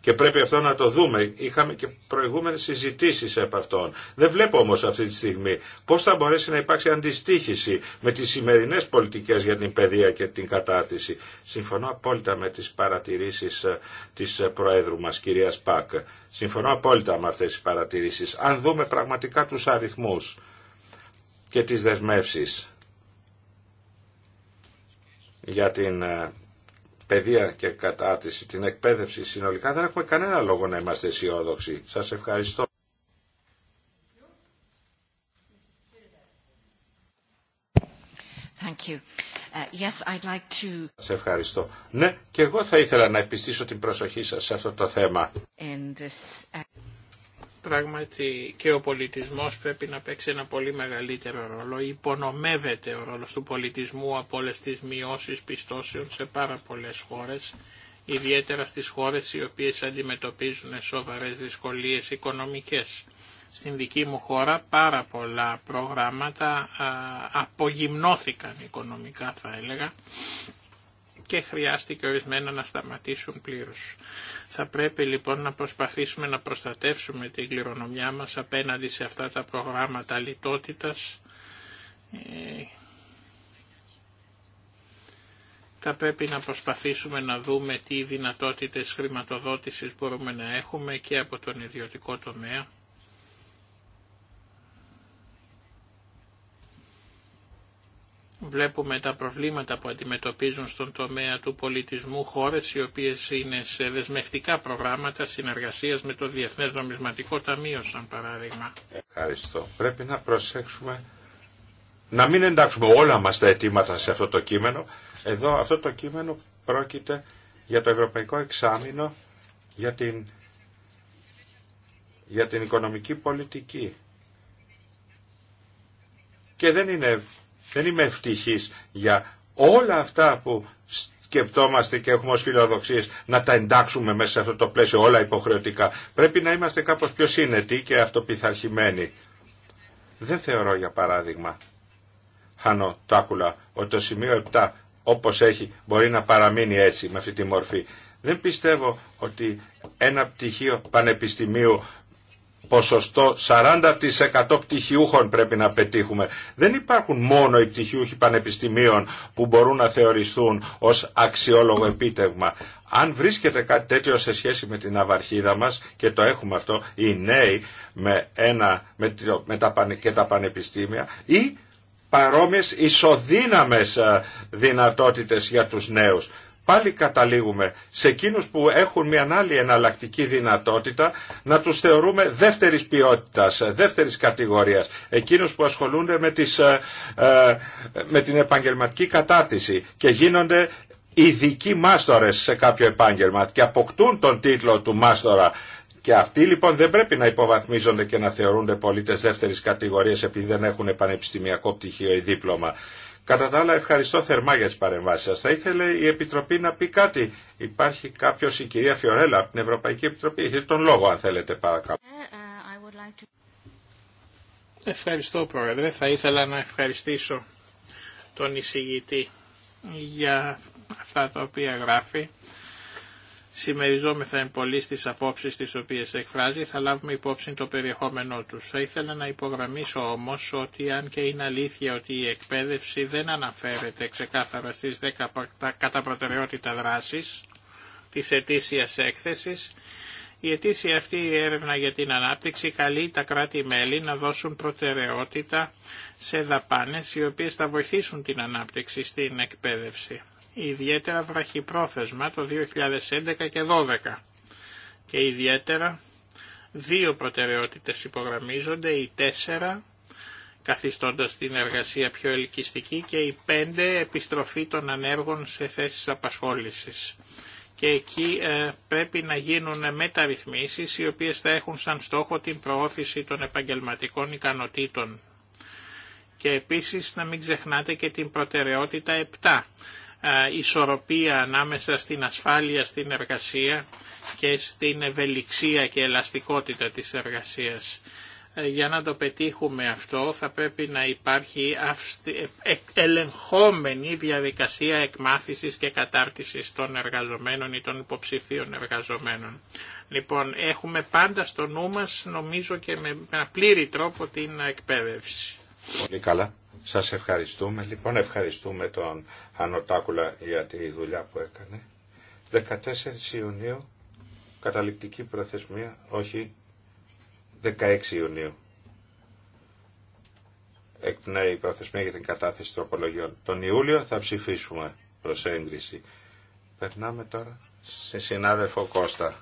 Και πρέπει αυτό να το δούμε. Είχαμε και προ προηγούμενες συζητήσεις επ' αυτών. Δεν βλέπω όμως αυτή τη στιγμή πώς θα μπορέσει να υπάρξει αντιστοίχηση με τις σημερινές πολιτικές για την παιδεία και την κατάρτιση. Συμφωνώ απόλυτα με τις παρατηρήσεις ε, της ε, Προέδρου μας, κυρίας Πακ. Συμφωνώ απόλυτα με αυτές τις παρατηρήσεις. Αν δούμε πραγματικά τους αριθμούς και τις δεσμεύσεις για την ε, παιδεία και κατάρτιση, την εκπαίδευση συνολικά, δεν έχουμε κανένα λόγο να είμαστε αισιόδοξοι. Σας ευχαριστώ. Thank uh, ευχαριστώ. Ναι, και εγώ θα ήθελα να επιστήσω την προσοχή σας σε αυτό το θέμα. Πράγματι και ο πολιτισμός πρέπει να παίξει ένα πολύ μεγαλύτερο ρόλο. Υπονομεύεται ο ρόλος του πολιτισμού από όλες τις μειώσεις πιστώσεων σε πάρα πολλές χώρες, ιδιαίτερα στις χώρες οι οποίες αντιμετωπίζουν σοβαρές δυσκολίες οικονομικές. Στην δική μου χώρα πάρα πολλά προγράμματα απογυμνώθηκαν οικονομικά θα έλεγα και χρειάστηκε ορισμένα να σταματήσουν πλήρως. Θα πρέπει λοιπόν να προσπαθήσουμε να προστατεύσουμε την κληρονομιά μας απέναντι σε αυτά τα προγράμματα λιτότητας. Ε, θα πρέπει να προσπαθήσουμε να δούμε τι δυνατότητες χρηματοδότησης μπορούμε να έχουμε και από τον ιδιωτικό τομέα Βλέπουμε τα προβλήματα που αντιμετωπίζουν στον τομέα του πολιτισμού χώρες οι οποίες είναι σε δεσμευτικά προγράμματα συνεργασίας με το Διεθνές Νομισματικό Ταμείο, σαν παράδειγμα. Ευχαριστώ. Πρέπει να προσέξουμε να μην εντάξουμε όλα μας τα αιτήματα σε αυτό το κείμενο. Εδώ αυτό το κείμενο πρόκειται για το Ευρωπαϊκό Εξάμεινο για την, για την οικονομική πολιτική. Και δεν είναι δεν είμαι ευτυχής για όλα αυτά που σκεπτόμαστε και έχουμε ως φιλοδοξίες να τα εντάξουμε μέσα σε αυτό το πλαίσιο όλα υποχρεωτικά. Πρέπει να είμαστε κάπως πιο σύνετοι και αυτοπιθαρχημένοι. Δεν θεωρώ για παράδειγμα, Χάνο Τάκουλα, ότι το σημείο 7 όπως έχει μπορεί να παραμείνει έτσι με αυτή τη μορφή. Δεν πιστεύω ότι ένα πτυχίο πανεπιστημίου ποσοστό 40% πτυχιούχων πρέπει να πετύχουμε. Δεν υπάρχουν μόνο οι πτυχιούχοι πανεπιστημίων που μπορούν να θεωρηθούν ως αξιόλογο επίτευγμα. Αν βρίσκεται κάτι τέτοιο σε σχέση με την αυαρχίδα μας και το έχουμε αυτό, οι νέοι με, ένα, με, τα, και τα πανεπιστήμια ή παρόμοιες ισοδύναμες ε, δυνατότητες για τους νέους πάλι καταλήγουμε σε εκείνους που έχουν μια άλλη εναλλακτική δυνατότητα να τους θεωρούμε δεύτερης ποιότητας, δεύτερης κατηγορίας. Εκείνους που ασχολούνται με, τις, ε, ε, με την επαγγελματική κατάρτιση και γίνονται ειδικοί μάστορες σε κάποιο επάγγελμα και αποκτούν τον τίτλο του μάστορα και αυτοί λοιπόν δεν πρέπει να υποβαθμίζονται και να θεωρούνται πολίτες δεύτερης κατηγορίας επειδή δεν έχουν πανεπιστημιακό πτυχίο ή δίπλωμα. Κατά τα άλλα ευχαριστώ θερμά για τις παρεμβάσεις σας. Θα ήθελε η Επιτροπή να πει κάτι. Υπάρχει κάποιος, η κυρία Φιωρέλα από την Ευρωπαϊκή Επιτροπή. Έχετε τον λόγο αν θέλετε παρακαλώ. Ε, ε, ευχαριστώ Πρόεδρε. Θα ήθελα να ευχαριστήσω τον εισηγητή για αυτά τα οποία γράφει Συμμεριζόμεθα εν πολύ στι απόψει τις οποίες εκφράζει, θα λάβουμε υπόψη το περιεχόμενό του. Θα ήθελα να υπογραμμίσω όμω ότι αν και είναι αλήθεια ότι η εκπαίδευση δεν αναφέρεται ξεκάθαρα στι 10 κατά προτεραιότητα δράσεις τη ετήσια έκθεση, η ετήσια αυτή η έρευνα για την ανάπτυξη καλεί τα κράτη-μέλη να δώσουν προτεραιότητα σε δαπάνες οι οποίες θα βοηθήσουν την ανάπτυξη στην εκπαίδευση ιδιαίτερα βραχυπρόθεσμα το 2011 και 2012 και ιδιαίτερα δύο προτεραιότητες υπογραμμίζονται, οι τέσσερα καθιστώντας την εργασία πιο ελκυστική και η πέντε επιστροφή των ανέργων σε θέσεις απασχόλησης. Και εκεί ε, πρέπει να γίνουν μεταρρυθμίσεις οι οποίες θα έχουν σαν στόχο την προώθηση των επαγγελματικών ικανοτήτων. Και επίσης να μην ξεχνάτε και την προτεραιότητα 7 ε, ισορροπία ανάμεσα στην ασφάλεια στην εργασία και στην ευελιξία και ελαστικότητα της εργασίας. Ε, για να το πετύχουμε αυτό θα πρέπει να υπάρχει ε, ελεγχόμενη διαδικασία εκμάθησης και κατάρτισης των εργαζομένων ή των υποψηφίων εργαζομένων. Λοιπόν, έχουμε πάντα στο νου μας, νομίζω και με πλήρη τρόπο, την εκπαίδευση. Σας ευχαριστούμε. Λοιπόν, ευχαριστούμε τον Ανωτάκουλα για τη δουλειά που έκανε. 14 Ιουνίου, καταληκτική προθεσμία, όχι 16 Ιουνίου. Εκπνέει η προθεσμία για την κατάθεση τροπολογιών. Τον Ιούλιο θα ψηφίσουμε προς έγκριση. Περνάμε τώρα σε συνάδελφο Κώστα.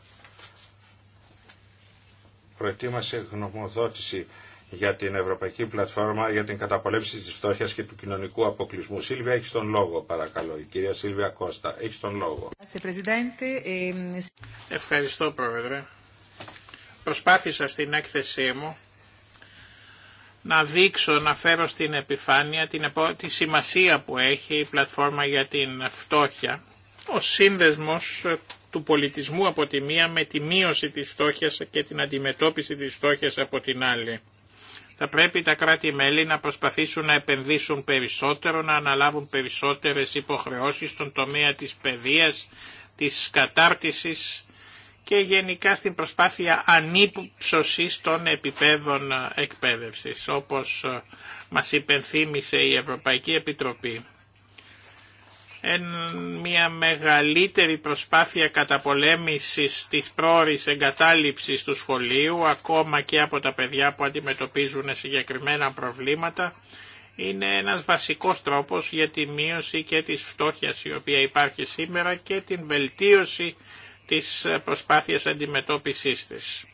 Προετοίμασε γνωμοδότηση για την Ευρωπαϊκή Πλατφόρμα για την καταπολέμηση της φτώχειας και του κοινωνικού αποκλεισμού. Σίλβια, έχει τον λόγο, παρακαλώ. Η κυρία Σίλβια Κώστα, έχει τον λόγο. Ehm, Ευχαριστώ, Πρόεδρε. Προσπάθησα στην έκθεσή μου να δείξω, να φέρω στην επιφάνεια την, τη σημασία που έχει η πλατφόρμα για την φτώχεια. Ο σύνδεσμος ε, του πολιτισμού από τη μία με τη μείωση της φτώχειας και την αντιμετώπιση της φτώχειας από την άλλη. Θα πρέπει τα κράτη-μέλη να προσπαθήσουν να επενδύσουν περισσότερο, να αναλάβουν περισσότερες υποχρεώσεις στον τομέα της παιδείας, της κατάρτισης και γενικά στην προσπάθεια ανύψωσης των επιπέδων εκπαίδευσης, όπως μας υπενθύμησε η Ευρωπαϊκή Επιτροπή μια μεγαλύτερη προσπάθεια καταπολέμησης της πρόορης εγκατάλειψης του σχολείου ακόμα και από τα παιδιά που αντιμετωπίζουν συγκεκριμένα προβλήματα είναι ένας βασικός τρόπος για τη μείωση και της φτώχειας η οποία υπάρχει σήμερα και την βελτίωση της προσπάθειας αντιμετώπισης της.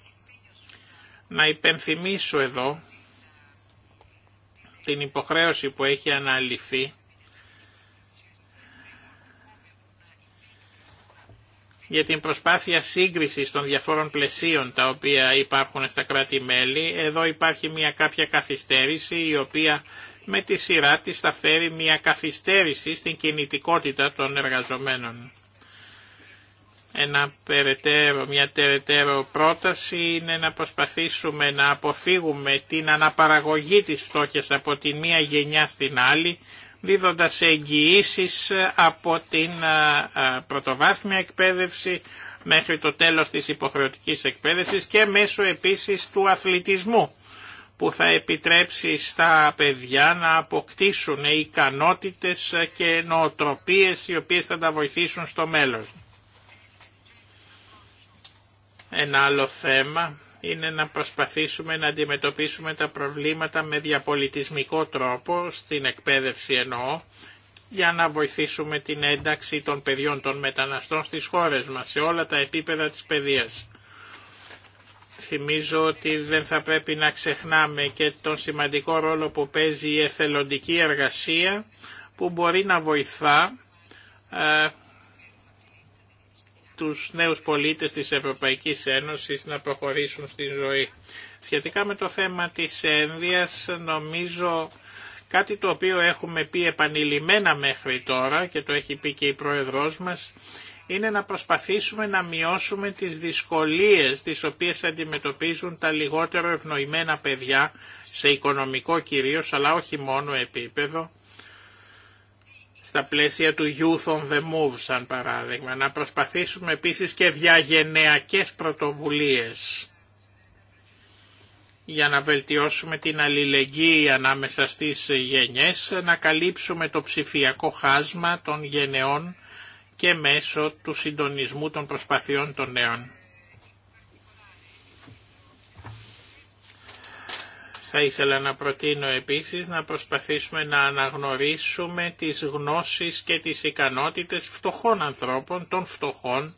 Να υπενθυμίσω εδώ την υποχρέωση που έχει αναλυθεί για την προσπάθεια σύγκρισης των διαφόρων πλαισίων τα οποία υπάρχουν στα κράτη-μέλη. Εδώ υπάρχει μια κάποια καθυστέρηση η οποία με τη σειρά της θα φέρει μια καθυστέρηση στην κινητικότητα των εργαζομένων. Ένα μια περαιτέρω πρόταση είναι να προσπαθήσουμε να αποφύγουμε την αναπαραγωγή της φτώχειας από τη μία γενιά στην άλλη δίδοντας εγγυήσει ε, από την ε, ε, πρωτοβάθμια εκπαίδευση μέχρι το τέλος της υποχρεωτικής εκπαίδευσης και μέσω επίσης του αθλητισμού που θα επιτρέψει στα παιδιά να αποκτήσουν ικανότητες και νοοτροπίες οι οποίες θα τα βοηθήσουν στο μέλλον. Ένα άλλο θέμα είναι να προσπαθήσουμε να αντιμετωπίσουμε τα προβλήματα με διαπολιτισμικό τρόπο, στην εκπαίδευση εννοώ, για να βοηθήσουμε την ένταξη των παιδιών των μεταναστών στις χώρες μας, σε όλα τα επίπεδα της παιδείας. Θυμίζω ότι δεν θα πρέπει να ξεχνάμε και τον σημαντικό ρόλο που παίζει η εθελοντική εργασία, που μπορεί να βοηθά ε, τους νέους πολίτες της Ευρωπαϊκής Ένωσης να προχωρήσουν στη ζωή. Σχετικά με το θέμα της ένδυας νομίζω κάτι το οποίο έχουμε πει επανειλημμένα μέχρι τώρα και το έχει πει και η Πρόεδρός μας είναι να προσπαθήσουμε να μειώσουμε τις δυσκολίες τις οποίες αντιμετωπίζουν τα λιγότερο ευνοημένα παιδιά σε οικονομικό κυρίως αλλά όχι μόνο επίπεδο στα πλαίσια του Youth on the Move σαν παράδειγμα. Να προσπαθήσουμε επίσης και διαγενειακές πρωτοβουλίες για να βελτιώσουμε την αλληλεγγύη ανάμεσα στις γενιές, να καλύψουμε το ψηφιακό χάσμα των γενεών και μέσω του συντονισμού των προσπαθειών των νέων. Θα ήθελα να προτείνω επίσης να προσπαθήσουμε να αναγνωρίσουμε τις γνώσεις και τις ικανότητες φτωχών ανθρώπων, των φτωχών,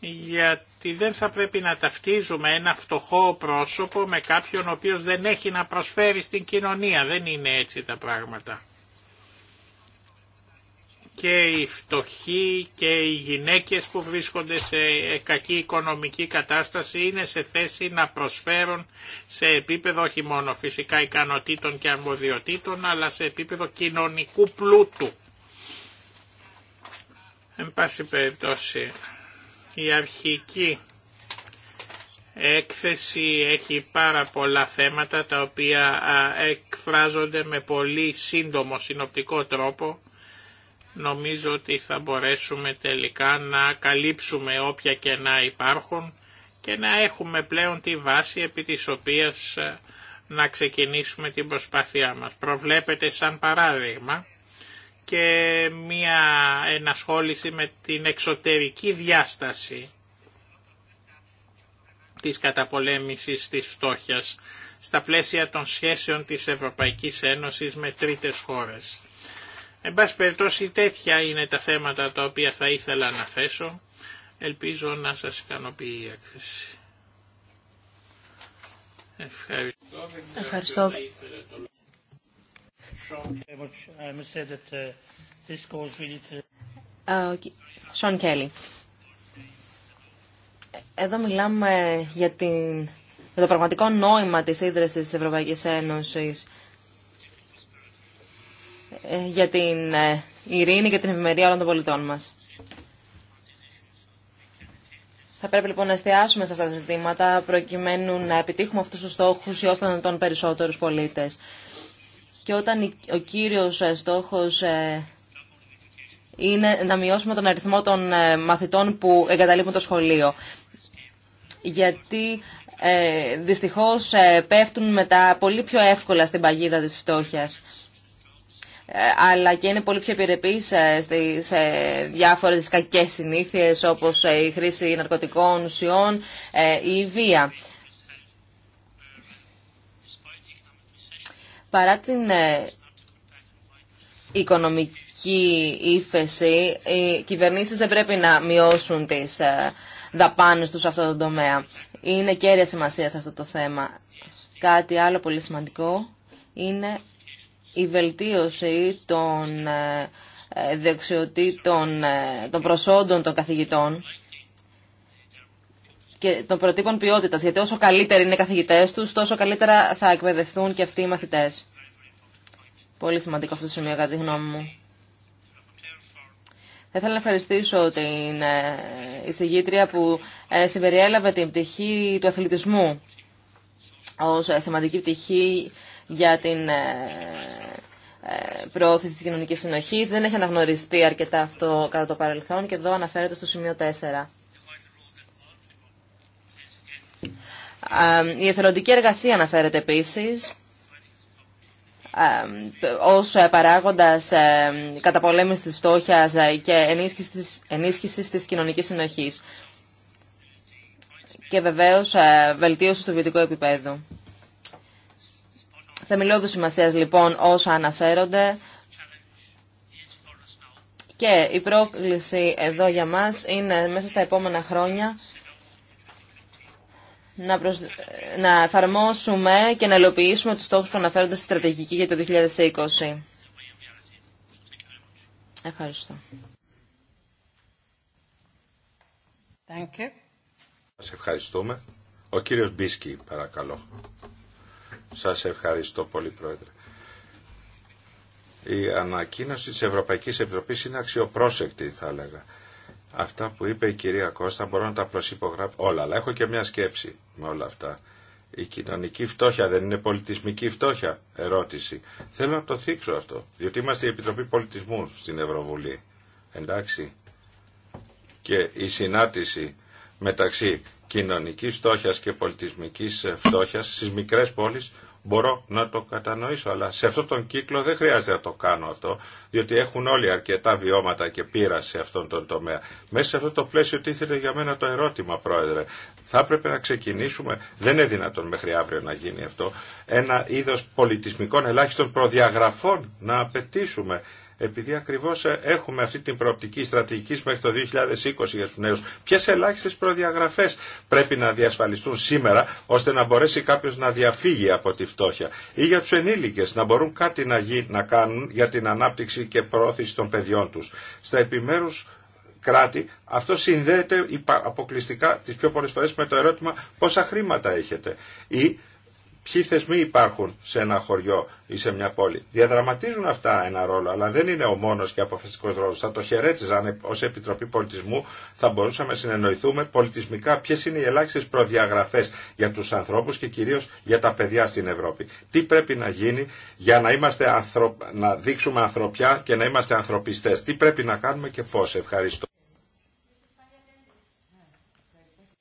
γιατί δεν θα πρέπει να ταυτίζουμε ένα φτωχό πρόσωπο με κάποιον ο οποίος δεν έχει να προσφέρει στην κοινωνία. Δεν είναι έτσι τα πράγματα και οι φτωχοί και οι γυναίκες που βρίσκονται σε κακή οικονομική κατάσταση είναι σε θέση να προσφέρουν σε επίπεδο όχι μόνο φυσικά ικανοτήτων και αρμοδιοτήτων αλλά σε επίπεδο κοινωνικού πλούτου. Εν πάση περιπτώσει η αρχική έκθεση έχει πάρα πολλά θέματα τα οποία εκφράζονται με πολύ σύντομο συνοπτικό τρόπο νομίζω ότι θα μπορέσουμε τελικά να καλύψουμε όποια και να υπάρχουν και να έχουμε πλέον τη βάση επί της οποίας ε, να ξεκινήσουμε την προσπάθειά μας. Προβλέπεται σαν παράδειγμα και μια ενασχόληση με την εξωτερική διάσταση της καταπολέμησης της φτώχειας στα πλαίσια των σχέσεων της Ευρωπαϊκής Ένωσης με τρίτες χώρες. Εν πάση περιπτώσει τέτοια είναι τα θέματα τα οποία θα ήθελα να θέσω. Ελπίζω να σας ικανοποιεί η έκθεση. Ευχαριστώ. Ευχαριστώ. Σον Κέλλη. Εδώ μιλάμε για, την... για το πραγματικό νόημα της ίδρυσης της Ευρωπαϊκής Ένωσης ε, για την ε, ειρήνη και την ευημερία όλων των πολιτών μας. Θα πρέπει λοιπόν να εστιάσουμε σε αυτά τα ζητήματα προκειμένου να επιτύχουμε αυτούς τους στόχους ή ώστε των περισσότερους πολίτες. Και όταν ο κύριος ε, στόχος είναι να μειώσουμε τον αριθμό των μαθητών που εγκαταλείπουν το σχολείο. Γιατί δυστυχώς πέφτουν μετά πολύ πιο εύκολα στην παγίδα της φτώχειας. Ε, αλλά και είναι πολύ πιο σε σε διάφορες κακές συνήθειες όπως ε, η χρήση ναρκωτικών ουσιών ε, ή η βία. Παρά την οικονομική ύφεση, οι κυβερνήσεις δεν πρέπει να μειώσουν τις δαπάνες τους σε αυτό το τομέα. Είναι κέρια σημασία σε αυτό το θέμα. Κάτι άλλο πολύ σημαντικό είναι η βελτίωση των ε, ε, δεξιοτήτων, ε, των προσόντων των καθηγητών και των προτύπων ποιότητας, γιατί όσο καλύτεροι είναι οι καθηγητές τους, τόσο καλύτερα θα εκπαιδευτούν και αυτοί οι μαθητές. Πολύ σημαντικό αυτό το σημείο, κατά τη γνώμη μου. Θα ήθελα να ευχαριστήσω την εισηγήτρια που συμπεριέλαβε την πτυχή του αθλητισμού ως σημαντική πτυχή για την ε, ε, προώθηση της κοινωνικής συνοχής. Δεν έχει αναγνωριστεί αρκετά αυτό κατά το παρελθόν και εδώ αναφέρεται στο σημείο 4. Ε, η εθελοντική εργασία αναφέρεται επίσης ως παράγοντας καταπολέμησης της φτώχειας και ενίσχυσης της, κοινωνική της κοινωνικής συνοχής και βεβαίως βελτίωση του βιωτικού επίπεδου. Θεμελιώδου σημασία λοιπόν όσα αναφέρονται. Και η πρόκληση εδώ για μας είναι μέσα στα επόμενα χρόνια να, να εφαρμόσουμε και να ελοποιήσουμε τους στόχους που αναφέρονται στη στρατηγική για το 2020. Ευχαριστώ. Σας ευχαριστούμε. Ο κύριος Μπίσκι, παρακαλώ. Σας ευχαριστώ πολύ Πρόεδρε. Η ανακοίνωση της Ευρωπαϊκής Επιτροπής είναι αξιοπρόσεκτη θα έλεγα. Αυτά που είπε η κυρία Κώστα μπορώ να τα προσυπογράψω όλα, αλλά έχω και μια σκέψη με όλα αυτά. Η κοινωνική φτώχεια δεν είναι πολιτισμική φτώχεια, ερώτηση. Θέλω να το θίξω αυτό, διότι είμαστε η Επιτροπή Πολιτισμού στην Ευρωβουλή. Εντάξει. Και η συνάντηση μεταξύ κοινωνικής φτώχειας και πολιτισμικής φτώχειας στις μικρές πόλεις μπορώ να το κατανοήσω, αλλά σε αυτόν τον κύκλο δεν χρειάζεται να το κάνω αυτό, διότι έχουν όλοι αρκετά βιώματα και πείρα σε αυτόν τον τομέα. Μέσα σε αυτό το πλαίσιο τίθεται για μένα το ερώτημα, Πρόεδρε. Θα έπρεπε να ξεκινήσουμε, δεν είναι δυνατόν μέχρι αύριο να γίνει αυτό, ένα είδος πολιτισμικών ελάχιστων προδιαγραφών να απαιτήσουμε επειδή ακριβώς ε, έχουμε αυτή την προοπτική στρατηγική μέχρι το 2020 για τους νέους, ποιες ελάχιστες προδιαγραφές πρέπει να διασφαλιστούν σήμερα ώστε να μπορέσει κάποιο να διαφύγει από τη φτώχεια ή για του ενήλικες να μπορούν κάτι να, γίνει να κάνουν για την ανάπτυξη και προώθηση των παιδιών τους. Στα επιμέρους κράτη, αυτό συνδέεται αποκλειστικά τι πιο πολλέ φορέ με το ερώτημα πόσα χρήματα έχετε ή ποιοι θεσμοί υπάρχουν σε ένα χωριό ή σε μια πόλη. Διαδραματίζουν αυτά ένα ρόλο, αλλά δεν είναι ο μόνο και αποφασιστικό ρόλο. Θα το χαιρέτιζα ω Επιτροπή Πολιτισμού θα μπορούσαμε να συνεννοηθούμε πολιτισμικά ποιε είναι οι ελάχιστε προδιαγραφέ για του ανθρώπου και κυρίω για τα παιδιά στην Ευρώπη. Τι πρέπει να γίνει για να, είμαστε ανθρω... να δείξουμε ανθρωπιά και να είμαστε ανθρωπιστέ. Τι πρέπει να κάνουμε και πώ. Ευχαριστώ.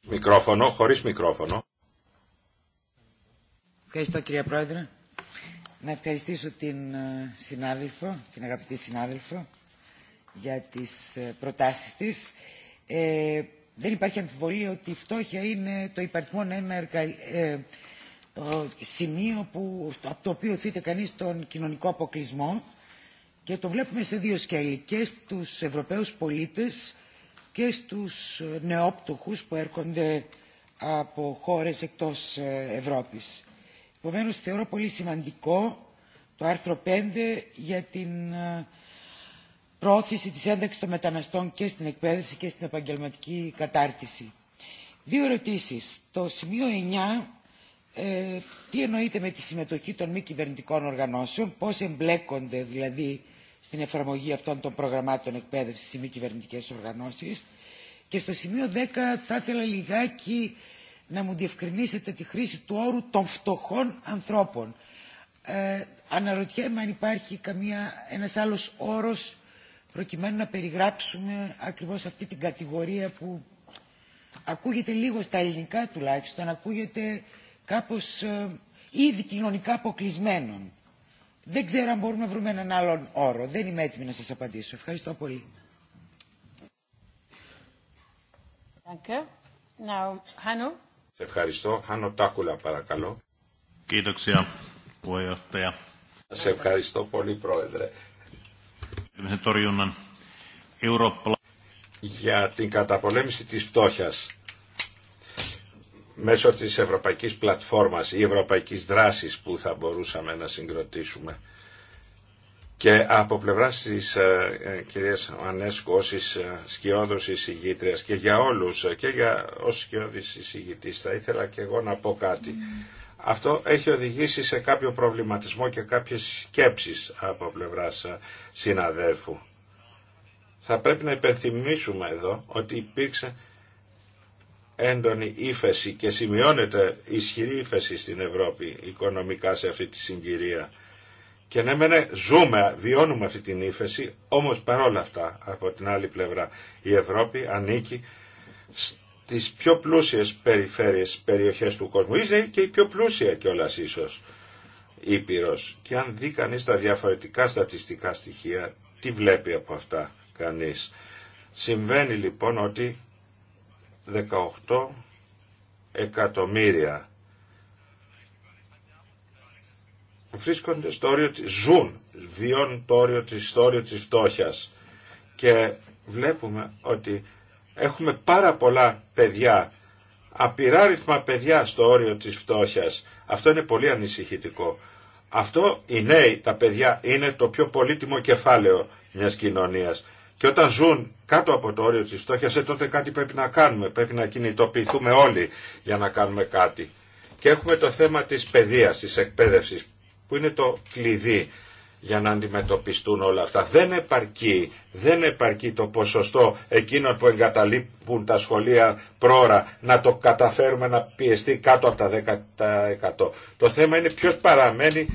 Μικρόφωνο, χωρίς μικρόφωνο. Ευχαριστώ κυρία Πρόεδρε. Να ευχαριστήσω την ε, συνάδελφο, την αγαπητή συνάδελφο για τις ε, προτάσεις της. Ε, δεν υπάρχει αμφιβολία ότι η φτώχεια είναι το υπαριθμόν ένα ε, σημείο που, από το οποίο θείται κανείς τον κοινωνικό αποκλεισμό και το βλέπουμε σε δύο σκέλη και στους Ευρωπαίους πολίτες και στους νεόπτωχους που έρχονται από χώρες εκτός Ευρώπης. Επομένω, θεωρώ πολύ σημαντικό το άρθρο 5 για την ε, πρόθεση της ένταξης των μεταναστών και στην εκπαίδευση και στην επαγγελματική κατάρτιση. Δύο ερωτήσεις. Το σημείο 9, ε, τι εννοείται με τη συμμετοχή των μη κυβερνητικών οργανώσεων, πώς εμπλέκονται δηλαδή στην εφαρμογή αυτών των προγραμμάτων εκπαίδευσης οι μη κυβερνητικές οργανώσεις. Και στο σημείο 10 θα ήθελα λιγάκι να μου διευκρινίσετε τη χρήση του όρου των φτωχών ανθρώπων. Ε, αναρωτιέμαι αν υπάρχει καμία, ένας άλλος όρος προκειμένου να περιγράψουμε ακριβώς αυτή την κατηγορία που ακούγεται λίγο στα ελληνικά τουλάχιστον, ακούγεται κάπως ε, ήδη κοινωνικά αποκλεισμένων. Δεν ξέρω αν μπορούμε να βρούμε έναν άλλον όρο. Δεν είμαι έτοιμη να σας απαντήσω. Ευχαριστώ πολύ. Now, Hanno. Σε ευχαριστώ. Χάνο Τάκουλα παρακαλώ. Σε ευχαριστώ πολύ πρόεδρε. Για την καταπολέμηση της φτώχειας μέσω της ευρωπαϊκής πλατφόρμας ή ευρωπαϊκής δράσης που θα μπορούσαμε να συγκροτήσουμε. Και από πλευρά τη ε, ε, κυρία Ανέσκου, ω ε, σκιώδο εισηγήτρια και για όλου και για ω σκιώδη εισηγητή, θα ήθελα και εγώ να πω κάτι. Αυτό έχει οδηγήσει σε κάποιο προβληματισμό και κάποιες σκέψει από πλευράς συναδέλφου. Θα πρέπει να υπενθυμίσουμε εδώ ότι υπήρξε έντονη ύφεση και σημειώνεται ισχυρή ύφεση στην Ευρώπη οικονομικά σε αυτή τη συγκυρία. Και ναι, ναι, ζούμε, βιώνουμε αυτή την ύφεση, όμως παρόλα αυτά, από την άλλη πλευρά, η Ευρώπη ανήκει στις πιο πλούσιες περιφέρειες, περιοχές του κόσμου. Είναι και η πιο πλούσια κιόλα ίσως Ήπειρος. Και αν δει κανείς τα διαφορετικά στατιστικά στοιχεία, τι βλέπει από αυτά κανείς. Συμβαίνει λοιπόν ότι 18 εκατομμύρια βρίσκονται στο όριο, ζουν, βιώνουν το όριο της, στο της φτώχειας και βλέπουμε ότι έχουμε πάρα πολλά παιδιά, απειρά παιδιά στο όριο της φτώχειας. Αυτό είναι πολύ ανησυχητικό. Αυτό οι νέοι, τα παιδιά, είναι το πιο πολύτιμο κεφάλαιο μιας κοινωνίας. Και όταν ζουν κάτω από το όριο της φτώχειας, ε, τότε κάτι πρέπει να κάνουμε. Πρέπει να κινητοποιηθούμε όλοι για να κάνουμε κάτι. Και έχουμε το θέμα της παιδείας, της εκπαίδευσης που είναι το κλειδί για να αντιμετωπιστούν όλα αυτά. Δεν επαρκεί, δεν επαρκεί το ποσοστό εκείνων που εγκαταλείπουν τα σχολεία πρόωρα να το καταφέρουμε να πιεστεί κάτω από τα 10%. Το θέμα είναι ποιος παραμένει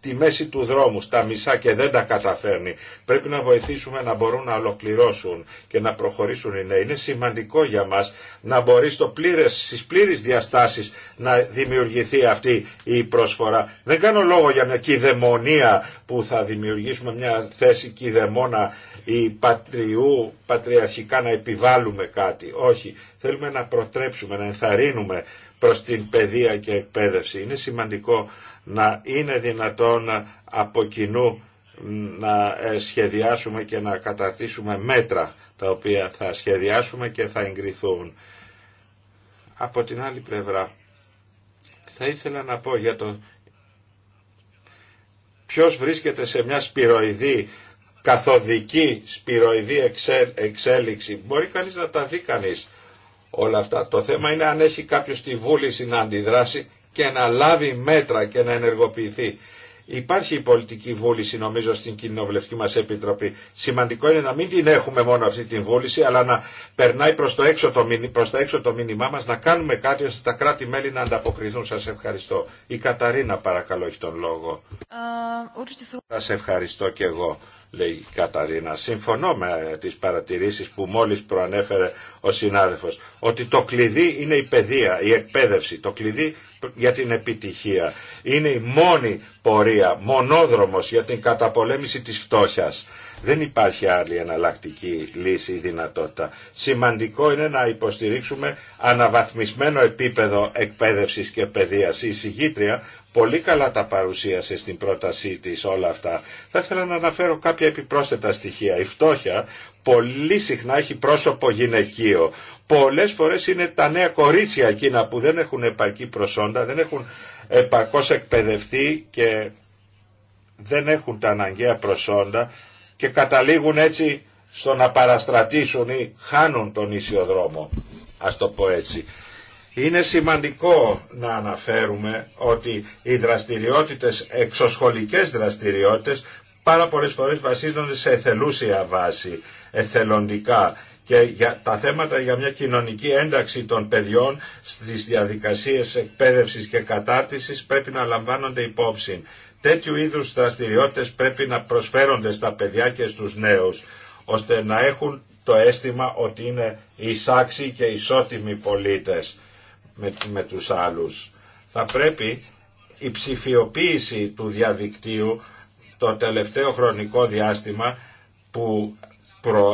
τη μέση του δρόμου, στα μισά και δεν τα καταφέρνει. Πρέπει να βοηθήσουμε να μπορούν να ολοκληρώσουν και να προχωρήσουν οι νέοι. Είναι σημαντικό για μας να μπορεί στο πλήρες, στις πλήρες διαστάσεις να δημιουργηθεί αυτή η προσφορά. Δεν κάνω λόγο για μια κυδαιμονία που θα δημιουργήσουμε μια θέση κυδαιμόνα ή πατριού, πατριαρχικά να επιβάλλουμε κάτι. Όχι. Θέλουμε να προτρέψουμε, να ενθαρρύνουμε προς την παιδεία και εκπαίδευση. Είναι σημαντικό να είναι δυνατόν από κοινού να ε, σχεδιάσουμε και να καταρτήσουμε μέτρα τα οποία θα σχεδιάσουμε και θα εγκριθούν. Από την άλλη πλευρά, θα ήθελα να πω για το ποιος βρίσκεται σε μια σπυροειδή, καθοδική σπυροειδή εξέλιξη. Μπορεί κανείς να τα δει κανείς όλα αυτά. Το θέμα είναι αν έχει κάποιος τη βούληση να αντιδράσει και να λάβει μέτρα και να ενεργοποιηθεί. Υπάρχει η πολιτική βούληση νομίζω στην κοινοβουλευτική μας επιτροπή. Σημαντικό είναι να μην την έχουμε μόνο αυτή την βούληση αλλά να περνάει προς το έξω το, προς το, το μήνυμά μας να κάνουμε κάτι ώστε τα κράτη-μέλη να ανταποκριθούν. Σας ευχαριστώ. Η Καταρίνα παρακαλώ έχει τον λόγο. Ε, Σας ευχαριστώ και εγώ λέει η Καταρίνα. Συμφωνώ με τις παρατηρήσεις που μόλις προανέφερε ο συνάδελφος, ότι το κλειδί είναι η παιδεία, η εκπαίδευση, το κλειδί για την επιτυχία. Είναι η μόνη πορεία, μονόδρομος για την καταπολέμηση της φτώχειας. Δεν υπάρχει άλλη εναλλακτική λύση ή δυνατότητα. Σημαντικό είναι να υποστηρίξουμε αναβαθμισμένο επίπεδο εκπαίδευσης και παιδείας. Η δυνατοτητα σημαντικο ειναι να υποστηριξουμε αναβαθμισμενο επιπεδο εκπαιδευσης και παιδειας η Πολύ καλά τα παρουσίασε στην πρότασή της όλα αυτά. Θα ήθελα να αναφέρω κάποια επιπρόσθετα στοιχεία. Η φτώχεια πολύ συχνά έχει πρόσωπο γυναικείο. Πολλές φορές είναι τα νέα κορίτσια εκείνα που δεν έχουν επαρκή προσόντα, δεν έχουν επαρκώς εκπαιδευτεί και δεν έχουν τα αναγκαία προσόντα και καταλήγουν έτσι στο να παραστρατήσουν ή χάνουν τον ίσιο δρόμο. Ας το πω έτσι. Είναι σημαντικό να αναφέρουμε ότι οι δραστηριότητες, εξωσχολικές δραστηριότητες, πάρα πολλές φορές βασίζονται σε εθελούσια βάση, εθελοντικά και για τα θέματα για μια κοινωνική ένταξη των παιδιών στις διαδικασίες εκπαίδευσης και κατάρτισης πρέπει να λαμβάνονται υπόψη. Τέτοιου είδους δραστηριότητες πρέπει να προσφέρονται στα παιδιά και στους νέους, ώστε να έχουν το αίσθημα ότι είναι εισάξιοι και ισότιμοι πολίτες με, με τους άλλους. Θα πρέπει η ψηφιοποίηση του διαδικτύου το τελευταίο χρονικό διάστημα που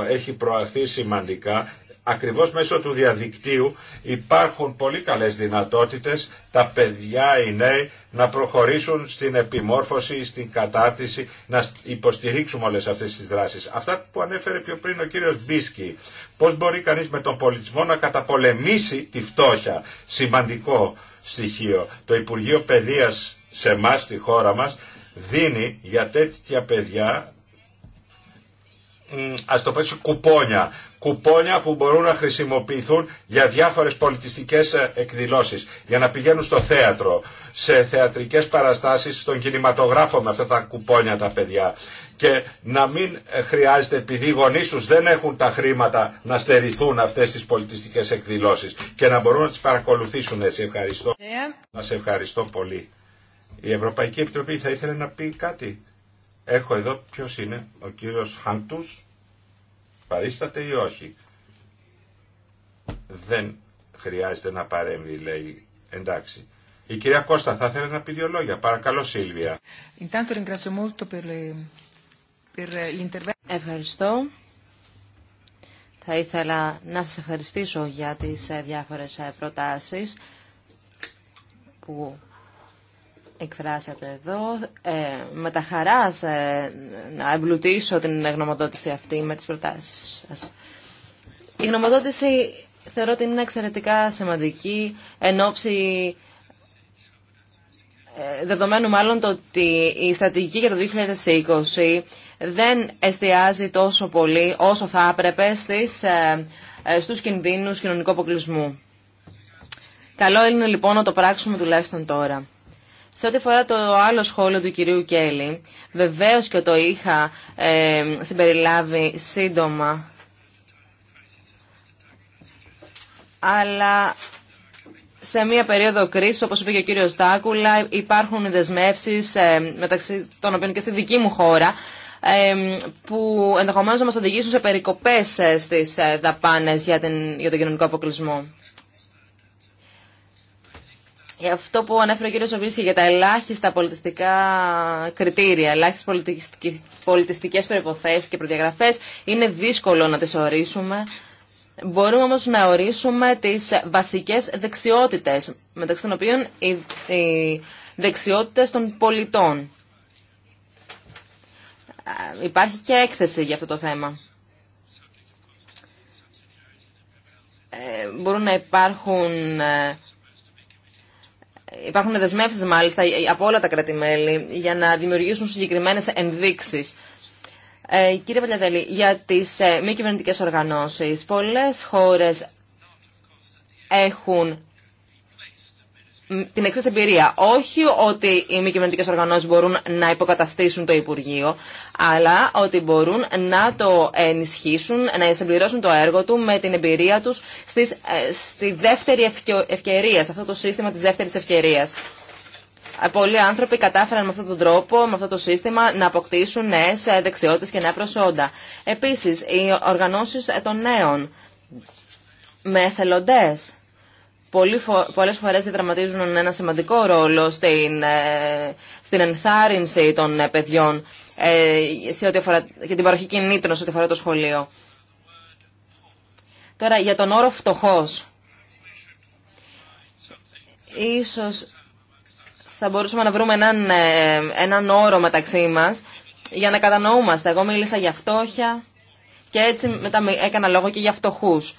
έχει προαχθεί σημαντικά ακριβώς μέσω του διαδικτύου υπάρχουν πολύ καλές δυνατότητες τα παιδιά, οι νέοι να προχωρήσουν στην επιμόρφωση, στην κατάρτιση, να υποστηρίξουμε όλες αυτές τις δράσεις. Αυτά που ανέφερε πιο πριν ο κύριος Μπίσκι. Πώς μπορεί κανείς με τον πολιτισμό να καταπολεμήσει τη φτώχεια. Σημαντικό στοιχείο. Το Υπουργείο Παιδείας σε εμά στη χώρα μας δίνει για τέτοια παιδιά ας το πω έτσι, κουπόνια. Κουπόνια που μπορούν να χρησιμοποιηθούν για διάφορες πολιτιστικές ε, εκδηλώσεις. Για να πηγαίνουν στο θέατρο, σε θεατρικές παραστάσεις, στον κινηματογράφο με αυτά τα κουπόνια τα παιδιά. Και να μην ε, χρειάζεται, επειδή οι γονείς τους δεν έχουν τα χρήματα να στερηθούν αυτές τις πολιτιστικές εκδηλώσεις και να μπορούν να τις παρακολουθήσουν έτσι. Ευχαριστώ. Yeah. Ε. ευχαριστώ πολύ. Η Ευρωπαϊκή Επιτροπή θα ήθελε να πει κάτι. Έχω εδώ ποιος είναι, ο κύριος Χάντους, παρίσταται ή όχι. Δεν χρειάζεται να παρέμβει, λέει. Εντάξει. Η κυρία Κώστα θα ήθελε να πει δύο λόγια. Παρακαλώ Σίλβια. Ευχαριστώ. Θα ήθελα να σας ευχαριστήσω για τις ε, διάφορες ε, προτάσεις που εκφράσατε εδώ. Ε, με τα χαρά ε, να εμπλουτίσω την γνωμοδότηση αυτή με τις προτάσεις σας. Η γνωμοδότηση θεωρώ ότι είναι εξαιρετικά σημαντική εν ώψη ε, δεδομένου μάλλον το ότι η στρατηγική για το 2020 δεν εστιάζει τόσο πολύ όσο θα έπρεπε στις, ε, στους κινδύνους κοινωνικού αποκλεισμού. Καλό είναι λοιπόν να το πράξουμε τουλάχιστον τώρα. Σε ό,τι φορά το άλλο σχόλιο του κυρίου Κέλλη, βεβαίω και το είχα ε, συμπεριλάβει σύντομα, αλλά σε μια περίοδο κρίσης, όπως είπε και ο κύριος Στάκουλα, υπάρχουν δεσμεύσεις ε, μεταξύ των οποίων και στη δική μου χώρα, ε, που ενδεχομένως να μας οδηγήσουν σε περικοπές ε, στις ε, δαπάνες για, την, για τον κοινωνικό αποκλεισμό. Ε, αυτό που ανέφερε ο κύριος Σοβίσκη για τα ελάχιστα πολιτιστικά κριτήρια, ελάχιστε πολιτιστικές προϋποθέσεις και προδιαγραφές, είναι δύσκολο να τις ορίσουμε. Μπορούμε όμως να ορίσουμε τις βασικές δεξιότητες, μεταξύ των οποίων οι δεξιότητες των πολιτών. Ε, υπάρχει και έκθεση για αυτό το θέμα. Ε, μπορούν να υπάρχουν υπάρχουν δεσμεύσει, μάλιστα ε, από όλα τα κρατημέλη για να δημιουργήσουν συγκεκριμένε ενδείξει. Ε, κύριε Παλιαδέλη, για τι ε, μη κυβερνητικέ οργανώσει, πολλέ χώρε έχουν την εξή εμπειρία. Όχι ότι οι μη κυβερνητικέ οργανώσει μπορούν να υποκαταστήσουν το Υπουργείο, αλλά ότι μπορούν να το ενισχύσουν, να συμπληρώσουν το έργο του με την εμπειρία του ε, στη δεύτερη ευκαιρία, σε αυτό το σύστημα τη δεύτερη ευκαιρία. Ε, πολλοί άνθρωποι κατάφεραν με αυτόν τον τρόπο, με αυτό το σύστημα, να αποκτήσουν νέε δεξιότητε και νέα προσόντα. Επίση, οι οργανώσει ε, των νέων με εθελοντές πολλές φορές διδραματίζουν ένα σημαντικό ρόλο στην, ε, στην ενθάρρυνση των ε, παιδιών ε, σε ό,τι αφορά, την παροχή κινήτρων σε ό,τι αφορά το σχολείο. Τώρα, για τον όρο φτωχός. Ίσως θα μπορούσαμε να βρούμε έναν, έναν όρο μεταξύ μας για να κατανοούμαστε. Εγώ μίλησα για φτώχεια και έτσι μετά έκανα λόγο και για φτωχούς.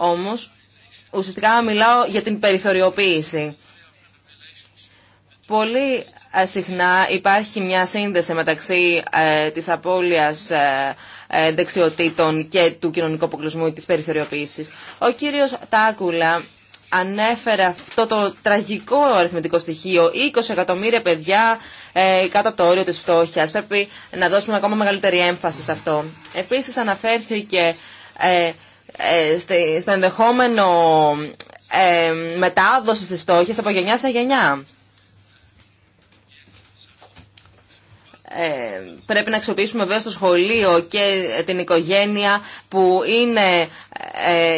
Όμως, ουσιαστικά μιλάω για την περιθωριοποίηση. Πολύ ε, συχνά υπάρχει μια σύνδεση μεταξύ ε, της απώλειας ε, δεξιοτήτων και του κοινωνικού αποκλεισμού ή της περιθωριοποίησης. Ο κύριος Τάκουλα ανέφερε αυτό το τραγικό αριθμητικό στοιχείο. 20 εκατομμύρια παιδιά κάτω από το όριο της φτώχειας. Πρέπει να δώσουμε ακόμα μεγαλύτερη έμφαση σε αυτό. Επίσης αναφέρθηκε ε, στο ενδεχόμενο ε, μετάδοση της φτώχειας από γενιά σε γενιά. Ε, πρέπει να αξιοποιήσουμε βέβαια στο σχολείο και την οικογένεια που είναι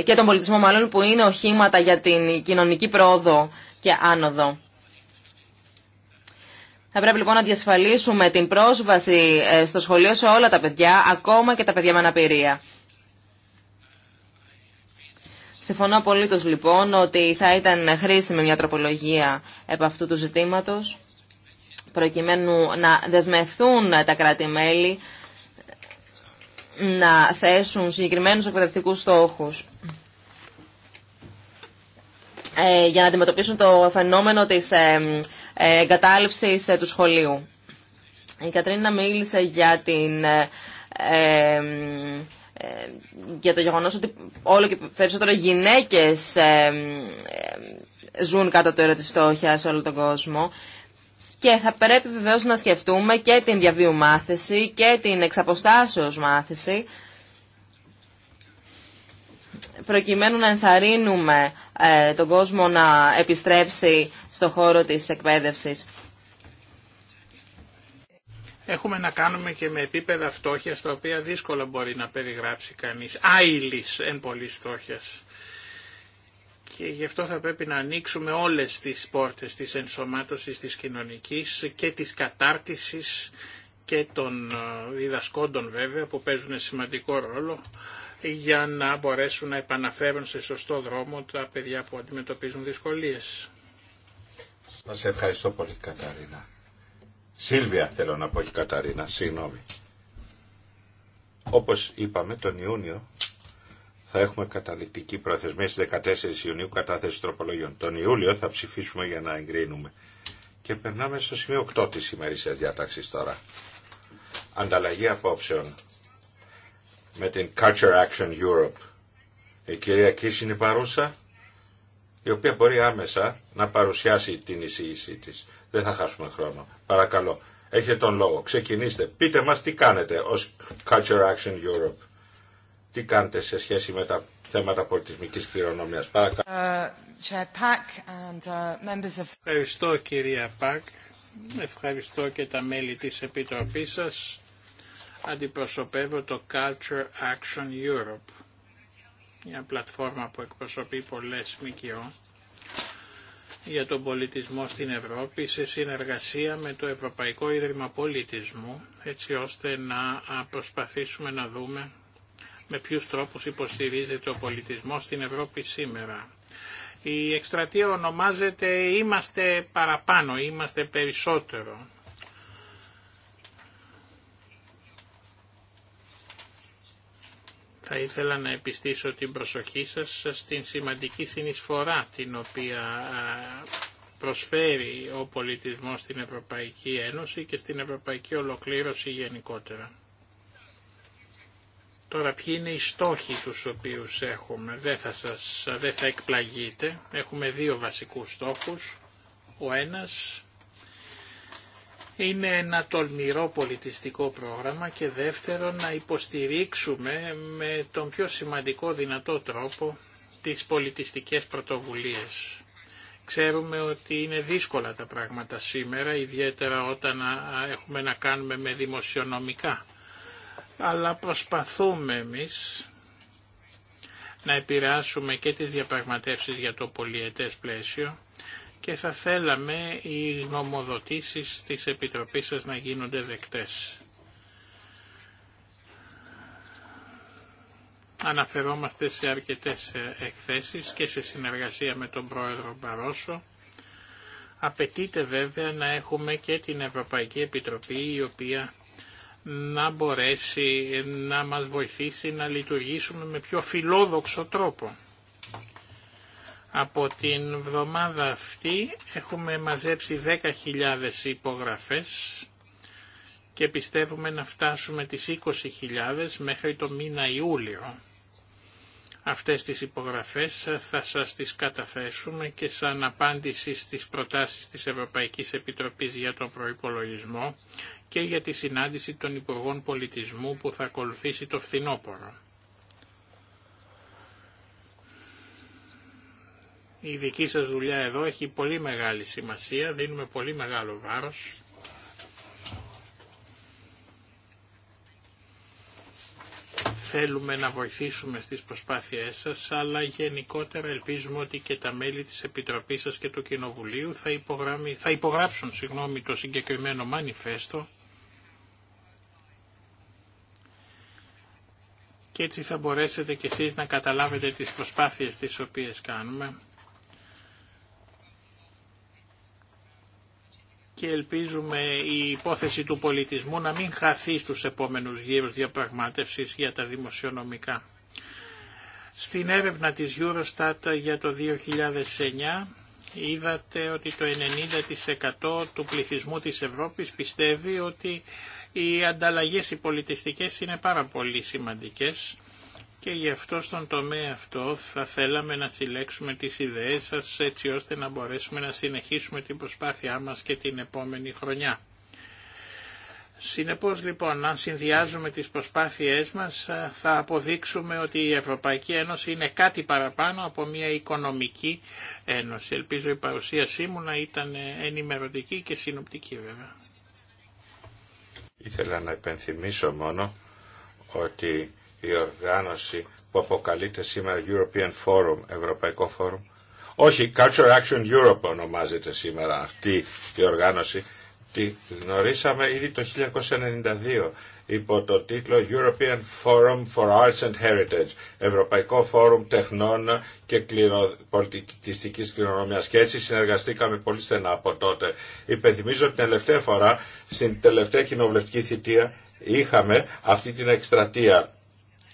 και τον πολιτισμό μάλλον που είναι οχήματα για την κοινωνική πρόοδο και άνοδο. Θα πρέπει λοιπόν να διασφαλίσουμε την πρόσβαση στο σχολείο σε όλα τα παιδιά, ακόμα και τα παιδιά με αναπηρία. Συμφωνώ απολύτως λοιπόν ότι θα ήταν χρήσιμη μια τροπολογία επ' αυτού του ζητήματος προκειμένου να δεσμευθούν τα κράτη-μέλη να θέσουν συγκεκριμένους εκπαιδευτικούς στόχους ε, για να αντιμετωπίσουν το φαινόμενο της ε, ε, εγκατάλειψης του σχολείου. Η Κατρίνα μίλησε για την ε, για το γεγονός ότι όλο και περισσότερο γυναίκες ε, ε, ζουν κάτω από το έργο της φτώχειας σε όλο τον κόσμο. Και θα πρέπει βεβαίως να σκεφτούμε και την διαβίου μάθηση και την εξαποστάσεως μάθηση προκειμένου να ενθαρρύνουμε τον κόσμο να επιστρέψει στο χώρο της εκπαίδευσης έχουμε να κάνουμε και με επίπεδα φτώχεια τα οποία δύσκολα μπορεί να περιγράψει κανείς, άειλης εν πολύ φτώχεια. Και γι' αυτό θα πρέπει να ανοίξουμε όλες τις πόρτες της ενσωμάτωσης της κοινωνικής και της κατάρτισης και των ε, διδασκόντων βέβαια που παίζουν σημαντικό ρόλο για να μπορέσουν να επαναφέρουν σε σωστό δρόμο τα παιδιά που αντιμετωπίζουν δυσκολίες. Σας ευχαριστώ πολύ Καταρίνα. Σίλβια θέλω να πω, όχι Καταρίνα, συγγνώμη. Όπως είπαμε, τον Ιούνιο θα έχουμε καταληκτική προθεσμία στις 14 Ιουνίου κατάθεση τροπολογιών. Τον Ιούλιο θα ψηφίσουμε για να εγκρίνουμε. Και περνάμε στο σημείο 8 της ημερήσιας διάταξης τώρα. Ανταλλαγή απόψεων με την Culture Action Europe. Η κυρία Κίση είναι παρούσα, η οποία μπορεί άμεσα να παρουσιάσει την εισήγησή της. Δεν θα χάσουμε χρόνο. Παρακαλώ. Έχετε τον λόγο. Ξεκινήστε. Πείτε μας τι κάνετε ως Culture Action Europe. Τι κάνετε σε σχέση με τα θέματα πολιτισμικής κληρονομιάς. Παρακαλώ. Ε, ε, Ευχαριστώ κυρία Πακ. Ευχαριστώ και τα μέλη της Επιτροπής σας. Αντιπροσωπεύω το Culture Action Europe, μια πλατφόρμα που εκπροσωπεί πολλές ΜΚΟ για τον πολιτισμό στην Ευρώπη σε συνεργασία με το Ευρωπαϊκό Ίδρυμα Πολιτισμού έτσι ώστε να προσπαθήσουμε να δούμε με ποιους τρόπους υποστηρίζεται ο πολιτισμός στην Ευρώπη σήμερα. Η εκστρατεία ονομάζεται «Είμαστε παραπάνω, είμαστε περισσότερο». θα ήθελα να επιστήσω την προσοχή σας στην σημαντική συνεισφορά την οποία προσφέρει ο πολιτισμός στην Ευρωπαϊκή Ένωση και στην Ευρωπαϊκή Ολοκλήρωση γενικότερα. Τώρα ποιοι είναι οι στόχοι τους οποίους έχουμε, δεν θα, δεν θα εκπλαγείτε. Έχουμε δύο βασικούς στόχους. Ο ένας είναι ένα τολμηρό πολιτιστικό πρόγραμμα και δεύτερο να υποστηρίξουμε με τον πιο σημαντικό δυνατό τρόπο τις πολιτιστικές πρωτοβουλίες. Ξέρουμε ότι είναι δύσκολα τα πράγματα σήμερα, ιδιαίτερα όταν έχουμε να κάνουμε με δημοσιονομικά. Αλλά προσπαθούμε εμείς να επηρεάσουμε και τις διαπραγματεύσεις για το πολιετές πλαίσιο και θα θέλαμε οι νομοδοτήσεις της Επιτροπής σας να γίνονται δεκτές. Αναφερόμαστε σε αρκετές ε, εκθέσεις και σε συνεργασία με τον Πρόεδρο Μπαρόσο. Απαιτείται βέβαια να έχουμε και την Ευρωπαϊκή Επιτροπή η οποία να μπορέσει να μας βοηθήσει να λειτουργήσουμε με πιο φιλόδοξο τρόπο. Από την βδομάδα αυτή έχουμε μαζέψει 10.000 υπογραφές και πιστεύουμε να φτάσουμε τις 20.000 μέχρι το μήνα Ιούλιο. Αυτές τις υπογραφές θα σας τις καταθέσουμε και σαν απάντηση στις προτάσεις της Ευρωπαϊκής Επιτροπής για τον προϋπολογισμό και για τη συνάντηση των Υπουργών Πολιτισμού που θα ακολουθήσει το φθινόπωρο. Η δική σας δουλειά εδώ έχει πολύ μεγάλη σημασία, δίνουμε πολύ μεγάλο βάρος. Θέλουμε να βοηθήσουμε στις προσπάθειές σας, αλλά γενικότερα ελπίζουμε ότι και τα μέλη της Επιτροπής σας και του Κοινοβουλίου θα, θα υπογράψουν συγγνώμη, το συγκεκριμένο μανιφέστο και έτσι θα μπορέσετε κι εσείς να καταλάβετε τις προσπάθειες τις οποίες κάνουμε και ελπίζουμε η υπόθεση του πολιτισμού να μην χαθεί στους επόμενους γύρους διαπραγμάτευσης για τα δημοσιονομικά. Στην έρευνα της Eurostat για το 2009 είδατε ότι το 90% του πληθυσμού της Ευρώπης πιστεύει ότι οι ανταλλαγές οι πολιτιστικές είναι πάρα πολύ σημαντικές και γι' αυτό στον τομέα αυτό θα θέλαμε να συλλέξουμε τις ιδέες σας έτσι ώστε να μπορέσουμε να συνεχίσουμε την προσπάθειά μας και την επόμενη χρονιά. Συνεπώς λοιπόν, αν συνδυάζουμε τις προσπάθειές μας, θα αποδείξουμε ότι η Ευρωπαϊκή Ένωση είναι κάτι παραπάνω από μια οικονομική ένωση. Ελπίζω η παρουσίασή μου να ήταν ενημερωτική και συνοπτική βέβαια. Ήθελα να επενθυμίσω μόνο ότι η οργάνωση που αποκαλείται σήμερα European Forum, Ευρωπαϊκό Φόρουμ. Όχι, Culture Action Europe ονομάζεται σήμερα αυτή η οργάνωση. Τη γνωρίσαμε ήδη το 1992 υπό το τίτλο European Forum for Arts and Heritage, Ευρωπαϊκό Φόρουμ Τεχνών και κληρο... Πολιτιστικής Κληρονομιάς. Και έτσι συνεργαστήκαμε πολύ στενά από τότε. Υπενθυμίζω την τελευταία φορά, στην τελευταία κοινοβουλευτική θητεία, είχαμε αυτή την εκστρατεία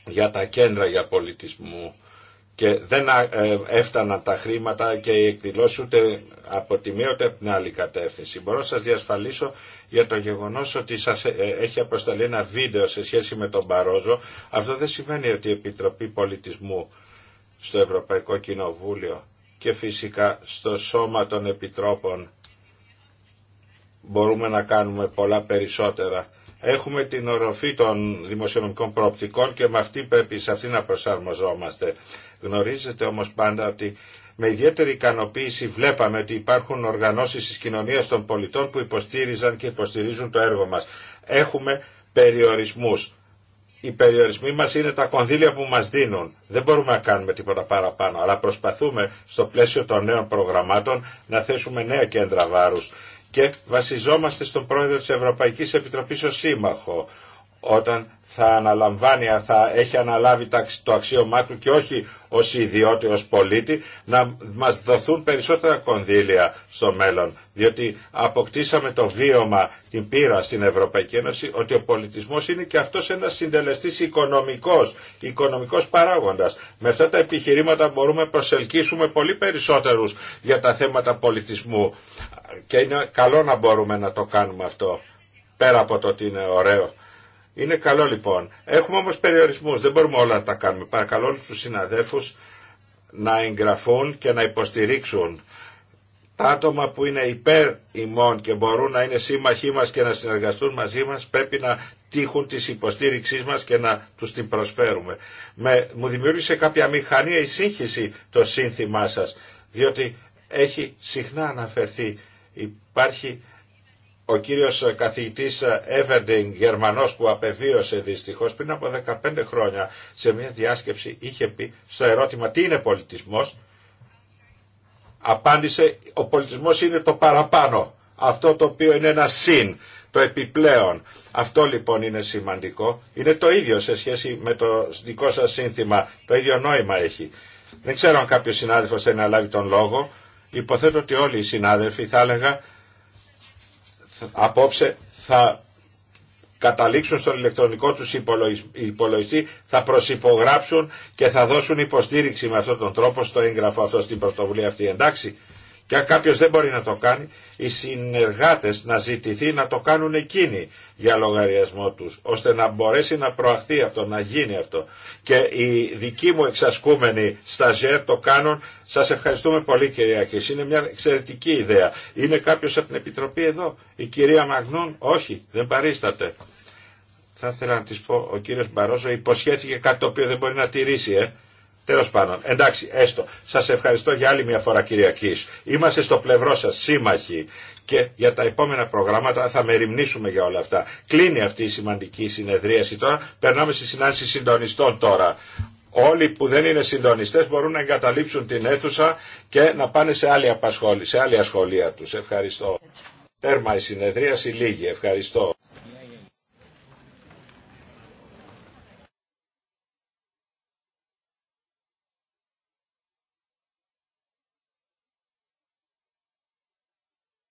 για τα κέντρα για πολιτισμού και δεν ε, έφταναν τα χρήματα και οι εκδηλώσει ούτε από τη μία ούτε από την άλλη κατεύθυνση. Μπορώ να σας διασφαλίσω για το γεγονός ότι σας ε, έχει αποσταλεί ένα βίντεο σε σχέση με τον Παρόζο. Αυτό δεν σημαίνει ότι η Επιτροπή Πολιτισμού στο Ευρωπαϊκό Κοινοβούλιο και φυσικά στο Σώμα των Επιτρόπων μπορούμε να κάνουμε πολλά περισσότερα έχουμε την οροφή των δημοσιονομικών προοπτικών και με αυτή πρέπει σε αυτή να προσαρμοζόμαστε. Γνωρίζετε όμως πάντα ότι με ιδιαίτερη ικανοποίηση βλέπαμε ότι υπάρχουν οργανώσεις της κοινωνίας των πολιτών που υποστήριζαν και υποστηρίζουν το έργο μας. Έχουμε περιορισμούς. Οι περιορισμοί μας είναι τα κονδύλια που μας δίνουν. Δεν μπορούμε να κάνουμε τίποτα παραπάνω, αλλά προσπαθούμε στο πλαίσιο των νέων προγραμμάτων να θέσουμε νέα κέντρα βάρους και βασιζόμαστε στον πρόεδρο της Ευρωπαϊκής Επιτροπής ως σύμμαχο όταν θα αναλαμβάνει, θα έχει αναλάβει το αξίωμά του και όχι ως ιδιώτη, ως πολίτη, να μας δοθούν περισσότερα κονδύλια στο μέλλον. Διότι αποκτήσαμε το βίωμα, την πείρα στην Ευρωπαϊκή Ένωση, ότι ο πολιτισμός είναι και αυτός ένας συντελεστής οικονομικός, οικονομικός παράγοντας. Με αυτά τα επιχειρήματα μπορούμε να προσελκύσουμε πολύ περισσότερους για τα θέματα πολιτισμού. Και είναι καλό να μπορούμε να το κάνουμε αυτό, πέρα από το ότι είναι ωραίο είναι καλό λοιπόν. Έχουμε όμως περιορισμούς, δεν μπορούμε όλα να τα κάνουμε. Παρακαλώ όλους τους συναδέλφους να εγγραφούν και να υποστηρίξουν τα άτομα που είναι υπέρ ημών και μπορούν να είναι σύμμαχοί μας και να συνεργαστούν μαζί μας πρέπει να τύχουν της υποστήριξή μας και να τους την προσφέρουμε. μου δημιούργησε κάποια μηχανία η σύγχυση το σύνθημά σας, διότι έχει συχνά αναφερθεί, υπάρχει ο κύριος καθηγητής Εβερντινγκ, Γερμανός που απεβίωσε δυστυχώς πριν από 15 χρόνια σε μια διάσκεψη είχε πει στο ερώτημα τι είναι πολιτισμός απάντησε ο πολιτισμός είναι το παραπάνω αυτό το οποίο είναι ένα συν το επιπλέον. Αυτό λοιπόν είναι σημαντικό. Είναι το ίδιο σε σχέση με το δικό σας σύνθημα. Το ίδιο νόημα έχει. Δεν ξέρω αν κάποιος συνάδελφος θέλει να λάβει τον λόγο. Υποθέτω ότι όλοι οι συνάδελφοι θα έλεγα απόψε θα καταλήξουν στον ηλεκτρονικό τους υπολογιστή, θα προσυπογράψουν και θα δώσουν υποστήριξη με αυτόν τον τρόπο στο έγγραφο αυτό, στην πρωτοβουλία αυτή. Εντάξει, και αν κάποιο δεν μπορεί να το κάνει, οι συνεργάτες να ζητηθεί να το κάνουν εκείνοι για λογαριασμό τους, ώστε να μπορέσει να προαχθεί αυτό, να γίνει αυτό. Και οι δικοί μου εξασκούμενοι σταζιέρ το κάνουν. Σας ευχαριστούμε πολύ κυρία και Είναι μια εξαιρετική ιδέα. Είναι κάποιο από την Επιτροπή εδώ. Η κυρία Μαγνούν, όχι, δεν παρίσταται. Θα ήθελα να τη πω, ο κύριο Μπαρόζο υποσχέθηκε κάτι το οποίο δεν μπορεί να τηρήσει, ε. Τέλο πάντων, εντάξει, έστω. Σα ευχαριστώ για άλλη μια φορά, Κυριακή. Είμαστε στο πλευρό σα, σύμμαχοι. Και για τα επόμενα προγράμματα θα μεριμνήσουμε για όλα αυτά. Κλείνει αυτή η σημαντική συνεδρίαση τώρα. Περνάμε στη συνάντηση συντονιστών τώρα. Όλοι που δεν είναι συντονιστέ μπορούν να εγκαταλείψουν την αίθουσα και να πάνε σε άλλη, απασχόλη, σε άλλη ασχολία του. Ευχαριστώ. Τέρμα η συνεδρίαση λίγη. Ευχαριστώ.